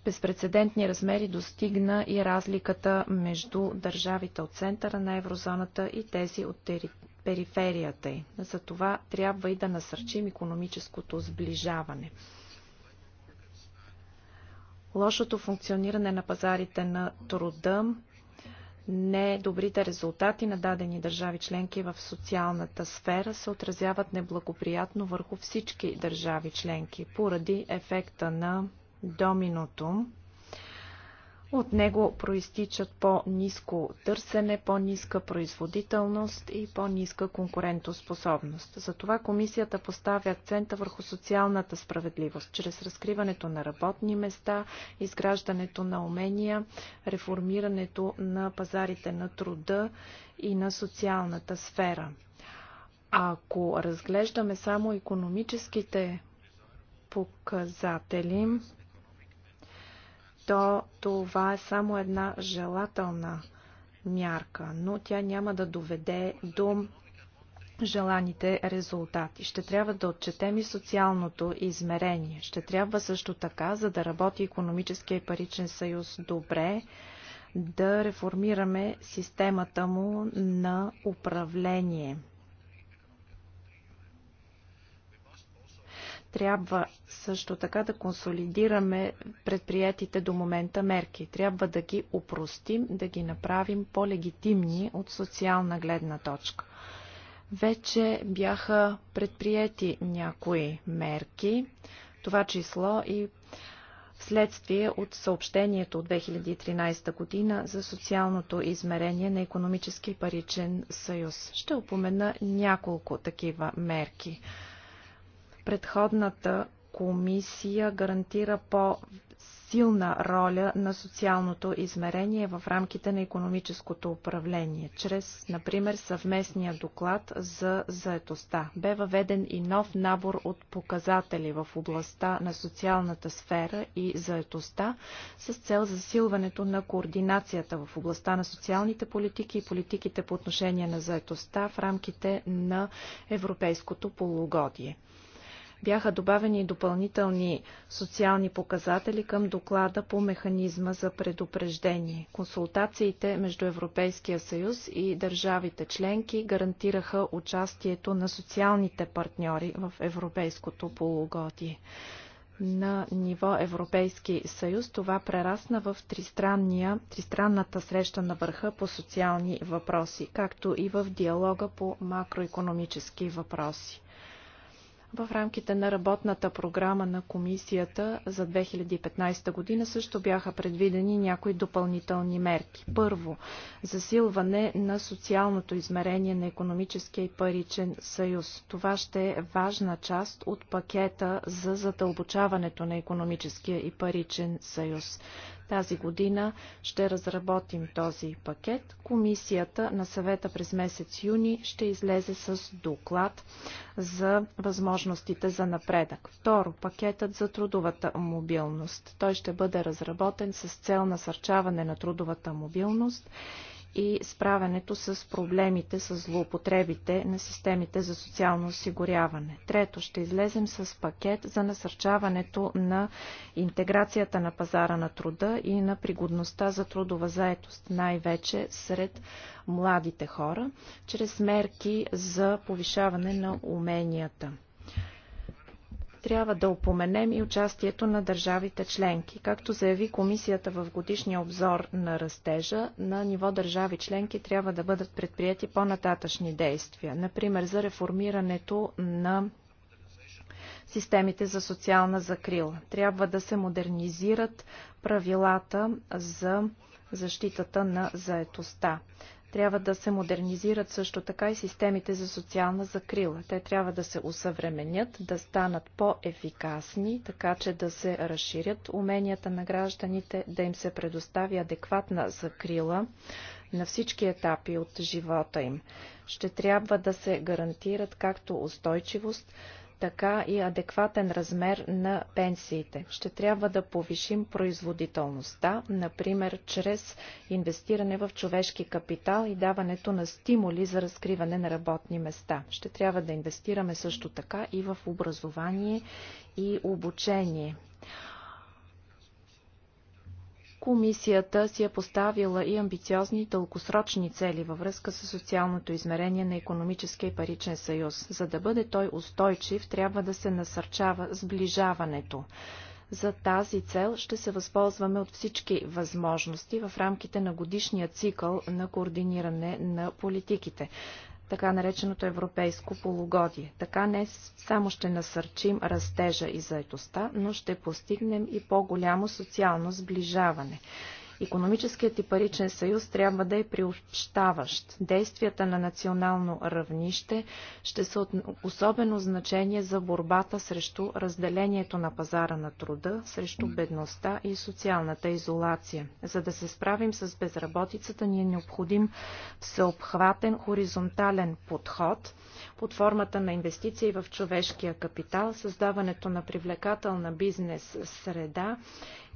безпредседентни размери достигна и разликата между държавите от центъра на еврозоната и тези от периферията й. Затова трябва и да насърчим економическото сближаване. Лошото функциониране на пазарите на труда, недобрите резултати на дадени държави членки в социалната сфера се отразяват неблагоприятно върху всички държави членки поради ефекта на доминото. От него проистичат по-низко търсене, по-низка производителност и по-низка конкурентоспособност. Затова комисията поставя акцента върху социалната справедливост, чрез разкриването на работни места, изграждането на умения, реформирането на пазарите на труда и на социалната сфера. Ако разглеждаме само економическите показатели, то това е само една желателна мярка, но тя няма да доведе до желаните резултати. Ще трябва да отчетем и социалното измерение. Ще трябва също така, за да работи економическия и паричен съюз добре, да реформираме системата му на управление – Трябва също така да консолидираме предприятите до момента мерки. Трябва да ги упростим, да ги направим по-легитимни от социална гледна точка. Вече бяха предприяти някои мерки, това число и вследствие от съобщението от 2013 година за социалното измерение на економически паричен съюз. Ще упомена няколко такива мерки. Предходната комисия гарантира по-силна роля на социалното измерение в рамките на економическото управление, чрез, например, съвместния доклад за заетостта. Бе въведен и нов набор от показатели в областта на социалната сфера и заетостта с цел засилването на координацията в областта на социалните политики и политиките по отношение на заетостта в рамките на европейското полугодие бяха добавени допълнителни социални показатели към доклада по механизма за предупреждение. Консултациите между Европейския съюз и държавите членки гарантираха участието на социалните партньори в европейското полугодие на ниво Европейски съюз. Това прерасна в тристранната среща на върха по социални въпроси, както и в диалога по макроекономически въпроси. В рамките на работната програма на комисията за 2015 година също бяха предвидени някои допълнителни мерки. Първо, засилване на социалното измерение на економическия и паричен съюз. Това ще е важна част от пакета за задълбочаването на економическия и паричен съюз. Тази година ще разработим този пакет. Комисията на съвета през месец юни ще излезе с доклад за възможностите за напредък. Второ, пакетът за трудовата мобилност. Той ще бъде разработен с цел насърчаване на трудовата мобилност и справянето с проблемите, с злоупотребите на системите за социално осигуряване. Трето, ще излезем с пакет за насърчаването на интеграцията на пазара на труда и на пригодността за трудова заетост, най-вече сред младите хора, чрез мерки за повишаване на уменията трябва да упоменем и участието на държавите членки. Както заяви комисията в годишния обзор на растежа, на ниво държави членки трябва да бъдат предприяти по-нататъчни действия. Например, за реформирането на системите за социална закрила. Трябва да се модернизират правилата за защитата на заетостта. Трябва да се модернизират също така и системите за социална закрила. Те трябва да се усъвременят, да станат по-ефикасни, така че да се разширят уменията на гражданите, да им се предостави адекватна закрила на всички етапи от живота им. Ще трябва да се гарантират както устойчивост, така и адекватен размер на пенсиите. Ще трябва да повишим производителността, например чрез инвестиране в човешки капитал и даването на стимули за разкриване на работни места. Ще трябва да инвестираме също така и в образование и обучение. Комисията си е поставила и амбициозни дългосрочни цели във връзка с социалното измерение на економическия и паричен съюз. За да бъде той устойчив, трябва да се насърчава сближаването. За тази цел ще се възползваме от всички възможности в рамките на годишния цикъл на координиране на политиките така нареченото европейско полугодие. Така не само ще насърчим растежа и заетостта, но ще постигнем и по-голямо социално сближаване. Економическият и паричен съюз трябва да е приобщаващ. Действията на национално равнище ще са от особено значение за борбата срещу разделението на пазара на труда, срещу бедността и социалната изолация. За да се справим с безработицата ни е необходим всеобхватен хоризонтален подход под формата на инвестиции в човешкия капитал, създаването на привлекателна бизнес среда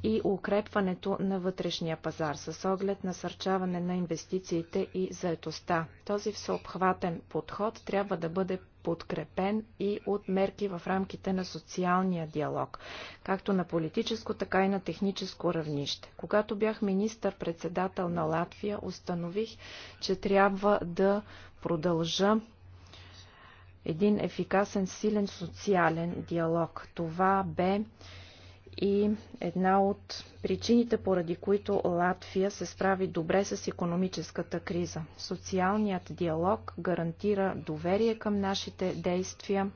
и укрепването на вътрешния пазар с оглед на сърчаване на инвестициите и заетостта. Този всеобхватен подход трябва да бъде подкрепен и от мерки в рамките на социалния диалог, както на политическо, така и на техническо равнище. Когато бях министър-председател на Латвия, установих, че трябва да продължа един ефикасен, силен социален диалог. Това бе и една от причините, поради които Латвия се справи добре с економическата криза. Социалният диалог гарантира доверие към нашите действия,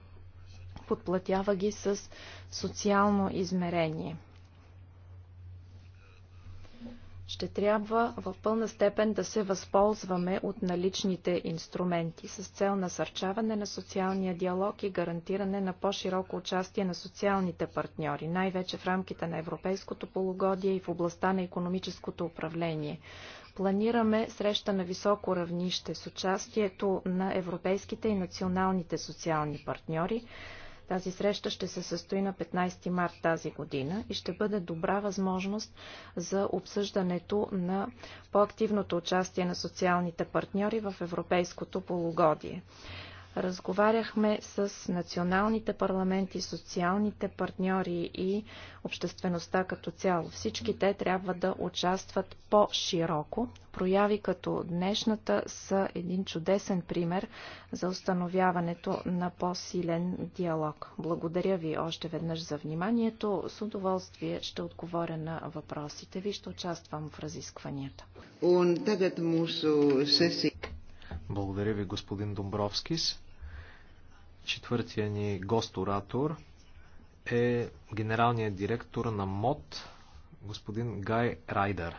подплатява ги с социално измерение – ще трябва в пълна степен да се възползваме от наличните инструменти с цел насърчаване на социалния диалог и гарантиране на по-широко участие на социалните партньори, най-вече в рамките на европейското полугодие и в областта на економическото управление. Планираме среща на високо равнище с участието на европейските и националните социални партньори, тази среща ще се състои на 15 март тази година и ще бъде добра възможност за обсъждането на по-активното участие на социалните партньори в европейското полугодие разговаряхме с националните парламенти, социалните партньори и обществеността като цяло. Всички те трябва да участват по-широко. Прояви като днешната са един чудесен пример за установяването на по-силен диалог. Благодаря ви още веднъж за вниманието. С удоволствие ще отговоря на въпросите ви, ще участвам в разискванията. Благодаря ви, господин Домбровскис. Четвъртия ни гост-оратор е генералният директор на МОД, господин Гай Райдер.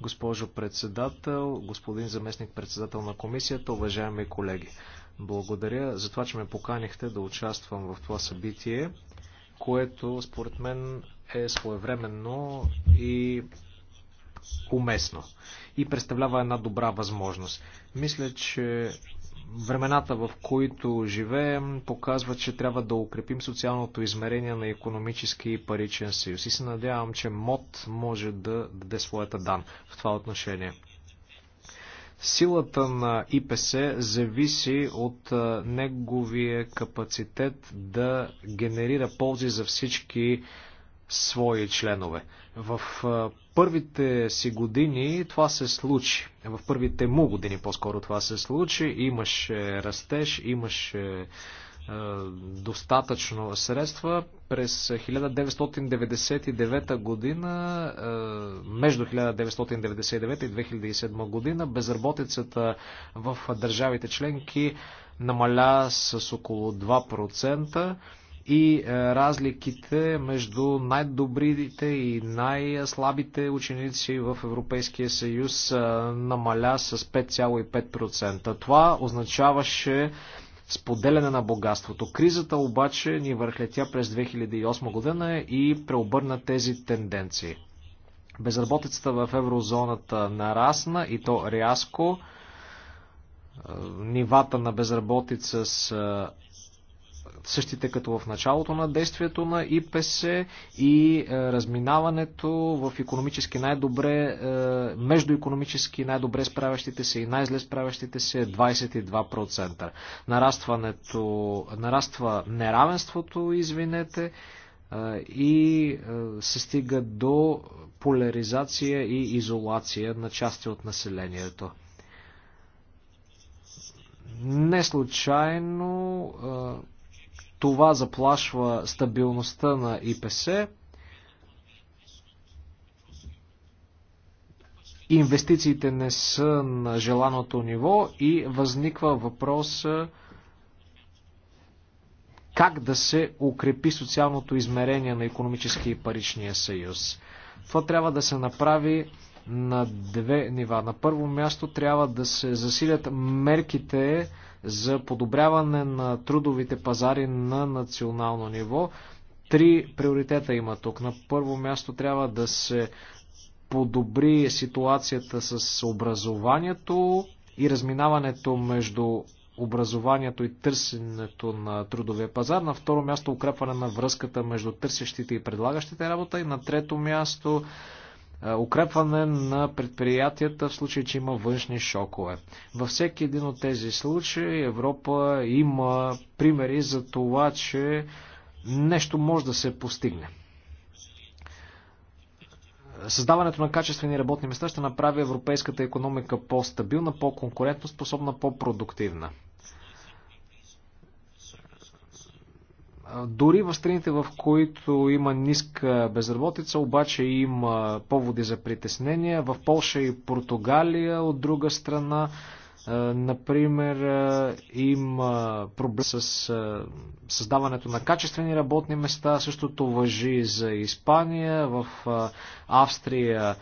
Госпожо председател, господин заместник председател на комисията, уважаеми колеги, благодаря за това, че ме поканихте да участвам в това събитие, което според мен е своевременно и уместно и представлява една добра възможност. Мисля, че времената, в които живеем, показва, че трябва да укрепим социалното измерение на економически и паричен съюз. И се надявам, че МОД може да даде своята дан в това отношение. Силата на ИПС зависи от неговия капацитет да генерира ползи за всички свои членове. В първите си години това се случи. В първите му години по-скоро това се случи. Имаше растеж, имаше достатъчно средства. През 1999 година, между 1999 и 2007 година, безработицата в държавите членки намаля с около 2% и е, разликите между най-добрите и най-слабите ученици в Европейския съюз е, намаля с 5,5%. Това означаваше споделяне на богатството. Кризата обаче ни върхлетя през 2008 година и преобърна тези тенденции. Безработицата в еврозоната нарасна и то рязко. Е, нивата на безработица са същите като в началото на действието на ИПС и е, разминаването в економически най-добре, е, между економически най-добре справящите се и най-зле справящите се е 22%. Нарастването, нараства неравенството, извинете, е, и се стига до поляризация и изолация на части от населението. Не случайно това заплашва стабилността на ИПС. Инвестициите не са на желаното ниво и възниква въпрос как да се укрепи социалното измерение на економическия и паричния съюз. Това трябва да се направи на две нива. На първо място трябва да се засилят мерките за подобряване на трудовите пазари на национално ниво. Три приоритета има тук. На първо място трябва да се подобри ситуацията с образованието и разминаването между образованието и търсенето на трудовия пазар. На второ място укрепване на връзката между търсещите и предлагащите работа. И на трето място укрепване на предприятията в случай, че има външни шокове. Във всеки един от тези случаи Европа има примери за това, че нещо може да се постигне. Създаването на качествени работни места ще направи европейската економика по-стабилна, по-конкурентоспособна, по-продуктивна. Дори в страните, в които има ниска безработица, обаче има поводи за притеснения. В Польша и Португалия, от друга страна, например, има проблем с създаването на качествени работни места. Същото въжи за Испания, в Австрия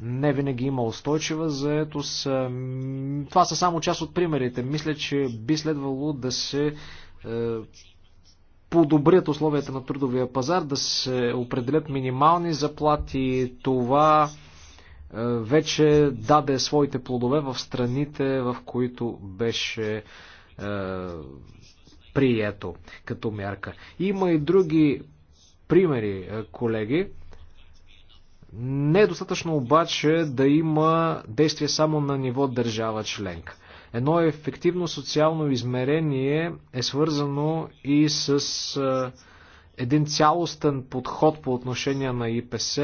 не винаги има устойчива заетост. Това са само част от примерите. Мисля, че би следвало да се подобрят условията на трудовия пазар, да се определят минимални заплати. Това е, вече даде своите плодове в страните, в които беше е, прието като мярка. Има и други примери, е, колеги. Не е достатъчно обаче да има действие само на ниво държава членка. Едно ефективно социално измерение е свързано и с един цялостен подход по отношение на ИПС,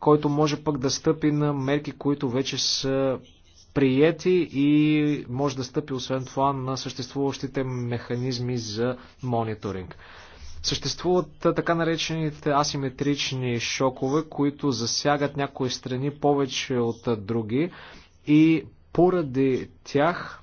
който може пък да стъпи на мерки, които вече са приети и може да стъпи освен това на съществуващите механизми за мониторинг. Съществуват така наречените асиметрични шокове, които засягат някои страни повече от други и поради тях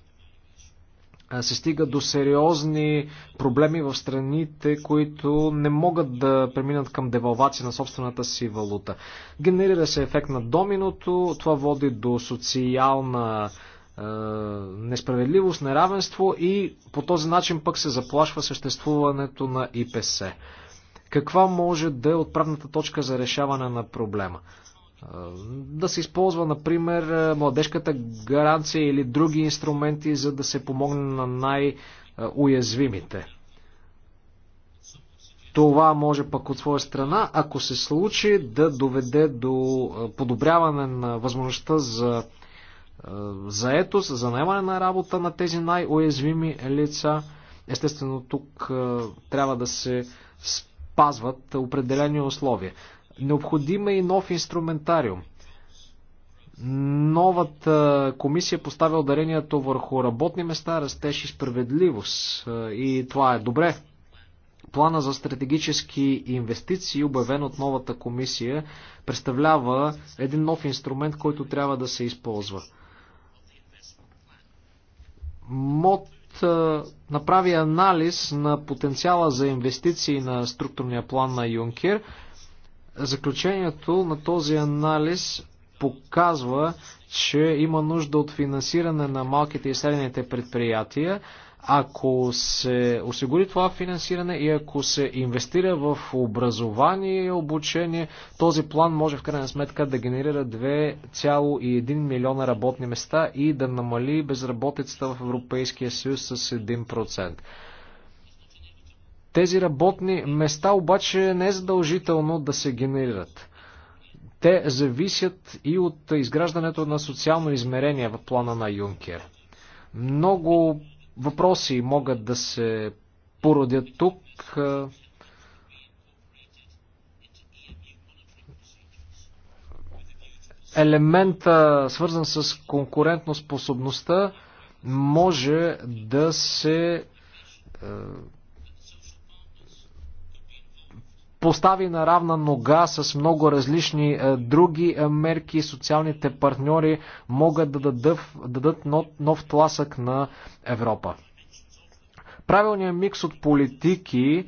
се стига до сериозни проблеми в страните, които не могат да преминат към девалвация на собствената си валута. Генерира се ефект на доминото, това води до социална е, несправедливост, неравенство и по този начин пък се заплашва съществуването на ИПС. Каква може да е отправната точка за решаване на проблема? Да се използва, например, младежката гаранция или други инструменти, за да се помогне на най-уязвимите. Това може пък от своя страна, ако се случи, да доведе до подобряване на възможността за заетост, за наемане на работа на тези най-уязвими лица. Естествено, тук трябва да се спазват определени условия. Необходим е и нов инструментариум. Новата комисия поставя ударението върху работни места, растеж и справедливост. Е, и това е добре. Плана за стратегически инвестиции, обявен от новата комисия, представлява един нов инструмент, който трябва да се използва. МОД е, направи анализ на потенциала за инвестиции на структурния план на Юнкер Заключението на този анализ показва, че има нужда от финансиране на малките и средните предприятия, ако се осигури това финансиране и ако се инвестира в образование и обучение, този план може в крайна сметка да генерира 2,1 милиона работни места и да намали безработицата в Европейския съюз с 1%. Тези работни места обаче не е задължително да се генерират. Те зависят и от изграждането на социално измерение в плана на Юнкер. Много въпроси могат да се породят тук. Елемента, свързан с конкурентоспособността, може да се е, постави на равна нога с много различни е, други е, мерки. Социалните партньори могат да дадат, дадат нов тласък на Европа. Правилният микс от политики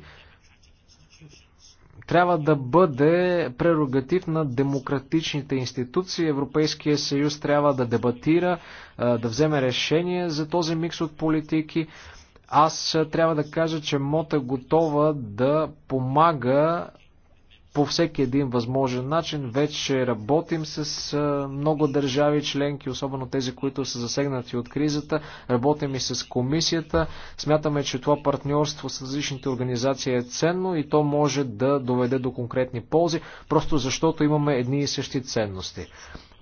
трябва да бъде прерогатив на демократичните институции. Европейския съюз трябва да дебатира, е, да вземе решение за този микс от политики. Аз трябва да кажа, че МОТ е готова да помага по всеки един възможен начин. Вече работим с много държави членки, особено тези, които са засегнати от кризата. Работим и с комисията. Смятаме, че това партньорство с различните организации е ценно и то може да доведе до конкретни ползи, просто защото имаме едни и същи ценности.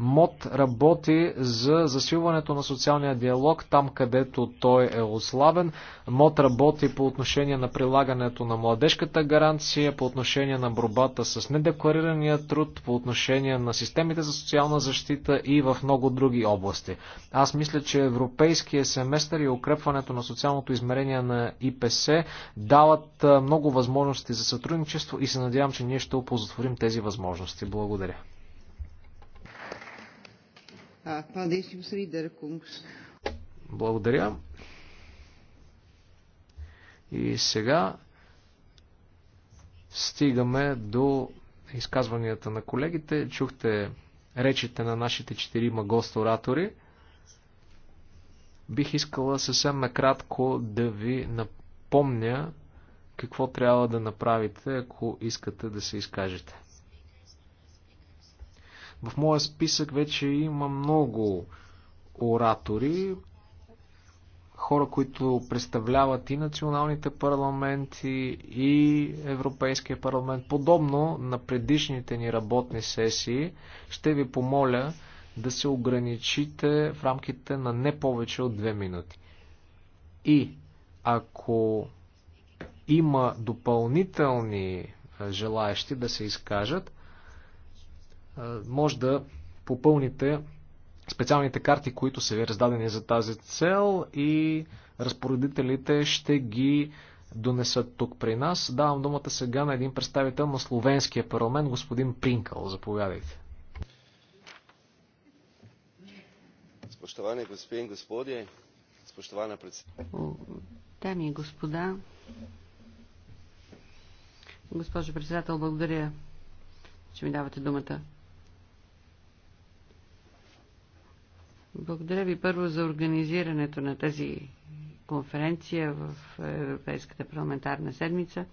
МОД работи за засилването на социалния диалог там, където той е ослабен. МОД работи по отношение на прилагането на младежката гаранция, по отношение на борбата с недекларирания труд, по отношение на системите за социална защита и в много други области. Аз мисля, че европейския семестър и укрепването на социалното измерение на ИПС дават много възможности за сътрудничество и се надявам, че ние ще оползотворим тези възможности. Благодаря. Благодаря. И сега стигаме до изказванията на колегите. Чухте речите на нашите четирима гост-оратори. Бих искала съвсем накратко да ви напомня какво трябва да направите, ако искате да се изкажете. В моя списък вече има много оратори, хора, които представляват и националните парламенти, и Европейския парламент. Подобно на предишните ни работни сесии, ще ви помоля да се ограничите в рамките на не повече от две минути. И ако има допълнителни желаящи да се изкажат, може да попълните специалните карти, които са ви раздадени за тази цел и разпоредителите ще ги донесат тук при нас. Давам думата сега на един представител на Словенския парламент, господин Принкъл. Заповядайте. Спощаване господин и господи, спощавана председател. Дами и господа, госпожо председател, благодаря, че ми давате думата. Благодаря ви първо за организирането на тази конференция в Европейската парламентарна седмица.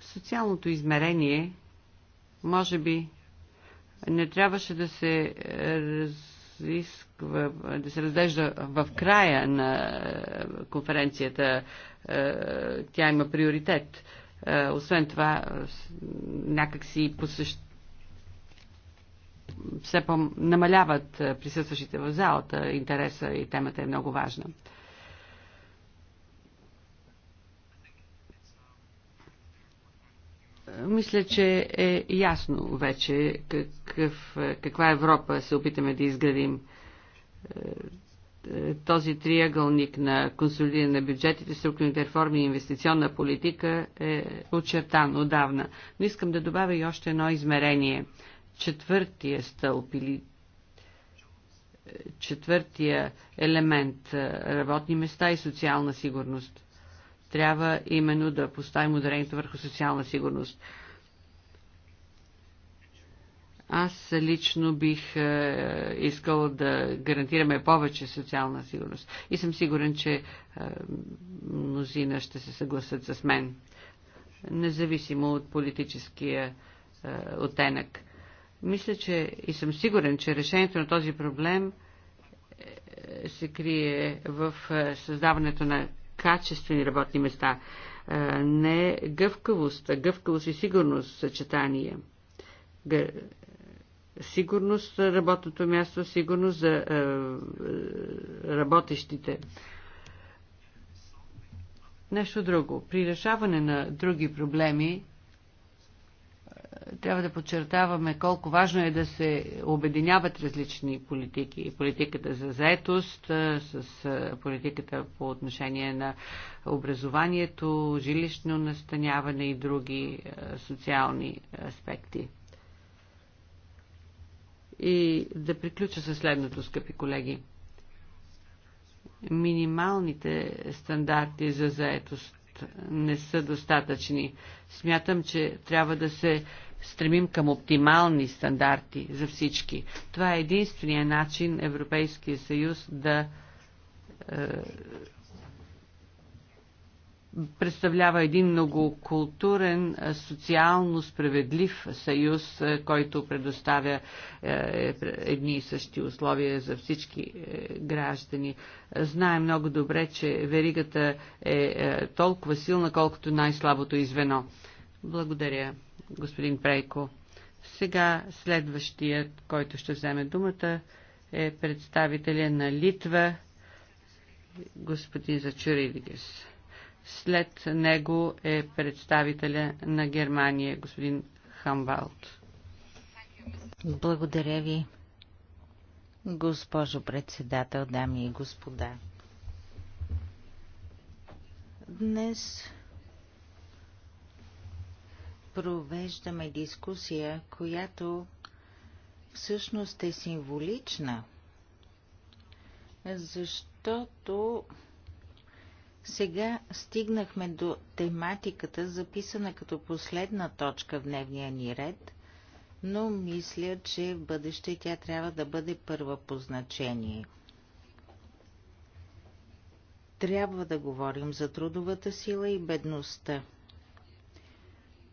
Социалното измерение, може би, не трябваше да се разисква, да се разглежда в края на конференцията. Е, тя има приоритет. Е, освен това, някакси по същ все по-намаляват е, присъстващите в залата. Интереса и темата е много важна. Мисля, че е ясно вече какъв, е, каква Европа се опитаме да изградим е, този триъгълник на консолидиране на бюджетите, структурните реформи и инвестиционна политика е очертан отдавна. Но искам да добавя и още едно измерение четвъртия стълб или е, четвъртия елемент е, работни места и социална сигурност. Трябва именно да поставим ударението върху социална сигурност. Аз лично бих е, искал да гарантираме повече социална сигурност. И съм сигурен, че мнозина ще се съгласят с мен, независимо от политическия е, оттенък. Мисля, че и съм сигурен, че решението на този проблем е, се крие в е, създаването на качествени работни места. Е, не гъвкавост, а гъвкавост и сигурност съчетание. Сигурност на работното място, сигурност за работещите. Нещо друго. При решаване на други проблеми трябва да подчертаваме колко важно е да се обединяват различни политики. Политиката за заетост, с политиката по отношение на образованието, жилищно настаняване и други социални аспекти. И да приключа със следното, скъпи колеги. Минималните стандарти за заетост не са достатъчни. Смятам, че трябва да се стремим към оптимални стандарти за всички. Това е единствения начин Европейския съюз да е, представлява един многокултурен, социално справедлив съюз, е, който предоставя е, едни и същи условия за всички е, граждани. Знае много добре, че веригата е толкова силна, колкото най-слабото извено. Благодаря господин Прейко. Сега следващият, който ще вземе думата, е представителя на Литва, господин Зачуридигес. След него е представителя на Германия, господин Хамвалт. Благодаря ви, госпожо председател, дами и господа. Днес провеждаме дискусия, която всъщност е символична, защото сега стигнахме до тематиката, записана като последна точка в дневния ни ред, но мисля, че в бъдеще тя трябва да бъде първа по значение. Трябва да говорим за трудовата сила и бедността.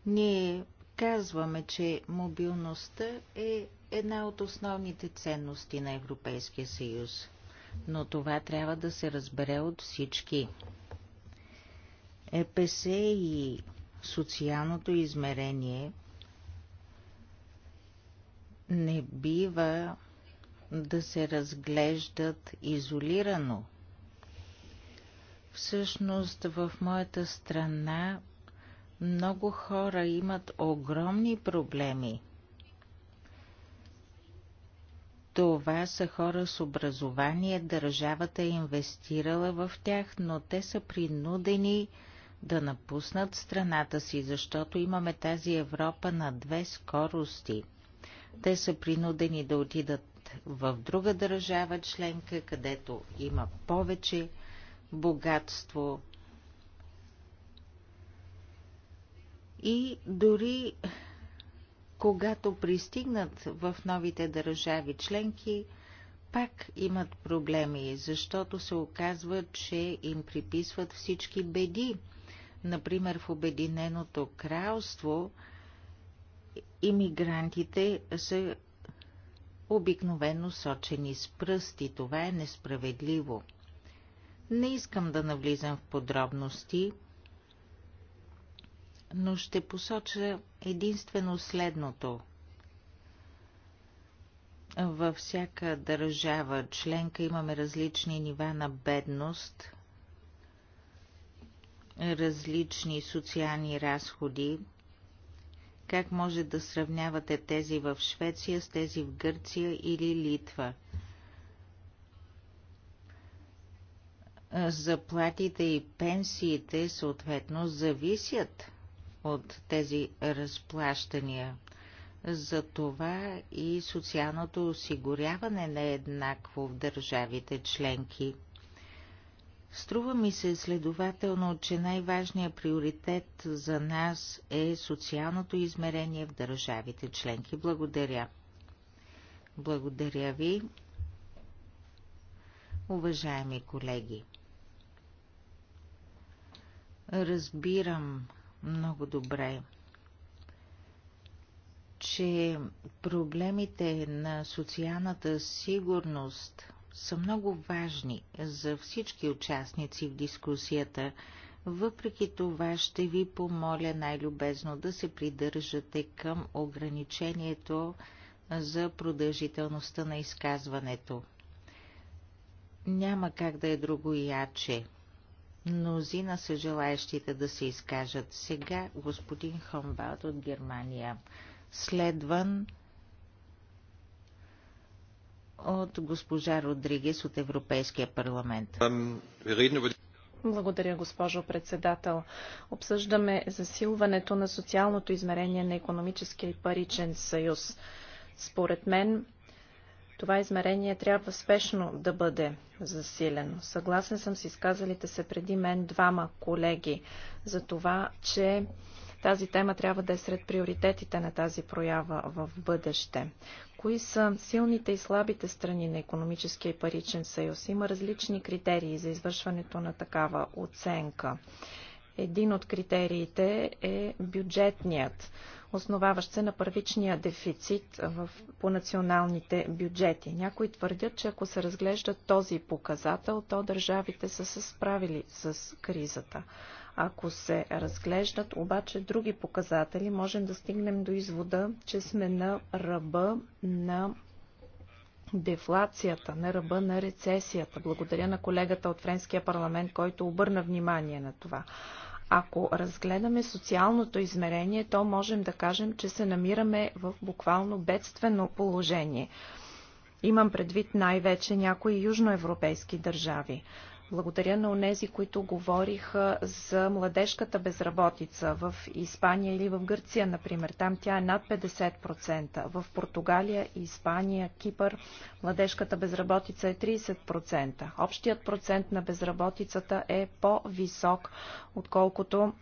Ние казваме, че мобилността е една от основните ценности на Европейския съюз, но това трябва да се разбере от всички. ЕПС и социалното измерение не бива да се разглеждат изолирано. Всъщност в моята страна много хора имат огромни проблеми. Това са хора с образование, държавата е инвестирала в тях, но те са принудени да напуснат страната си, защото имаме тази Европа на две скорости. Те са принудени да отидат в друга държава членка, където има повече богатство, И дори когато пристигнат в новите държави членки, пак имат проблеми, защото се оказва, че им приписват всички беди. Например, в Обединеното кралство иммигрантите са обикновено сочени с пръсти. Това е несправедливо. Не искам да навлизам в подробности – но ще посоча единствено следното. Във всяка държава членка имаме различни нива на бедност, различни социални разходи. Как може да сравнявате тези в Швеция с тези в Гърция или Литва? Заплатите и пенсиите съответно зависят от тези разплащания. Затова и социалното осигуряване не е еднакво в държавите членки. Струва ми се следователно, че най-важният приоритет за нас е социалното измерение в държавите членки. Благодаря. Благодаря ви, уважаеми колеги. Разбирам много добре, че проблемите на социалната сигурност са много важни за всички участници в дискусията. Въпреки това ще ви помоля най-любезно да се придържате към ограничението за продължителността на изказването. Няма как да е друго яче. Мнозина са желаящите да се изкажат. Сега господин Хомбалт от Германия, следван от госпожа Родригес от Европейския парламент. Благодаря, госпожо председател. Обсъждаме засилването на социалното измерение на економическия и паричен съюз. Според мен това измерение трябва спешно да бъде засилено. Съгласен съм с изказалите се преди мен двама колеги за това, че тази тема трябва да е сред приоритетите на тази проява в бъдеще. Кои са силните и слабите страни на економическия и паричен съюз? Има различни критерии за извършването на такава оценка. Един от критериите е бюджетният основаващ се на първичния дефицит в, по националните бюджети. Някои твърдят, че ако се разглежда този показател, то държавите са се справили с кризата. Ако се разглеждат обаче други показатели, можем да стигнем до извода, че сме на ръба на дефлацията, на ръба на рецесията. Благодаря на колегата от Френския парламент, който обърна внимание на това. Ако разгледаме социалното измерение, то можем да кажем, че се намираме в буквално бедствено положение. Имам предвид най-вече някои южноевропейски държави. Благодаря на онези, които говориха за младежката безработица в Испания или в Гърция, например. Там тя е над 50%. В Португалия, Испания, Кипър младежката безработица е 30%. Общият процент на безработицата е по-висок, отколкото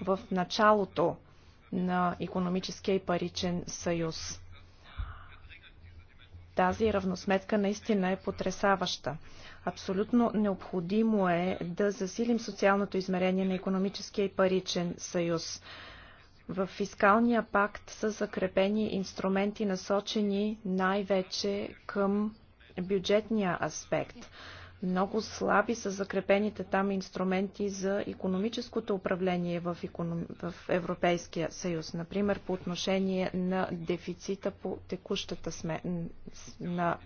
в началото на економическия и паричен съюз. Тази равносметка наистина е потрясаваща. Абсолютно необходимо е да засилим социалното измерение на економическия и паричен съюз. В фискалния пакт са закрепени инструменти, насочени най-вече към бюджетния аспект. Много слаби са закрепените там инструменти за економическото управление в, економ... в Европейския съюз. Например, по отношение на дефицита по текущата сме... на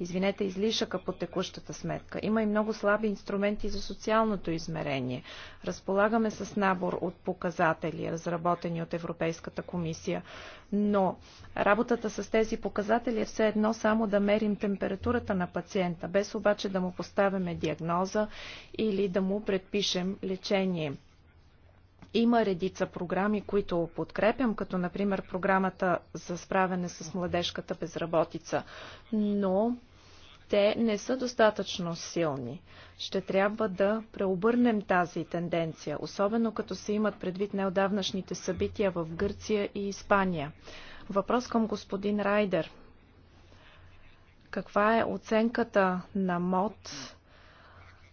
извинете, излишъка по текущата сметка. Има и много слаби инструменти за социалното измерение. Разполагаме с набор от показатели, разработени от Европейската комисия, но работата с тези показатели е все едно само да мерим температурата на пациента, без обаче да му поставяме диагноза или да му предпишем лечение. Има редица програми, които подкрепям, като например програмата за справяне с младежката безработица, но те не са достатъчно силни. Ще трябва да преобърнем тази тенденция, особено като се имат предвид неодавнашните събития в Гърция и Испания. Въпрос към господин Райдер. Каква е оценката на МОД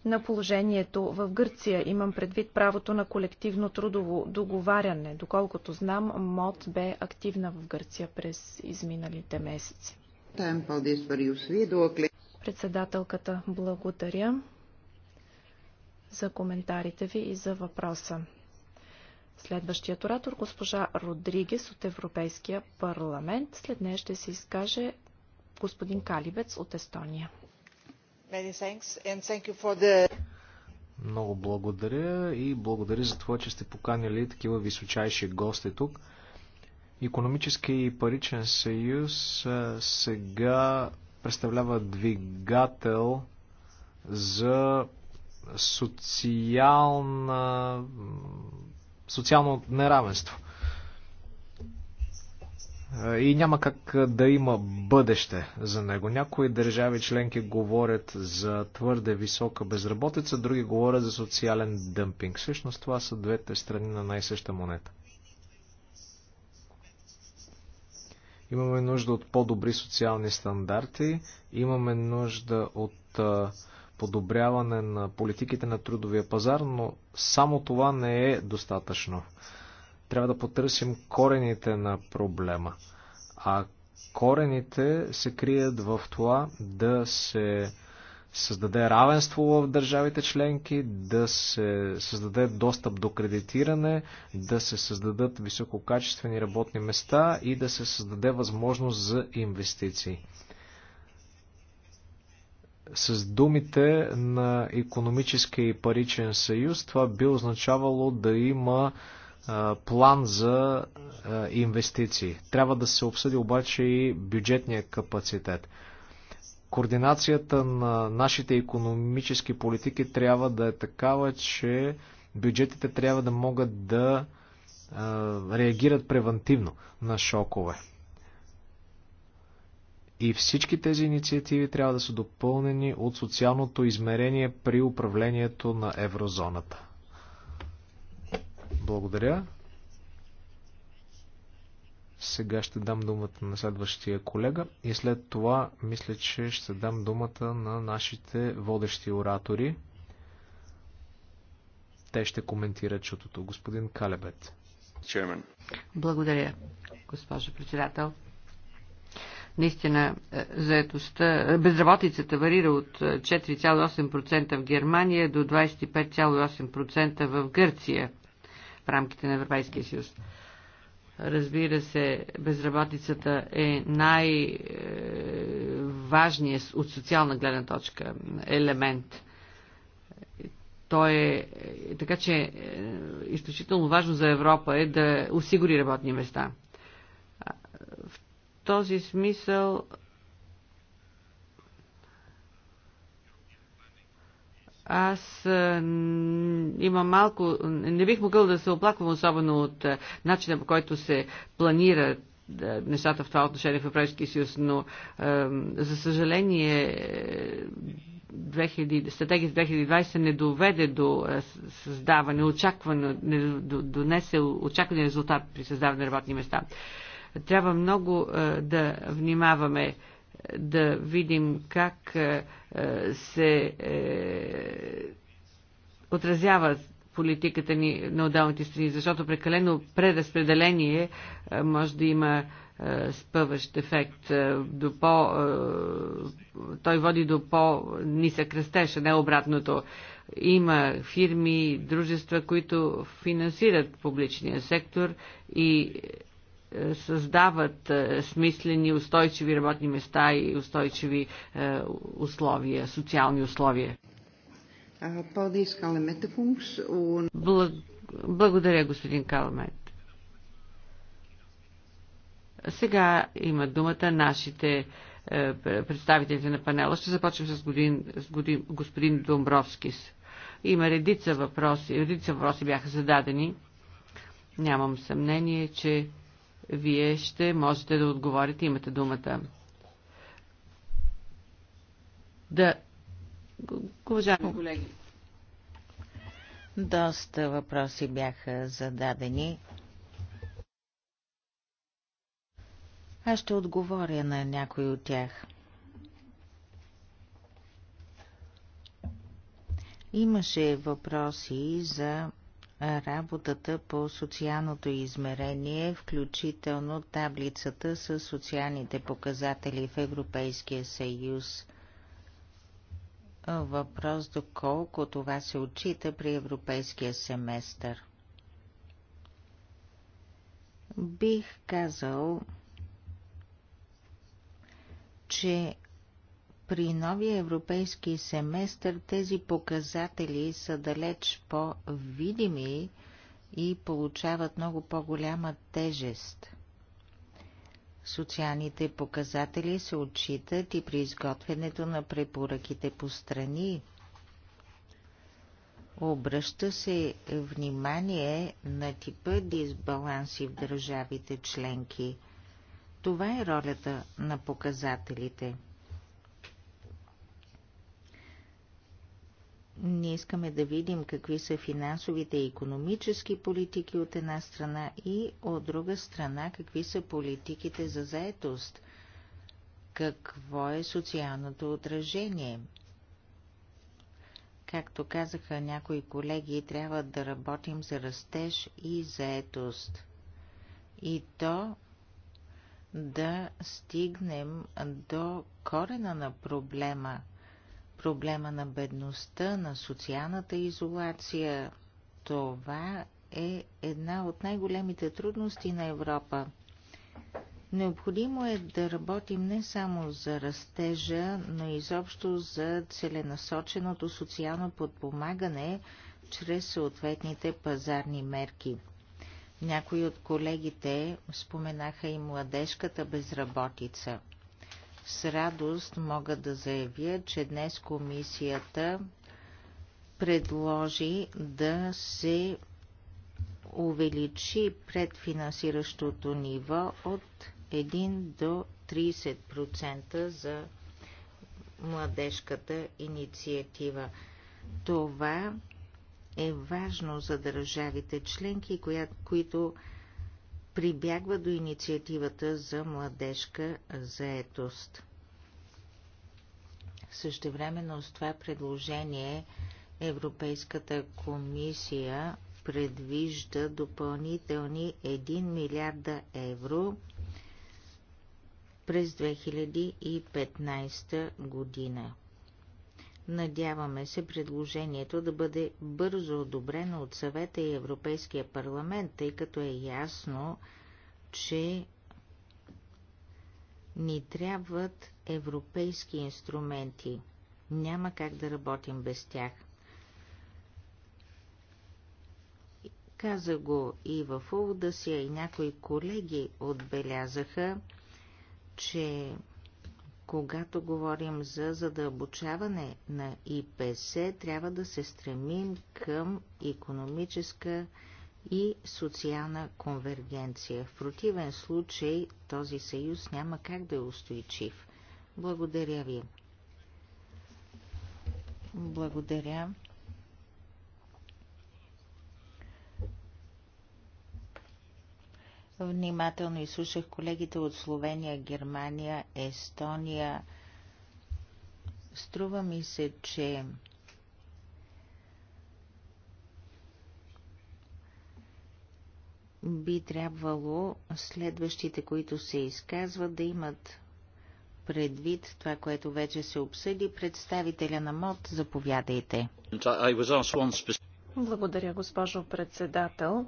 на положението в Гърция. Имам предвид правото на колективно трудово договаряне. Доколкото знам, МОД бе активна в Гърция през изминалите месеци. Председателката благодаря за коментарите ви и за въпроса. Следващият оратор, госпожа Родригес от Европейския парламент. След нея ще се изкаже господин Калибец от Естония. The... Много благодаря и благодаря за това, че сте поканили такива височайши гости тук. Економически и паричен съюз сега представлява двигател за социална... социално неравенство и няма как да има бъдеще за него. Някои държави членки говорят за твърде висока безработица, други говорят за социален дъмпинг. Всъщност това са двете страни на най-съща монета. Имаме нужда от по-добри социални стандарти, имаме нужда от подобряване на политиките на трудовия пазар, но само това не е достатъчно. Трябва да потърсим корените на проблема. А корените се крият в това да се създаде равенство в държавите членки, да се създаде достъп до кредитиране, да се създадат висококачествени работни места и да се създаде възможност за инвестиции. С думите на економическия и паричен съюз това би означавало да има план за инвестиции. Трябва да се обсъди обаче и бюджетния капацитет. Координацията на нашите економически политики трябва да е такава, че бюджетите трябва да могат да реагират превентивно на шокове. И всички тези инициативи трябва да са допълнени от социалното измерение при управлението на еврозоната. Благодаря. Сега ще дам думата на следващия колега и след това мисля, че ще дам думата на нашите водещи оратори. Те ще коментират чутото. Господин Калебет. Chairman. Благодаря, госпожо председател. Наистина, е, заедостта, е, безработицата варира от 4,8% е, в Германия до 25,8% в Гърция рамките на Европейския съюз. Разбира се, безработицата е най-важният от социална гледна точка елемент. Той е, така че е, изключително важно за Европа е да осигури работни места. В този смисъл Аз е, имам малко... Не бих могъл да се оплаквам особено от е, начина по който се планират е, нещата в това отношение в Европейския съюз, но а, за съжаление 2000, стратегия 2020 не доведе до създаване, очакване, не донесе очаквания резултат при създаване на работни места. Трябва много да внимаваме да видим как е, е, се е, отразява политиката ни на отделните страни, защото прекалено преразпределение може да има спъващ ефект. До по, той води до по-нисък растеж, а не обратното. Има фирми, дружества, които финансират публичния сектор и създават е, смислени, устойчиви работни места и устойчиви е, условия, социални условия. Благодаря, господин Каламет. Сега има думата нашите е, представителите на панела. Ще започнем с, с господин Домбровскис. Има редица въпроси, редица въпроси бяха зададени. Нямам съмнение, че вие ще можете да отговорите, имате думата. Да, уважаеми колеги. Доста въпроси бяха зададени. Аз ще отговоря на някой от тях. Имаше въпроси за работата по социалното измерение, включително таблицата с социалните показатели в Европейския съюз. Въпрос доколко това се отчита при европейския семестър. Бих казал, че при новия европейски семестър тези показатели са далеч по-видими и получават много по-голяма тежест. Социалните показатели се отчитат и при изготвянето на препоръките по страни. Обръща се внимание на типа дисбаланси в държавите членки. Това е ролята на показателите – Ние искаме да видим какви са финансовите и економически политики от една страна и от друга страна какви са политиките за заетост. Какво е социалното отражение? Както казаха някои колеги, трябва да работим за растеж и заетост. И то да стигнем до корена на проблема – проблема на бедността, на социалната изолация. Това е една от най-големите трудности на Европа. Необходимо е да работим не само за растежа, но и изобщо за целенасоченото социално подпомагане чрез съответните пазарни мерки. Някои от колегите споменаха и младежката безработица – с радост мога да заявя, че днес комисията предложи да се увеличи предфинансиращото ниво от 1 до 30% за младежката инициатива. Това е важно за държавите членки, които прибягва до инициативата за младежка заетост. Същевременно с това предложение Европейската комисия предвижда допълнителни 1 милиарда евро през 2015 година. Надяваме се предложението да бъде бързо одобрено от съвета и Европейския парламент, тъй като е ясно, че ни трябват европейски инструменти. Няма как да работим без тях. Каза го и в увода си, и някои колеги отбелязаха, че когато говорим за задълбочаване на ИПС, трябва да се стремим към економическа и социална конвергенция. В противен случай този съюз няма как да е устойчив. Благодаря ви. Благодаря. Внимателно изслушах колегите от Словения, Германия, Естония. Струва ми се, че би трябвало следващите, които се изказват, да имат предвид това, което вече се обсъди. Представителя на МОД, заповядайте. Благодаря, госпожо председател.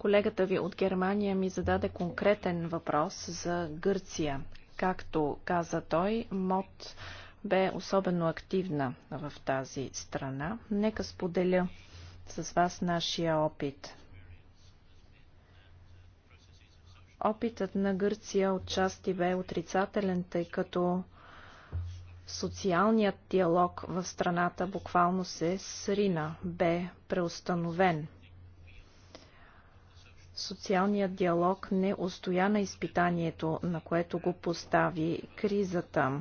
Колегата ви от Германия ми зададе конкретен въпрос за Гърция. Както каза той, МОД бе особено активна в тази страна. Нека споделя с вас нашия опит. Опитът на Гърция отчасти бе отрицателен, тъй като социалният диалог в страната буквално се срина, бе преустановен – Социалният диалог не устоя на изпитанието, на което го постави кризата.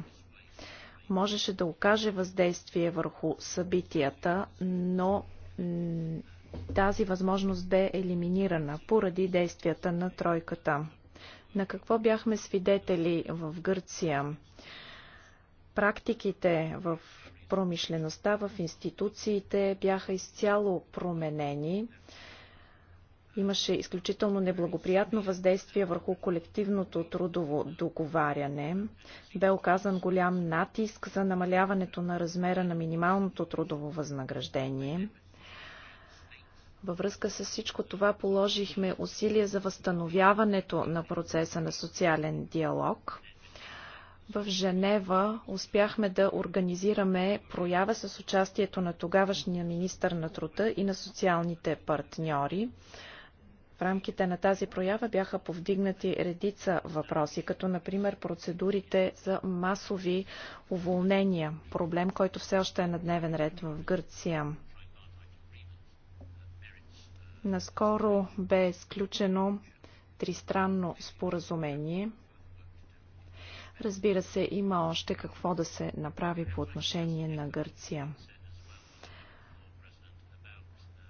Можеше да окаже въздействие върху събитията, но тази възможност бе елиминирана поради действията на тройката. На какво бяхме свидетели в Гърция? Практиките в промишлеността, в институциите бяха изцяло променени имаше изключително неблагоприятно въздействие върху колективното трудово договаряне. Бе оказан голям натиск за намаляването на размера на минималното трудово възнаграждение. Във връзка с всичко това положихме усилия за възстановяването на процеса на социален диалог. В Женева успяхме да организираме проява с участието на тогавашния министър на труда и на социалните партньори. В рамките на тази проява бяха повдигнати редица въпроси, като например процедурите за масови уволнения, проблем, който все още е на дневен ред в Гърция. Наскоро бе изключено тристранно споразумение. Разбира се, има още какво да се направи по отношение на Гърция.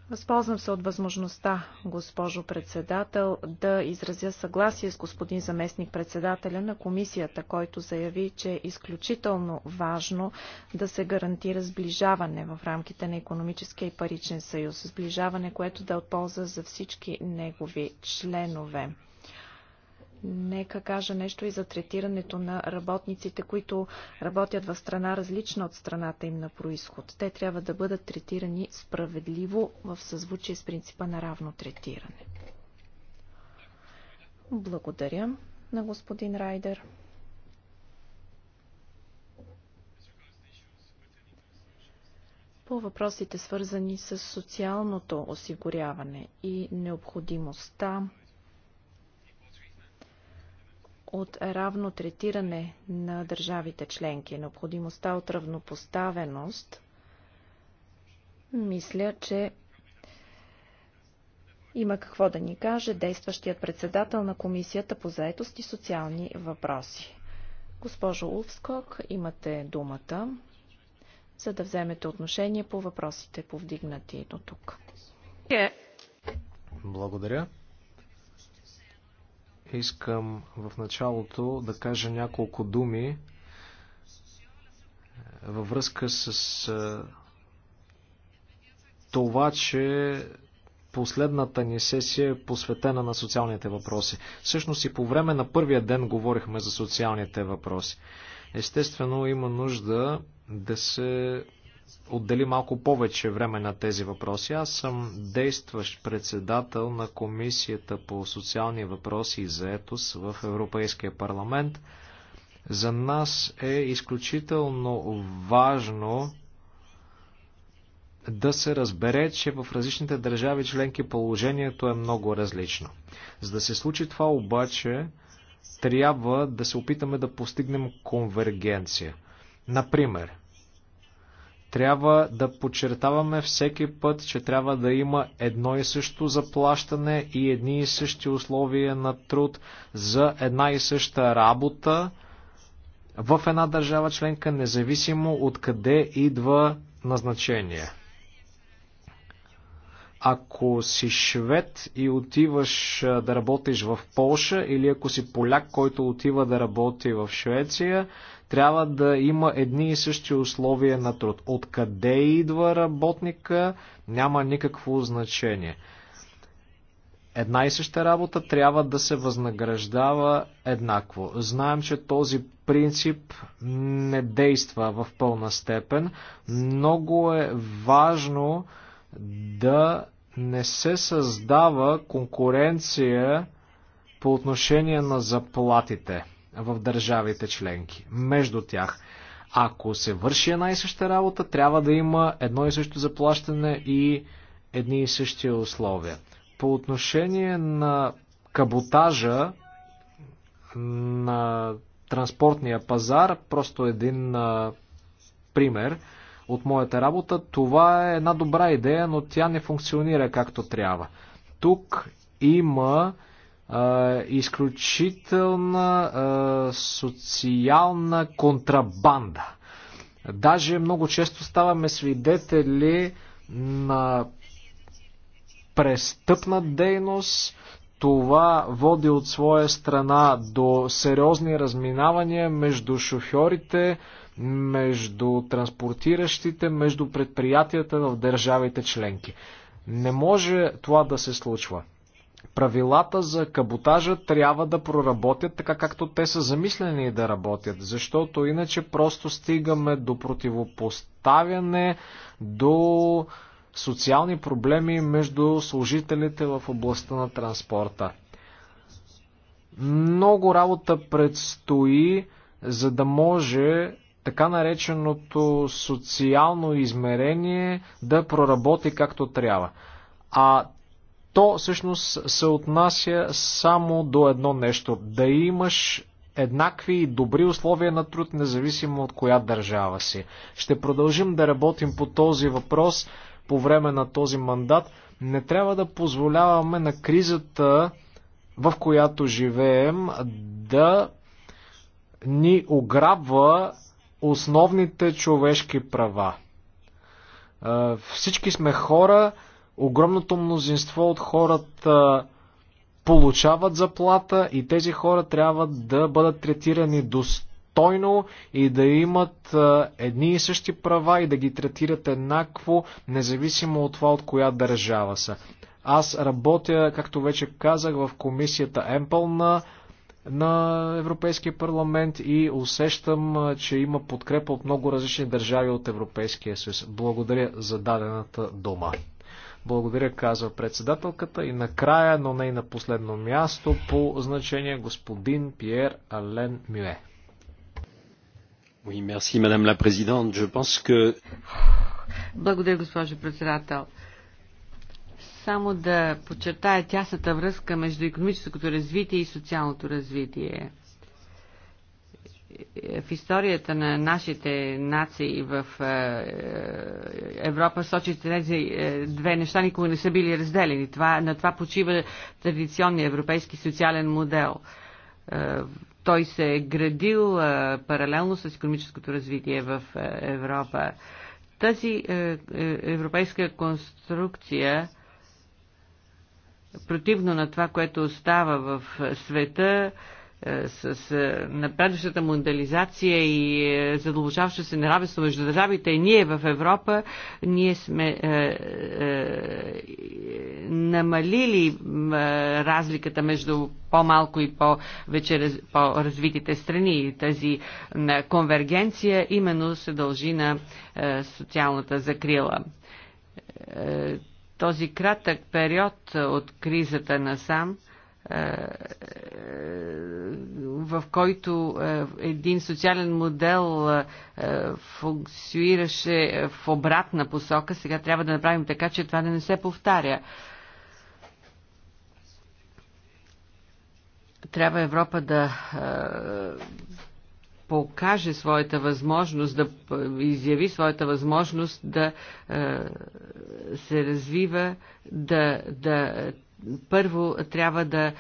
Възползвам се от възможността, госпожо председател, да изразя съгласие с господин заместник председателя на комисията, който заяви, че е изключително важно да се гарантира сближаване в рамките на економическия и паричен съюз. Сближаване, което да е от полза за всички негови членове. Нека кажа нещо и за третирането на работниците, които работят в страна различна от страната им на происход. Те трябва да бъдат третирани справедливо в съзвучие с принципа на равно третиране. Благодаря на господин Райдер. по въпросите свързани с социалното осигуряване и необходимостта от равно третиране на държавите членки, необходимостта от равнопоставеност, мисля, че има какво да ни каже действащият председател на Комисията по заетост и социални въпроси. Госпожо Увскок, имате думата, за да вземете отношение по въпросите, повдигнати до тук. Благодаря. Искам в началото да кажа няколко думи е, във връзка с е, това, че последната ни сесия е посветена на социалните въпроси. Всъщност и по време на първия ден говорихме за социалните въпроси. Естествено има нужда да се отдели малко повече време на тези въпроси. Аз съм действащ председател на Комисията по социални въпроси и заетост в Европейския парламент. За нас е изключително важно да се разбере, че в различните държави членки положението е много различно. За да се случи това обаче, трябва да се опитаме да постигнем конвергенция. Например, трябва да подчертаваме всеки път, че трябва да има едно и също заплащане и едни и същи условия на труд за една и съща работа в една държава членка, независимо от къде идва назначение. Ако си швед и отиваш да работиш в Полша или ако си поляк, който отива да работи в Швеция, трябва да има едни и същи условия на труд. Откъде идва работника, няма никакво значение. Една и съща работа трябва да се възнаграждава еднакво. Знаем, че този принцип не действа в пълна степен. Много е важно да не се създава конкуренция по отношение на заплатите в държавите членки, между тях. Ако се върши една и съща работа, трябва да има едно и също заплащане и едни и същи условия. По отношение на каботажа на транспортния пазар, просто един а, пример от моята работа, това е една добра идея, но тя не функционира както трябва. Тук има изключителна социална контрабанда. Даже много често ставаме свидетели на престъпна дейност. Това води от своя страна до сериозни разминавания между шофьорите, между транспортиращите, между предприятията в държавите членки. Не може това да се случва правилата за каботажа трябва да проработят така както те са замислени да работят, защото иначе просто стигаме до противопоставяне, до социални проблеми между служителите в областта на транспорта. Много работа предстои, за да може така нареченото социално измерение да проработи както трябва. А то всъщност се отнася само до едно нещо. Да имаш еднакви и добри условия на труд, независимо от коя държава си. Ще продължим да работим по този въпрос по време на този мандат. Не трябва да позволяваме на кризата, в която живеем, да ни ограбва основните човешки права. Е, всички сме хора, огромното мнозинство от хората получават заплата и тези хора трябва да бъдат третирани достойно и да имат едни и същи права и да ги третират еднакво, независимо от това от коя държава са. Аз работя, както вече казах, в комисията Емпъл на, на Европейския парламент и усещам, че има подкрепа от много различни държави от Европейския съюз. Благодаря за дадената дума. Благодаря, казва председателката. И накрая, но не и на последно място, по значение господин Пьер Ален Мюе. Oui, merci, madame la présidente. Je pense que... Благодаря, госпожо председател. Само да подчертая тясната връзка между економическото развитие и социалното развитие в историята на нашите нации в е, е, Европа сочи тези е, две неща никога не са били разделени. Това, на това почива традиционния европейски социален модел. Той се е градил паралелно с економическото развитие в Европа. Тази европейска конструкция противно на това, което остава в света, е, с е, напредващата мондализация и е, задължаващо се неравенство между държавите, и ние в Европа, ние сме е, е, намалили разликата между по-малко и по-вече по-развитите страни. И тази конвергенция именно се дължи на социалната закрила. Този кратък период от кризата на сам в който е, един социален модел е, е, функционираше в обратна посока, сега трябва да направим така, че това да не се повтаря. Трябва Европа да покаже своята възможност, да изяви своята възможност да се развива, да, да първо трябва да е,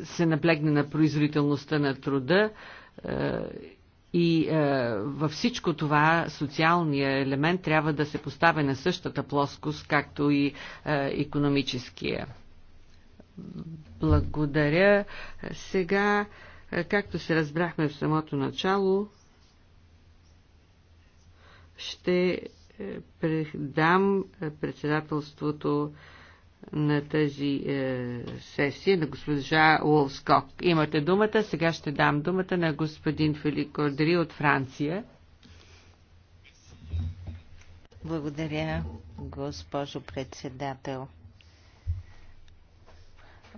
е, се наблегне на производителността на труда е, и е, във всичко това социалния елемент трябва да се поставя на същата плоскост, както и е, економическия. Благодаря. Сега, както се разбрахме в самото начало, ще е, предам е, председателството на тази е, сесия на госпожа Уолскок. Имате думата. Сега ще дам думата на господин Фелик Кордри от Франция. Благодаря, госпожо председател.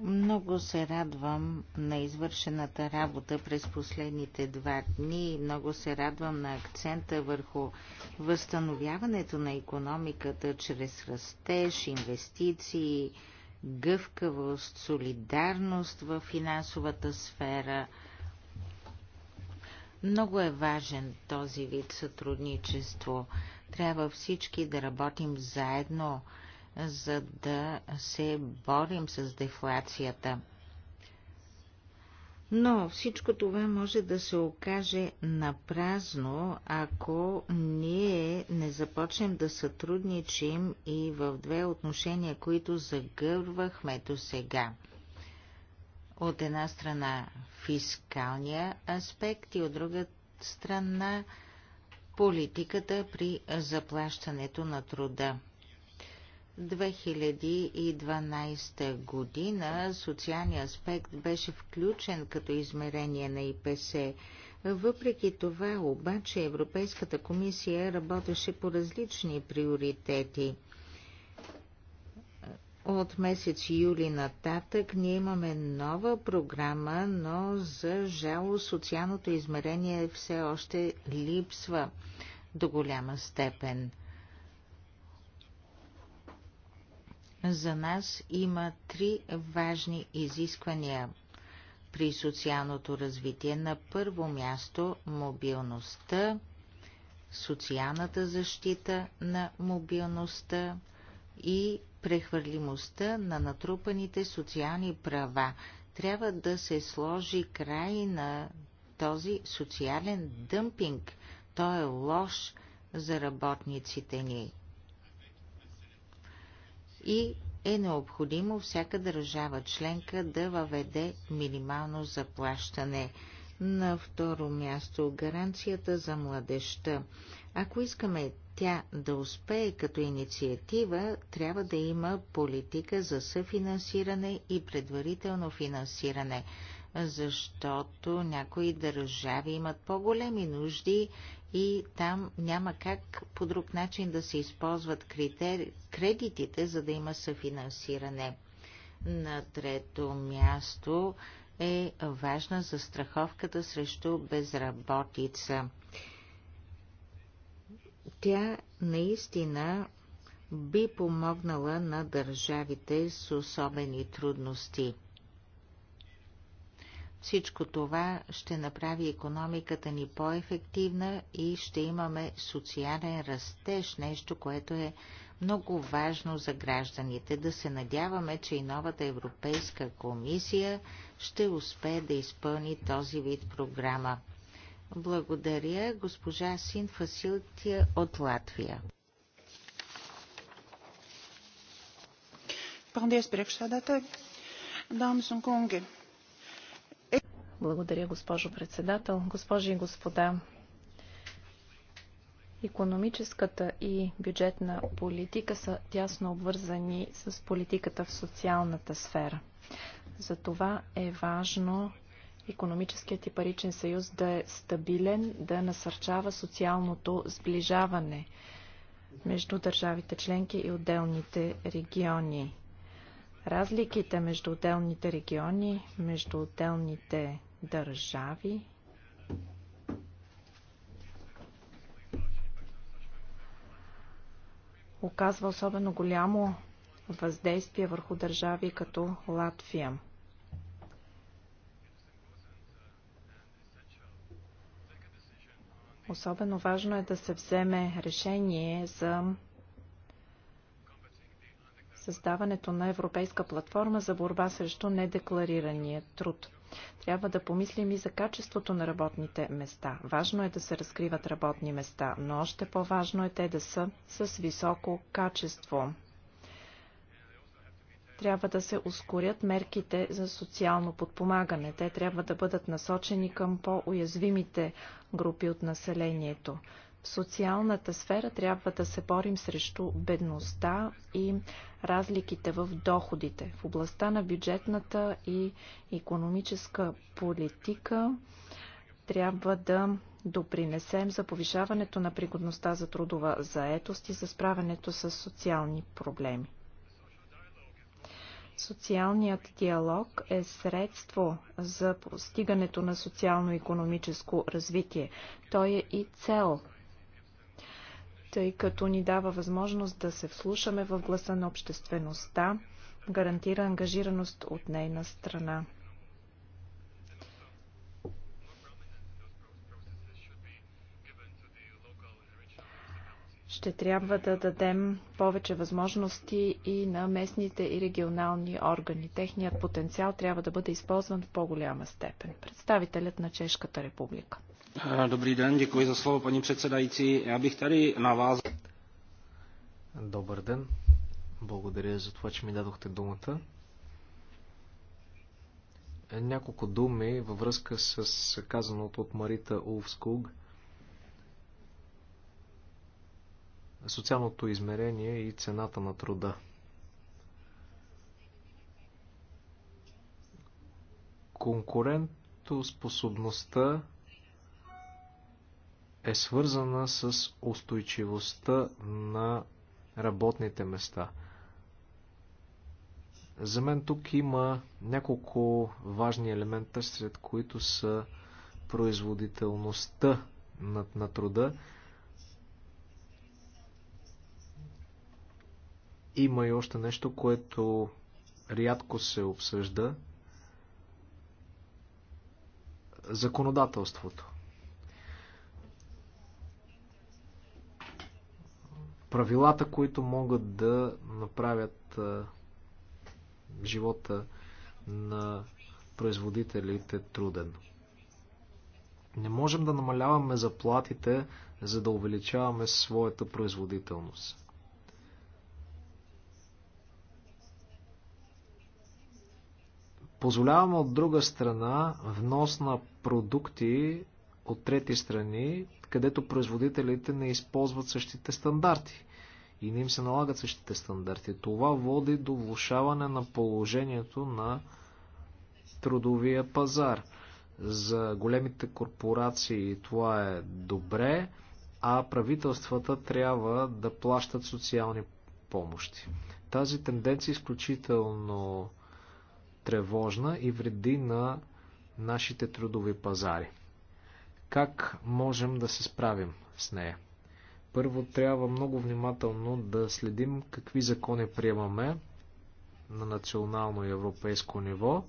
Много се радвам на извършената работа през последните два дни много се радвам на акцента върху възстановяването на економиката чрез растеж, инвестиции, гъвкавост, солидарност в финансовата сфера. Много е важен този вид сътрудничество. Трябва всички да работим заедно – за да се борим с дефлацията. Но всичко това може да се окаже на празно, ако ние не започнем да сътрудничим и в две отношения, които загървахме до сега. От една страна фискалния аспект и от друга страна политиката при заплащането на труда. 2012 година социалният аспект беше включен като измерение на ИПС. Въпреки това, обаче, Европейската комисия работеше по различни приоритети. От месец юли нататък ние имаме нова програма, но за жало социалното измерение все още липсва до голяма степен – за нас има три важни изисквания при социалното развитие. На първо място мобилността, социалната защита на мобилността и прехвърлимостта на натрупаните социални права. Трябва да се сложи край на този социален дъмпинг. Той е лош за работниците ни и е необходимо всяка държава членка да въведе минимално заплащане. На второ място гаранцията за младеща. Ако искаме тя да успее като инициатива, трябва да има политика за съфинансиране и предварително финансиране, защото някои държави имат по-големи нужди и там няма как по друг начин да се използват критери... кредитите, за да има съфинансиране. На трето място е важна за страховката срещу безработица. Тя наистина би помогнала на държавите с особени трудности. Всичко това ще направи економиката ни по-ефективна и ще имаме социален растеж, нещо, което е много важно за гражданите. Да се надяваме, че и новата Европейска комисия ще успее да изпълни този вид програма. Благодаря госпожа Син Фасилтия от Латвия. Paldies, priekšsēdētāji, dāmas un благодаря, госпожо председател. Госпожи и господа, Економическата и бюджетна политика са тясно обвързани с политиката в социалната сфера. Затова е важно економическият и паричен съюз да е стабилен, да насърчава социалното сближаване между държавите членки и отделните региони. Разликите между отделните региони, между отделните държави оказва особено голямо въздействие върху държави като Латвия. Особено важно е да се вземе решение за създаването на Европейска платформа за борба срещу недекларирания труд. Трябва да помислим и за качеството на работните места. Важно е да се разкриват работни места, но още по-важно е те да са с високо качество. Трябва да се ускорят мерките за социално подпомагане. Те трябва да бъдат насочени към по-уязвимите групи от населението. В социалната сфера трябва да се борим срещу бедността и разликите в доходите. В областта на бюджетната и економическа политика трябва да допринесем за повишаването на пригодността за трудова заетост и за справянето с социални проблеми. Социалният диалог е средство за постигането на социално-економическо развитие. Той е и цел тъй като ни дава възможност да се вслушаме в гласа на обществеността, гарантира ангажираност от нейна страна. ще трябва да дадем повече възможности и на местните и регионални органи. Техният потенциал трябва да бъде използван в по-голяма степен. Представителят на Чешката република. Eh, dobrý den, děkuji za slovo, paní předsedající. Já bych tady navázal. Добър ден. Благодаря за това, че ми дадохте думата. Е, няколко думи във връзка с казаното от Марита Улфскуг. Социалното измерение и цената на труда. Конкурентоспособността е свързана с устойчивостта на работните места. За мен тук има няколко важни елемента, сред които са производителността на, на труда. Има и още нещо, което рядко се обсъжда. Законодателството. правилата, които могат да направят живота на производителите труден. Не можем да намаляваме заплатите, за да увеличаваме своята производителност. Позволяваме от друга страна внос на продукти от трети страни, където производителите не използват същите стандарти и не им се налагат същите стандарти. Това води до влушаване на положението на трудовия пазар. За големите корпорации това е добре, а правителствата трябва да плащат социални помощи. Тази тенденция е изключително тревожна и вреди на нашите трудови пазари. Как можем да се справим с нея? Първо трябва много внимателно да следим какви закони приемаме на национално и европейско ниво.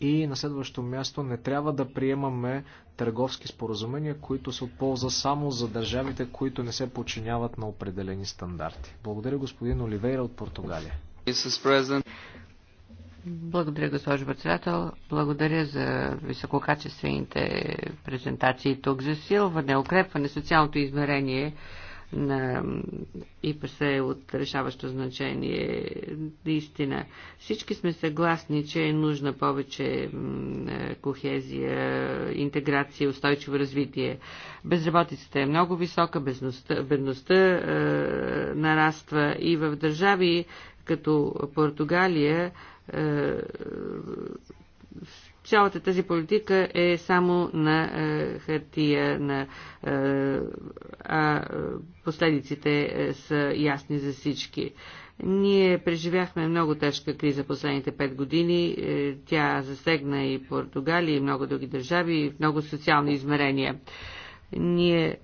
И на следващо място не трябва да приемаме търговски споразумения, които са от полза само за държавите, които не се подчиняват на определени стандарти. Благодаря господин Оливейра от Португалия. Благодаря, госпожо председател. Благодаря за висококачествените презентации тук. Засилване, укрепване социалното измерение на ИПС е от решаващо значение. Наистина, всички сме съгласни, че е нужна повече е, кохезия, интеграция, устойчиво развитие. Безработицата е много висока, бедността, бедността е, нараства и в държави като Португалия е, цялата тази политика е само на е, хартия, на, е, а е, последиците е, са ясни за всички. Ние преживяхме много тежка криза последните пет години. Е, тя засегна и Португалия, и много други държави, и много социални измерения. Ние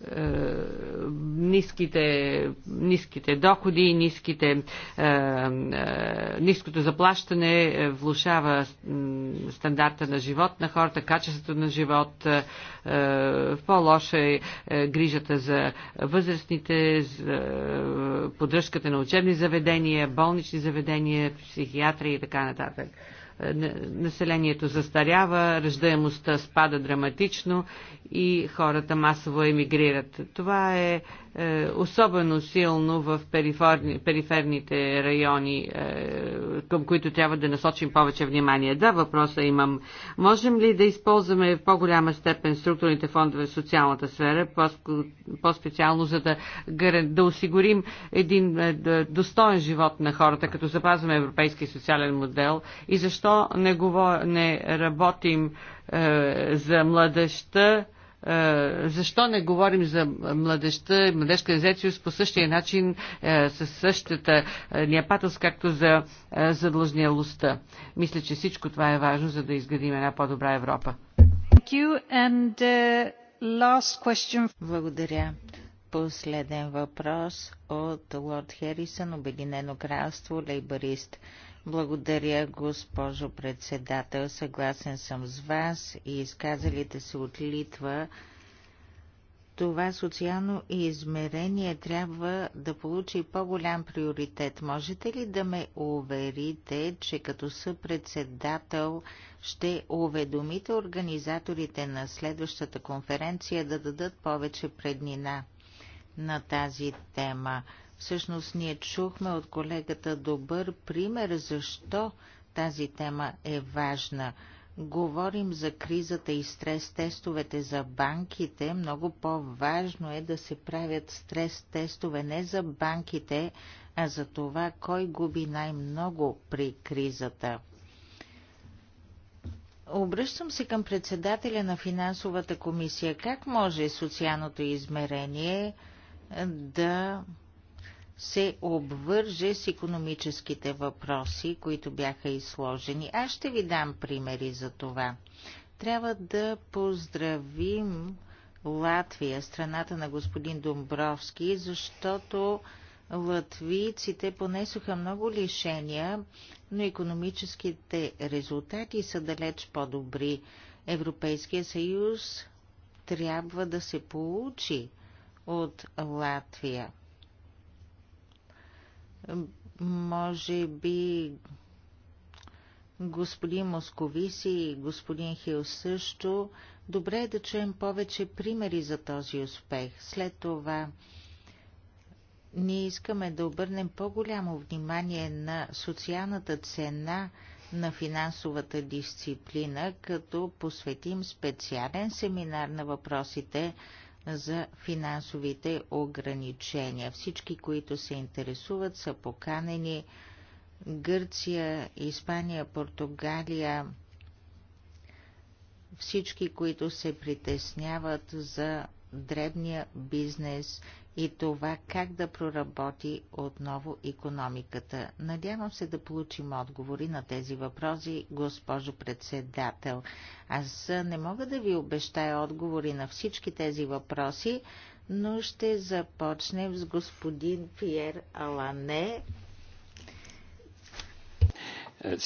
е, ниските, ниските доходи, ниските, е, е, ниското заплащане влушава стандарта на живот на хората, качеството на живот, по-лоша е грижата за възрастните, за поддръжката на учебни заведения, болнични заведения, психиатри и така нататък населението застарява, ръждаемостта спада драматично и хората масово емигрират. Това е е, особено силно в периферните райони, е, към които трябва да насочим повече внимание. Да, въпроса имам. Можем ли да използваме в по-голяма степен структурните фондове в социалната сфера, по-специално за да, да осигурим един е, достоен живот на хората, като запазваме европейски социален модел и защо не, говор... не работим за младеща, е, защо не говорим за младеща младежка резециус по същия начин, е, със същата е, неапатост, както за задлъжнялостта? Мисля, че всичко това е важно, за да изградим една по-добра Европа. Благодаря. Последен въпрос от Лорд Херисън, Обединено кралство, лейбарист. Благодаря, госпожо председател. Съгласен съм с вас и изказалите се от Литва. Това социално измерение трябва да получи по-голям приоритет. Можете ли да ме уверите, че като съпредседател ще уведомите организаторите на следващата конференция да дадат повече преднина на тази тема? Всъщност ние чухме от колегата добър пример защо тази тема е важна. Говорим за кризата и стрес-тестовете за банките. Много по-важно е да се правят стрес-тестове не за банките, а за това кой губи най-много при кризата. Обръщам се към председателя на финансовата комисия. Как може социалното измерение да се обвърже с економическите въпроси, които бяха изложени. Аз ще ви дам примери за това. Трябва да поздравим Латвия, страната на господин Домбровски, защото латвийците понесоха много лишения, но економическите резултати са далеч по-добри. Европейския съюз трябва да се получи от Латвия. Може би господин Московиси и господин Хил също. Добре е да чуем повече примери за този успех. След това ние искаме да обърнем по-голямо внимание на социалната цена на финансовата дисциплина, като посветим специален семинар на въпросите за финансовите ограничения. Всички, които се интересуват, са поканени. Гърция, Испания, Португалия, всички, които се притесняват за дребния бизнес и това как да проработи отново економиката. Надявам се да получим отговори на тези въпроси, госпожо председател. Аз не мога да ви обещая отговори на всички тези въпроси, но ще започнем с господин Пьер Алане. Е,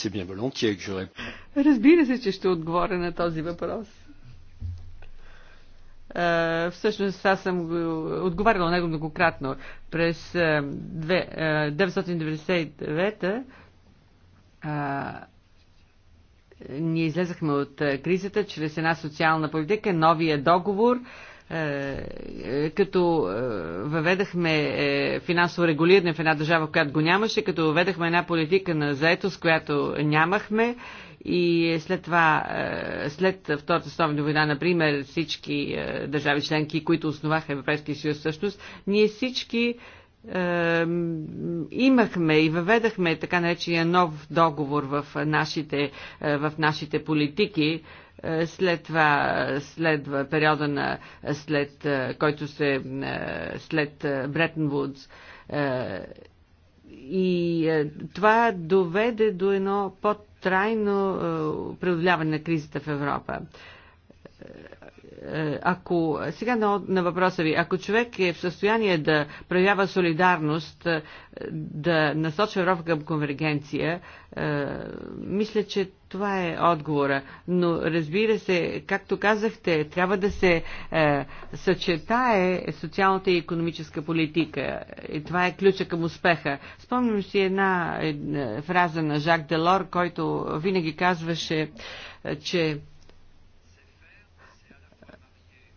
Разбира се, че ще отговоря на този въпрос. Всъщност аз съм отговаряла на него многократно. През 1999 ние излезахме от кризата чрез една социална политика, новия договор, е, е, като е, въведахме финансово регулиране в една държава, която го нямаше, като въведахме една политика на заетост, която нямахме и след това, след Втората световна война, например, всички държави членки, които основаха Европейския съюз всъщност, ние всички имахме и въведахме така наречения нов договор в нашите, в нашите политики, е, след това следва периода на след, е, който се е, след Бреттон Вудс. И това доведе до едно по-трайно преодоляване на кризата в Европа ако сега на, на въпроса ви, ако човек е в състояние да проявява солидарност, да насочва Европа към конвергенция, е, мисля, че това е отговора. Но разбира се, както казахте, трябва да се е, съчетае социалната и економическа политика. И това е ключа към успеха. Спомням си една, една фраза на Жак Делор, който винаги казваше, е, че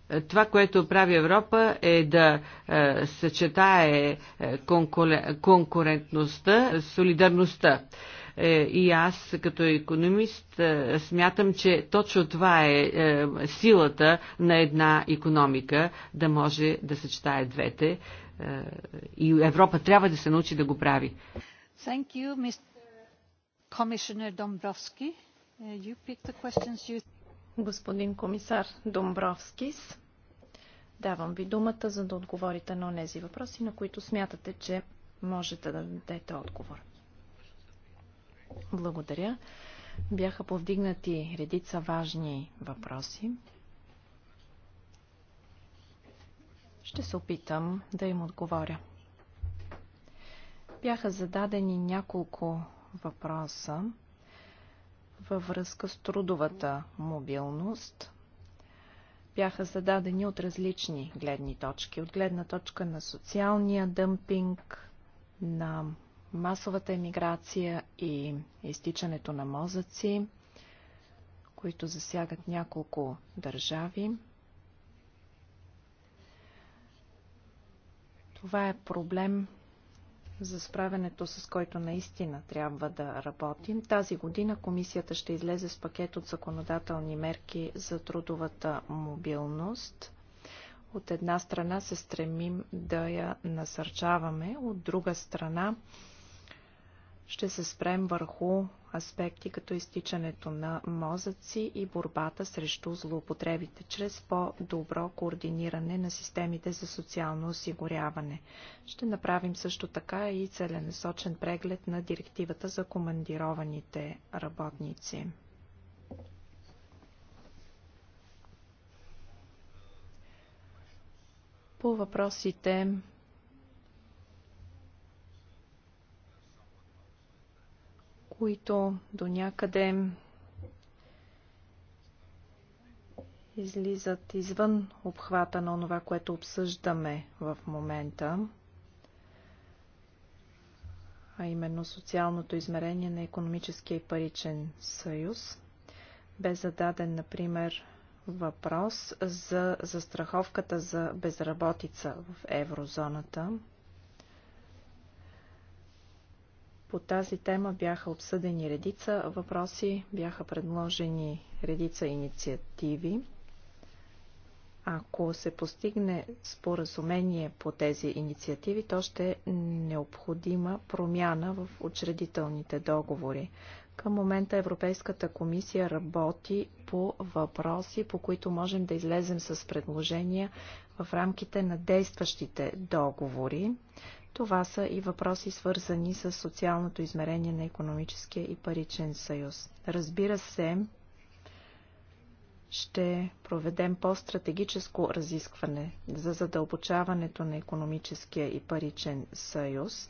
е, това, което прави Европа е да е, съчетае е, конкурентността с солидарността. Е, е, и аз като економист е, смятам, че точно това е, е силата на една економика да може да съчетае двете и Европа трябва да се научи да го прави. Thank you, Mr. Uh, you pick the questions you... Господин комисар Домбровскис, давам ви думата, за да отговорите на тези въпроси, на които смятате, че можете да дадете отговор. Благодаря. Бяха повдигнати редица важни въпроси. Ще се опитам да им отговоря. Бяха зададени няколко въпроса във връзка с трудовата мобилност. Бяха зададени от различни гледни точки. От гледна точка на социалния дъмпинг, на масовата емиграция и изтичането на мозъци, които засягат няколко държави. Това е проблем за справянето, с който наистина трябва да работим. Тази година комисията ще излезе с пакет от законодателни мерки за трудовата мобилност. От една страна се стремим да я насърчаваме, от друга страна ще се спрем върху аспекти като изтичането на мозъци и борбата срещу злоупотребите, чрез по-добро координиране на системите за социално осигуряване. Ще направим също така и целенасочен преглед на директивата за командированите работници. По въпросите които до някъде излизат извън обхвата на това, което обсъждаме в момента, а именно социалното измерение на економическия и паричен съюз. Бе зададен, например, въпрос за застраховката за безработица в еврозоната. По тази тема бяха обсъдени редица въпроси, бяха предложени редица инициативи. Ако се постигне споразумение по тези инициативи, то ще е необходима промяна в учредителните договори. Към момента Европейската комисия работи по въпроси, по които можем да излезем с предложения в рамките на действащите договори. Това са и въпроси свързани с социалното измерение на економическия и паричен съюз. Разбира се, ще проведем по-стратегическо разискване за задълбочаването на економическия и паричен съюз.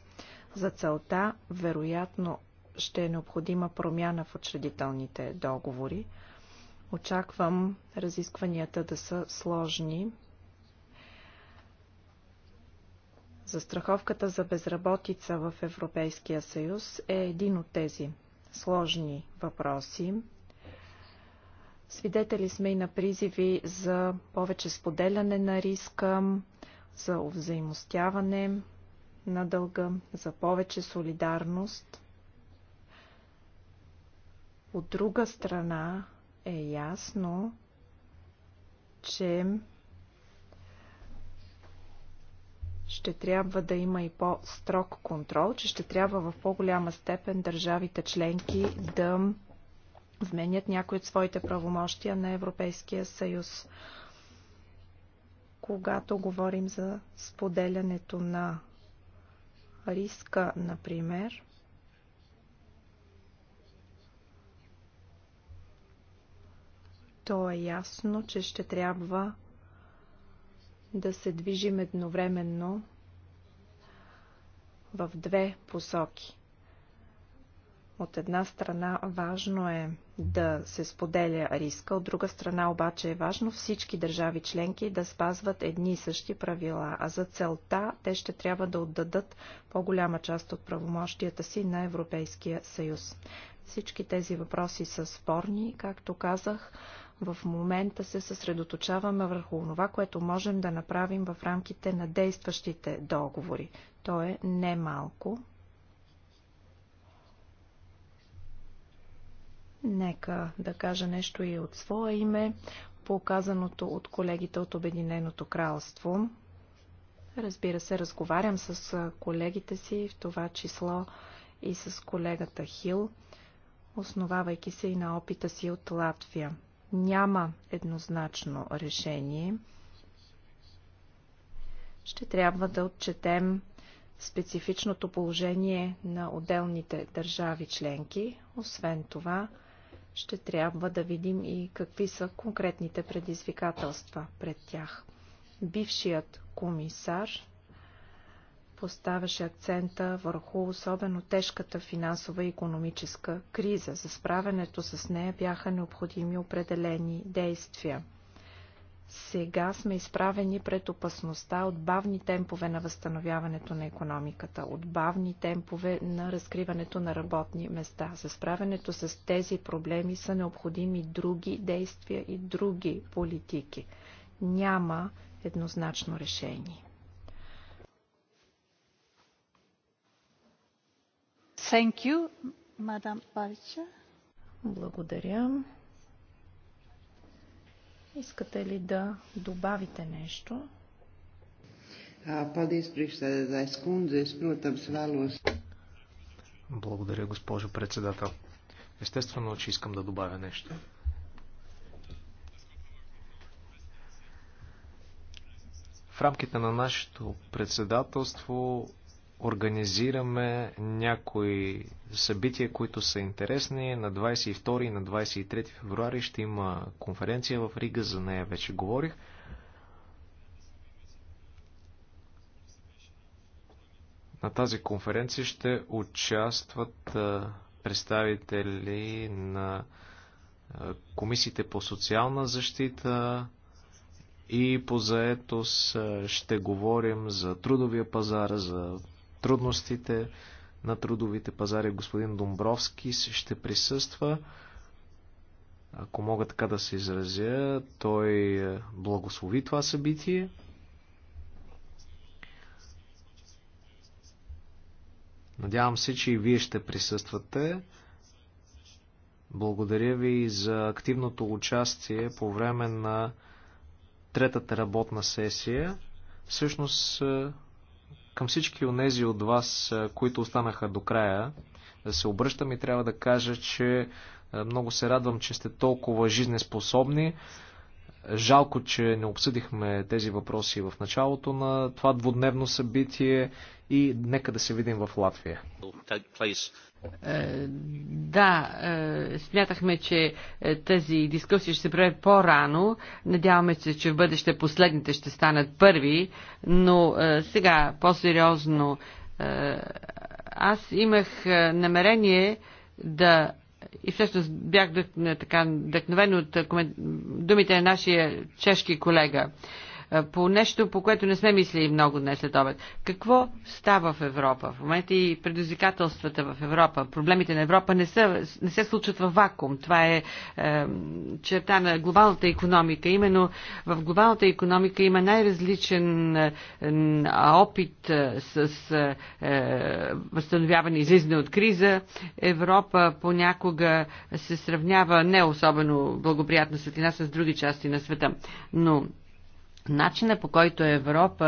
За целта, вероятно, ще е необходима промяна в учредителните договори. Очаквам разискванията да са сложни, Застраховката за безработица в Европейския съюз е един от тези сложни въпроси. Свидетели сме и на призиви за повече споделяне на риска, за взаимостяване на дълга, за повече солидарност. От друга страна е ясно, че ще трябва да има и по-строг контрол, че ще трябва в по-голяма степен държавите членки да вменят някои от своите правомощия на Европейския съюз. Когато говорим за споделянето на риска, например, то е ясно, че ще трябва да се движим едновременно в две посоки. От една страна важно е да се споделя риска, от друга страна обаче е важно всички държави членки да спазват едни и същи правила, а за целта те ще трябва да отдадат по-голяма част от правомощията си на Европейския съюз. Всички тези въпроси са спорни, както казах, в момента се съсредоточаваме върху това, което можем да направим в рамките на действащите договори. То е немалко. Нека да кажа нещо и от своя име по от колегите от Обединеното кралство. Разбира се, разговарям с колегите си, в това число и с колегата Хил, основавайки се и на опита си от Латвия няма еднозначно решение. Ще трябва да отчетем специфичното положение на отделните държави членки. Освен това, ще трябва да видим и какви са конкретните предизвикателства пред тях. Бившият комисар поставяше акцента върху особено тежката финансова и економическа криза. За справянето с нея бяха необходими определени действия. Сега сме изправени пред опасността от бавни темпове на възстановяването на економиката, от бавни темпове на разкриването на работни места. За справянето с тези проблеми са необходими други действия и други политики. Няма еднозначно решение. Thank you, Благодаря. Искате ли да добавите нещо? Благодаря, госпожо председател. Естествено, че искам да добавя нещо. В рамките на нашето председателство организираме някои събития, които са интересни. На 22 и на 23 февруари ще има конференция в Рига, за нея вече говорих. На тази конференция ще участват представители на комисиите по социална защита, и по заетост ще говорим за трудовия пазар, за трудностите на трудовите пазари. Господин Домбровски ще присъства. Ако мога така да се изразя, той благослови това събитие. Надявам се, че и вие ще присъствате. Благодаря ви за активното участие по време на третата работна сесия. Всъщност, към всички от тези от вас, които останаха до края, да се обръщам и трябва да кажа, че много се радвам, че сте толкова жизнеспособни. Жалко, че не обсъдихме тези въпроси в началото на това двудневно събитие и нека да се видим в Латвия. Е, да, е, смятахме, че е, тази дискусия ще се прави по-рано. Надяваме се, че в бъдеще последните ще станат първи, но сега по-сериозно аз имах намерение да и всъщност бях така вдъхновен от думите на нашия чешки колега. Е, по нещо, по което не сме мислили много днес след обед. Какво става в Европа? В момента и предизвикателствата в Европа, проблемите на Европа не, са, не се случват в вакуум. Това е, е черта на глобалната економика. Именно в глобалната економика има най-различен е, опит е, с е, е, възстановяване излизане от криза. Европа понякога се сравнява не особено благоприятна светлина с други части на света. Но начина по който Европа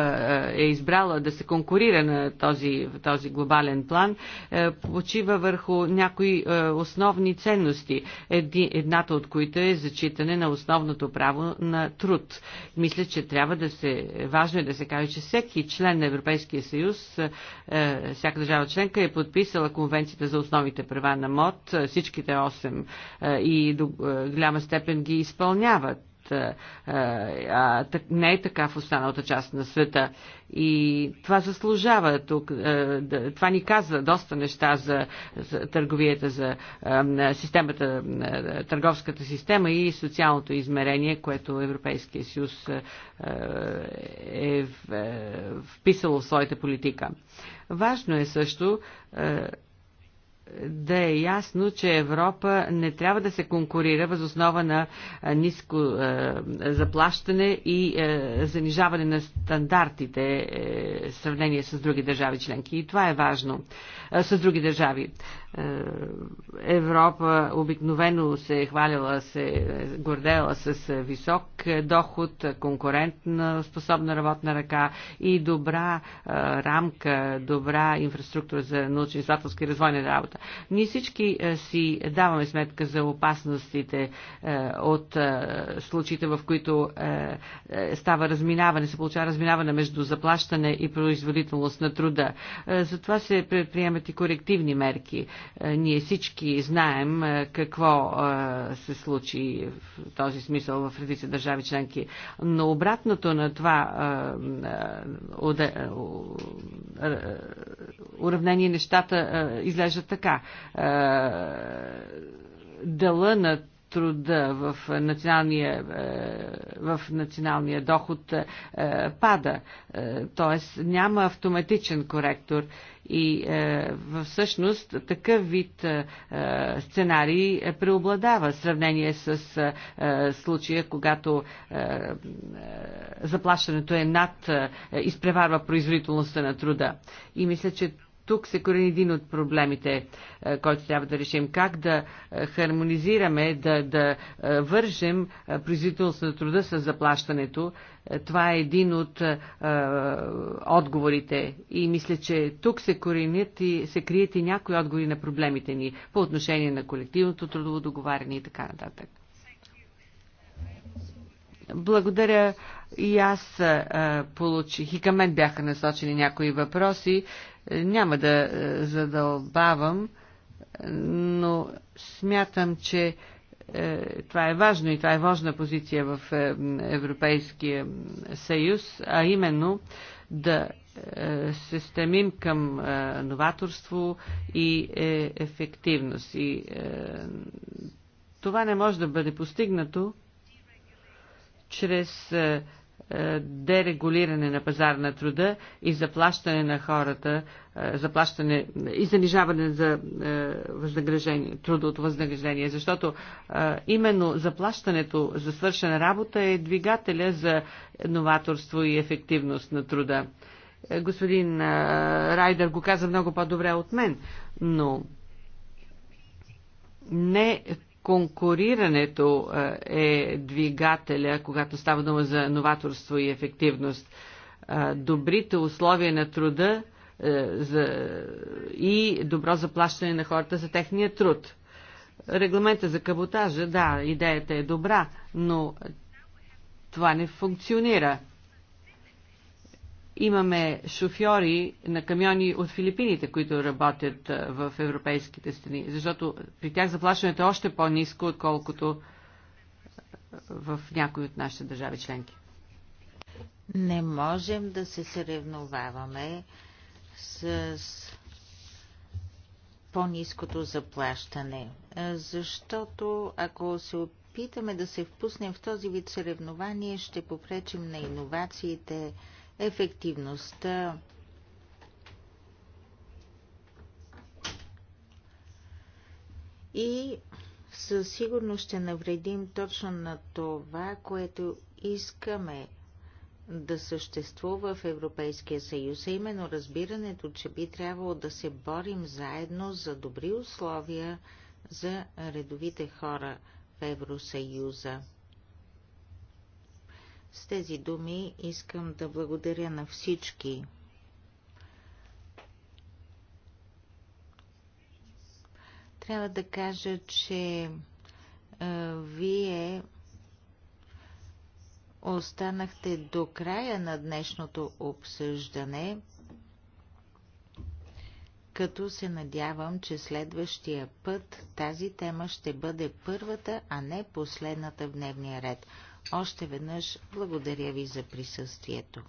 е, е избрала да се конкурира на този, този глобален план, е, почива върху някои е, основни ценности, едната от които е зачитане на основното право на труд. Мисля, че трябва да се, важно е да се каже, че всеки член на Европейския съюз, всяка държава членка е подписала Конвенцията за основните права на МОД, всичките 8 и до голяма степен ги изпълняват а не е така в останалата част на света. И това заслужава тук, това ни казва доста неща за, за търговията, за системата, търговската система и социалното измерение, което Европейския съюз е, е, е вписало в своята политика. Важно е също да е ясно, че Европа не трябва да се конкурира въз основа на ниско е, заплащане и е, занижаване на стандартите е, в сравнение с други държави членки. И това е важно е, с други държави. Е, Европа обикновено се е хвалила, се е гордела с е, висок доход, конкурентна способна работна ръка и добра рамка, добра инфраструктура за научно-изследователска и на работа. Ние всички си даваме сметка за опасностите от случаите, в които става разминаване, се получава разминаване между заплащане и производителност на труда. Затова се предприемат и корективни мерки е, ние всички знаем е, какво е, се случи в този смисъл в редица държави членки. Но обратното на това уравнение нещата изглежда така. Дала на труда в националния, в националния доход пада. Тоест няма автоматичен коректор и е, всъщност такъв вид е, е, сценарий преобладава в сравнение с е, е случая, когато е, е, заплащането е над, е, изпреварва производителността на труда. И мисля, че тук се корени един от проблемите, е, който трябва да решим. Как да е, хармонизираме, да, да е, вържем производителност на труда с заплащането. Това е един от е, отговорите. И мисля, че тук се коренят и се крият и някои отговори на проблемите ни по отношение на колективното трудово договаряне и така нататък. Благодаря. И аз а, получих, и към мен бяха насочени някои въпроси. Няма да е, задълбавам, но смятам, че е, това е важно и това е важна позиция в е, Европейския съюз, а именно да се стремим към новаторство и ефективност. И това не може да бъде постигнато чрез е, дерегулиране на пазар на труда и заплащане на хората, е, заплащане и занижаване за е, възнаграждение, трудовото възнаграждение, защото именно заплащането за свършена работа е двигателя за новаторство и ефективност на труда. Господин Райдер го каза много по-добре от мен, но не конкурирането е, е двигателя, когато става дума за новаторство и ефективност. Е, добрите условия на труда е, и добро заплащане на хората за техния труд. Регламента за каботажа, да, идеята е добра, но това не функционира. Имаме шофьори на камиони от Филипините, които работят в европейските страни, защото при тях заплащането е още по-низко, отколкото в някои от нашите държави членки. Не можем да се съревноваваме с по-низкото заплащане, защото ако се опитаме да се впуснем в този вид съревнование, ще попречим на иновациите, ефективността. И със сигурност ще навредим точно на това, което искаме да съществува в Европейския съюз, а именно разбирането, че би трябвало да се борим заедно за добри условия за редовите хора в Евросъюза. С тези думи искам да благодаря на всички. Трябва да кажа, че а, вие останахте до края на днешното обсъждане, като се надявам, че следващия път тази тема ще бъде първата, а не последната в дневния ред. Още веднъж благодаря ви за присъствието.